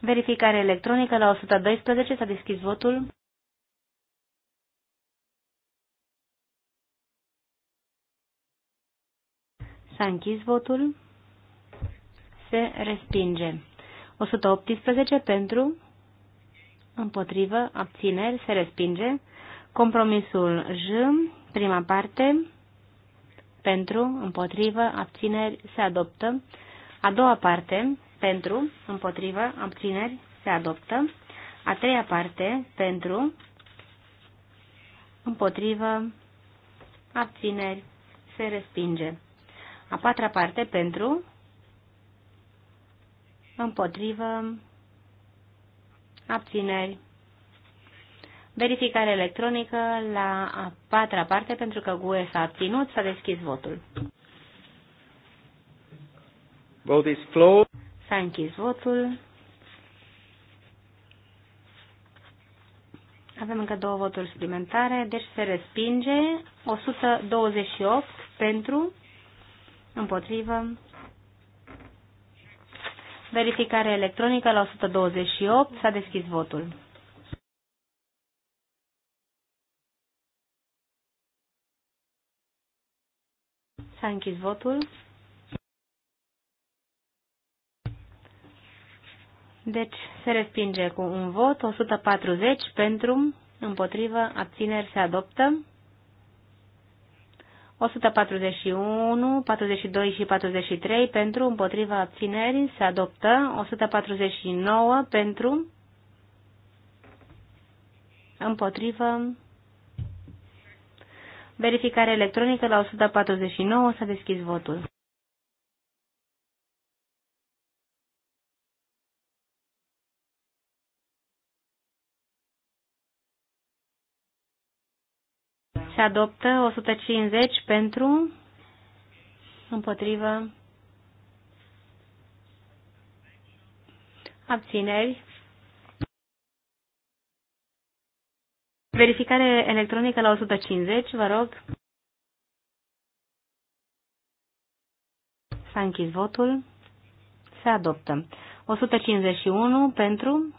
S4: Verificare electronică la 112 s-a deschis votul. S-a închis votul. Se respinge. 118 pentru, împotrivă, abțineri, se respinge. Compromisul J, prima parte, pentru, împotrivă, abțineri, se adoptă. A doua parte, pentru, împotrivă, abțineri, se adoptă. A treia parte, pentru, împotrivă, abțineri, se respinge. A patra parte, pentru, împotrivă, abțineri. Verificare electronică la a patra parte, pentru că GUE s-a abținut, s-a deschis votul.
S5: Vote is closed.
S4: S-a închis votul. Avem încă două voturi suplimentare, deci se respinge 128 pentru, împotrivă, Verificare electronică la 128. S-a deschis votul. S-a închis votul. Deci se respinge cu un vot, 140 pentru, împotrivă, abțineri se adoptă. 141, 42 și 43 pentru, împotriva abținerii, se adoptă, 149 pentru, împotrivă. Verificare electronică la 149 s-a deschis votul. Se adoptă 150 pentru, împotrivă, abțineri. Verificare electronică la 150, vă rog. S-a închis votul. Se adoptă. 151 pentru,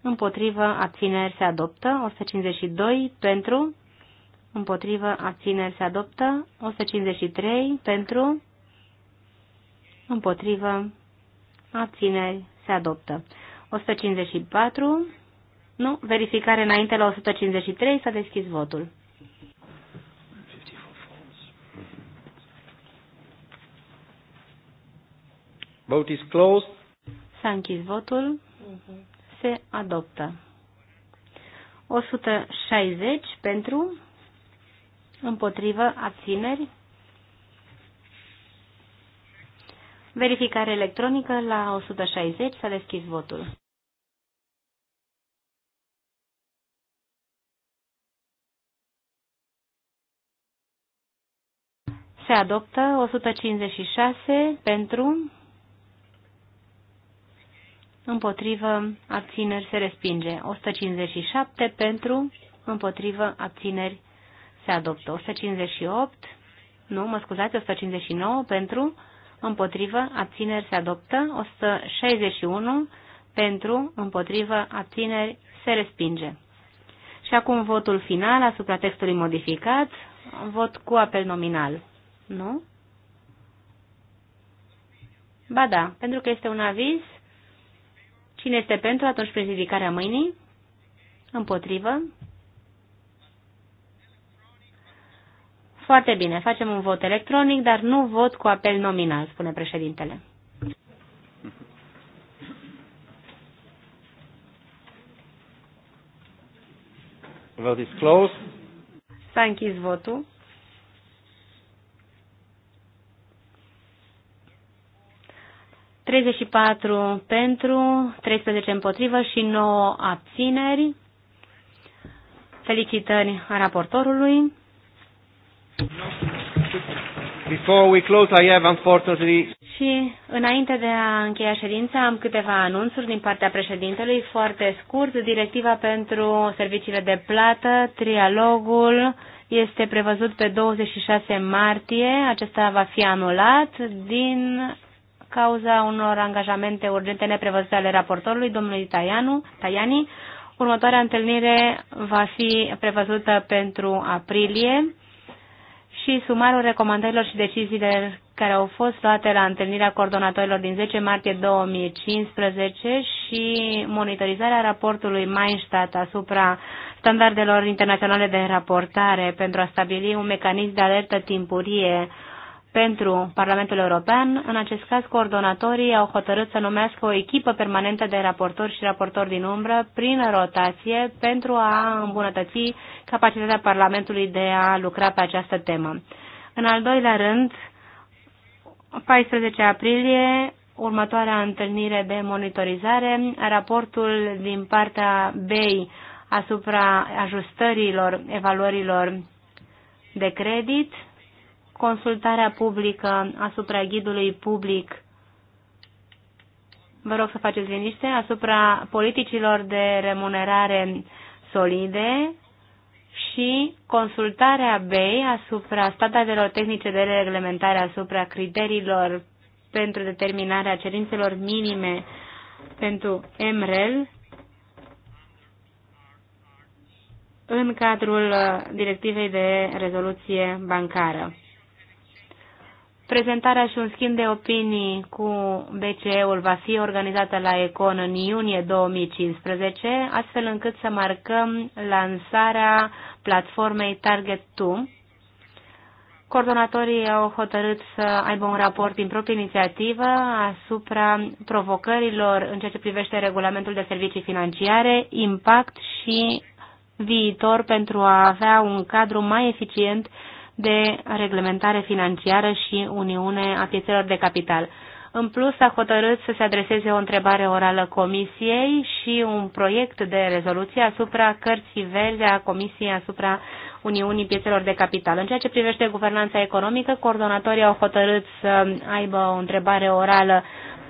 S4: împotrivă, abțineri, se adoptă. 152 pentru, împotrivă, abțineri se adoptă, 153 pentru, împotrivă, abțineri se adoptă. 154, nu, verificare înainte la 153, s-a deschis votul.
S5: Vote is closed.
S4: S-a închis votul. Se adoptă. 160 pentru Împotrivă. Abțineri. Verificare electronică la 160. S-a deschis votul. Se adoptă 156 pentru, împotrivă, abțineri se respinge. 157 pentru, împotrivă, abțineri se adoptă. 158, nu, mă scuzați, 159 pentru, împotrivă, abțineri se adoptă. 161 pentru, împotrivă, abțineri se respinge. Și acum votul final asupra textului modificat, vot cu apel nominal. Nu? Ba da, pentru că este un aviz. Cine este pentru atunci prin ridicarea mâinii? Împotrivă? Foarte bine, facem un vot electronic, dar nu vot cu apel nominal, spune președintele.
S5: Vote is closed.
S3: S-a închis votul.
S4: Treizeci și patru pentru, treisprezece împotrivă și nouă abțineri. Felicitări a raportorului.
S1: Before we close, I have unfortunately...
S4: Și înainte de a încheia ședința, am câteva anunțuri din partea președintelui, foarte scurt. Directiva pentru serviciile de plată, trialogul, este prevăzut pe 26 martie. Acesta va fi anulat din cauza unor angajamente urgente neprevăzute ale raportorului, domnului Taianu, Taiani. Următoarea întâlnire va fi prevăzută pentru aprilie și sumarul recomandărilor și deciziilor care au fost luate la întâlnirea coordonatorilor din 10 martie 2015 și monitorizarea raportului Mainstadt asupra standardelor internaționale de raportare pentru a stabili un mecanism de alertă timpurie pentru Parlamentul European. În acest caz, coordonatorii au hotărât să numească o echipă permanentă de raportori și raportori din umbră prin rotație pentru a îmbunătăți capacitatea Parlamentului de a lucra pe această temă. În al doilea rând, 14 aprilie, următoarea întâlnire de monitorizare, raportul din partea BEI asupra ajustărilor evaluărilor de credit, consultarea publică asupra ghidului public vă rog să faceți liniște, asupra politicilor de remunerare solide și consultarea BEI asupra standardelor tehnice de reglementare, asupra criteriilor pentru determinarea cerințelor minime pentru MREL în cadrul directivei de rezoluție bancară. Prezentarea și un schimb de opinii cu BCE-ul va fi organizată la Econ în iunie 2015, astfel încât să marcăm lansarea platformei Target 2. Coordonatorii au hotărât să aibă un raport din proprie inițiativă asupra provocărilor în ceea ce privește regulamentul de servicii financiare, impact și viitor pentru a avea un cadru mai eficient de reglementare financiară și Uniune a piețelor de capital. În plus, a hotărât să se adreseze o întrebare orală Comisiei și un proiect de rezoluție asupra cărții verzi a Comisiei asupra Uniunii Piețelor de Capital. În ceea ce privește guvernanța economică, coordonatorii au hotărât să aibă o întrebare orală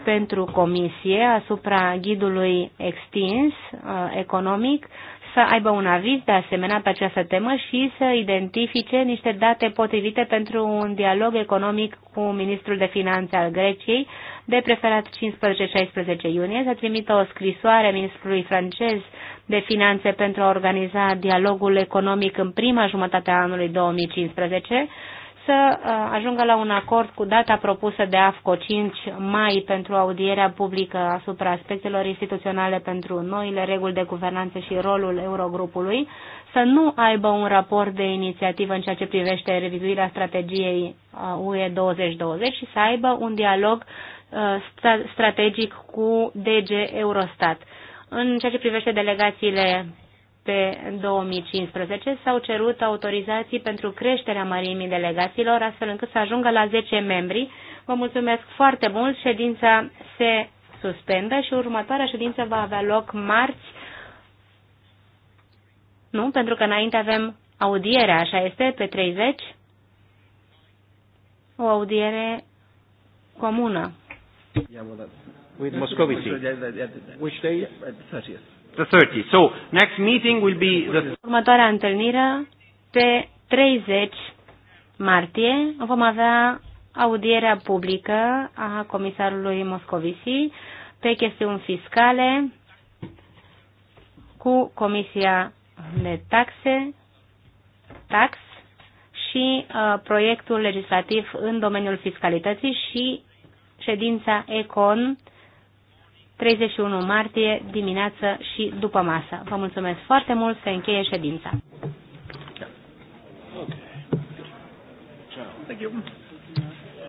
S4: pentru Comisie asupra ghidului extins uh, economic să aibă un aviz de asemenea pe această temă și să identifice niște date potrivite pentru un dialog economic cu ministrul de finanțe al Greciei, de preferat 15-16 iunie, să trimită o scrisoare ministrului francez de finanțe pentru a organiza dialogul economic în prima jumătate a anului 2015 să uh, ajungă la un acord cu data propusă de AFCO 5 mai pentru audierea publică asupra aspectelor instituționale pentru noile reguli de guvernanță și rolul Eurogrupului, să nu aibă un raport de inițiativă în ceea ce privește revizuirea strategiei uh, UE 2020 și să aibă un dialog uh, strategic cu DG Eurostat. În ceea ce privește delegațiile pe 2015 s-au cerut autorizații pentru creșterea mărimii delegațiilor, astfel încât să ajungă la 10 membri. Vă mulțumesc foarte mult, ședința se suspendă și următoarea ședință va avea loc marți. Nu, pentru că înainte avem audierea, așa este, pe 30. O audiere comună.
S1: Yeah, well, da. with Moscovici. Which day? 30th the 30. So, next meeting will be the...
S4: Următoarea întâlnire pe 30 martie vom avea audierea publică a comisarului Moscovici pe chestiuni fiscale cu Comisia de Taxe, Tax și uh, proiectul legislativ în domeniul fiscalității și ședința ECON 31 martie, dimineață și după masă. Vă mulțumesc foarte mult, se încheie ședința.
S1: Da. Thank you.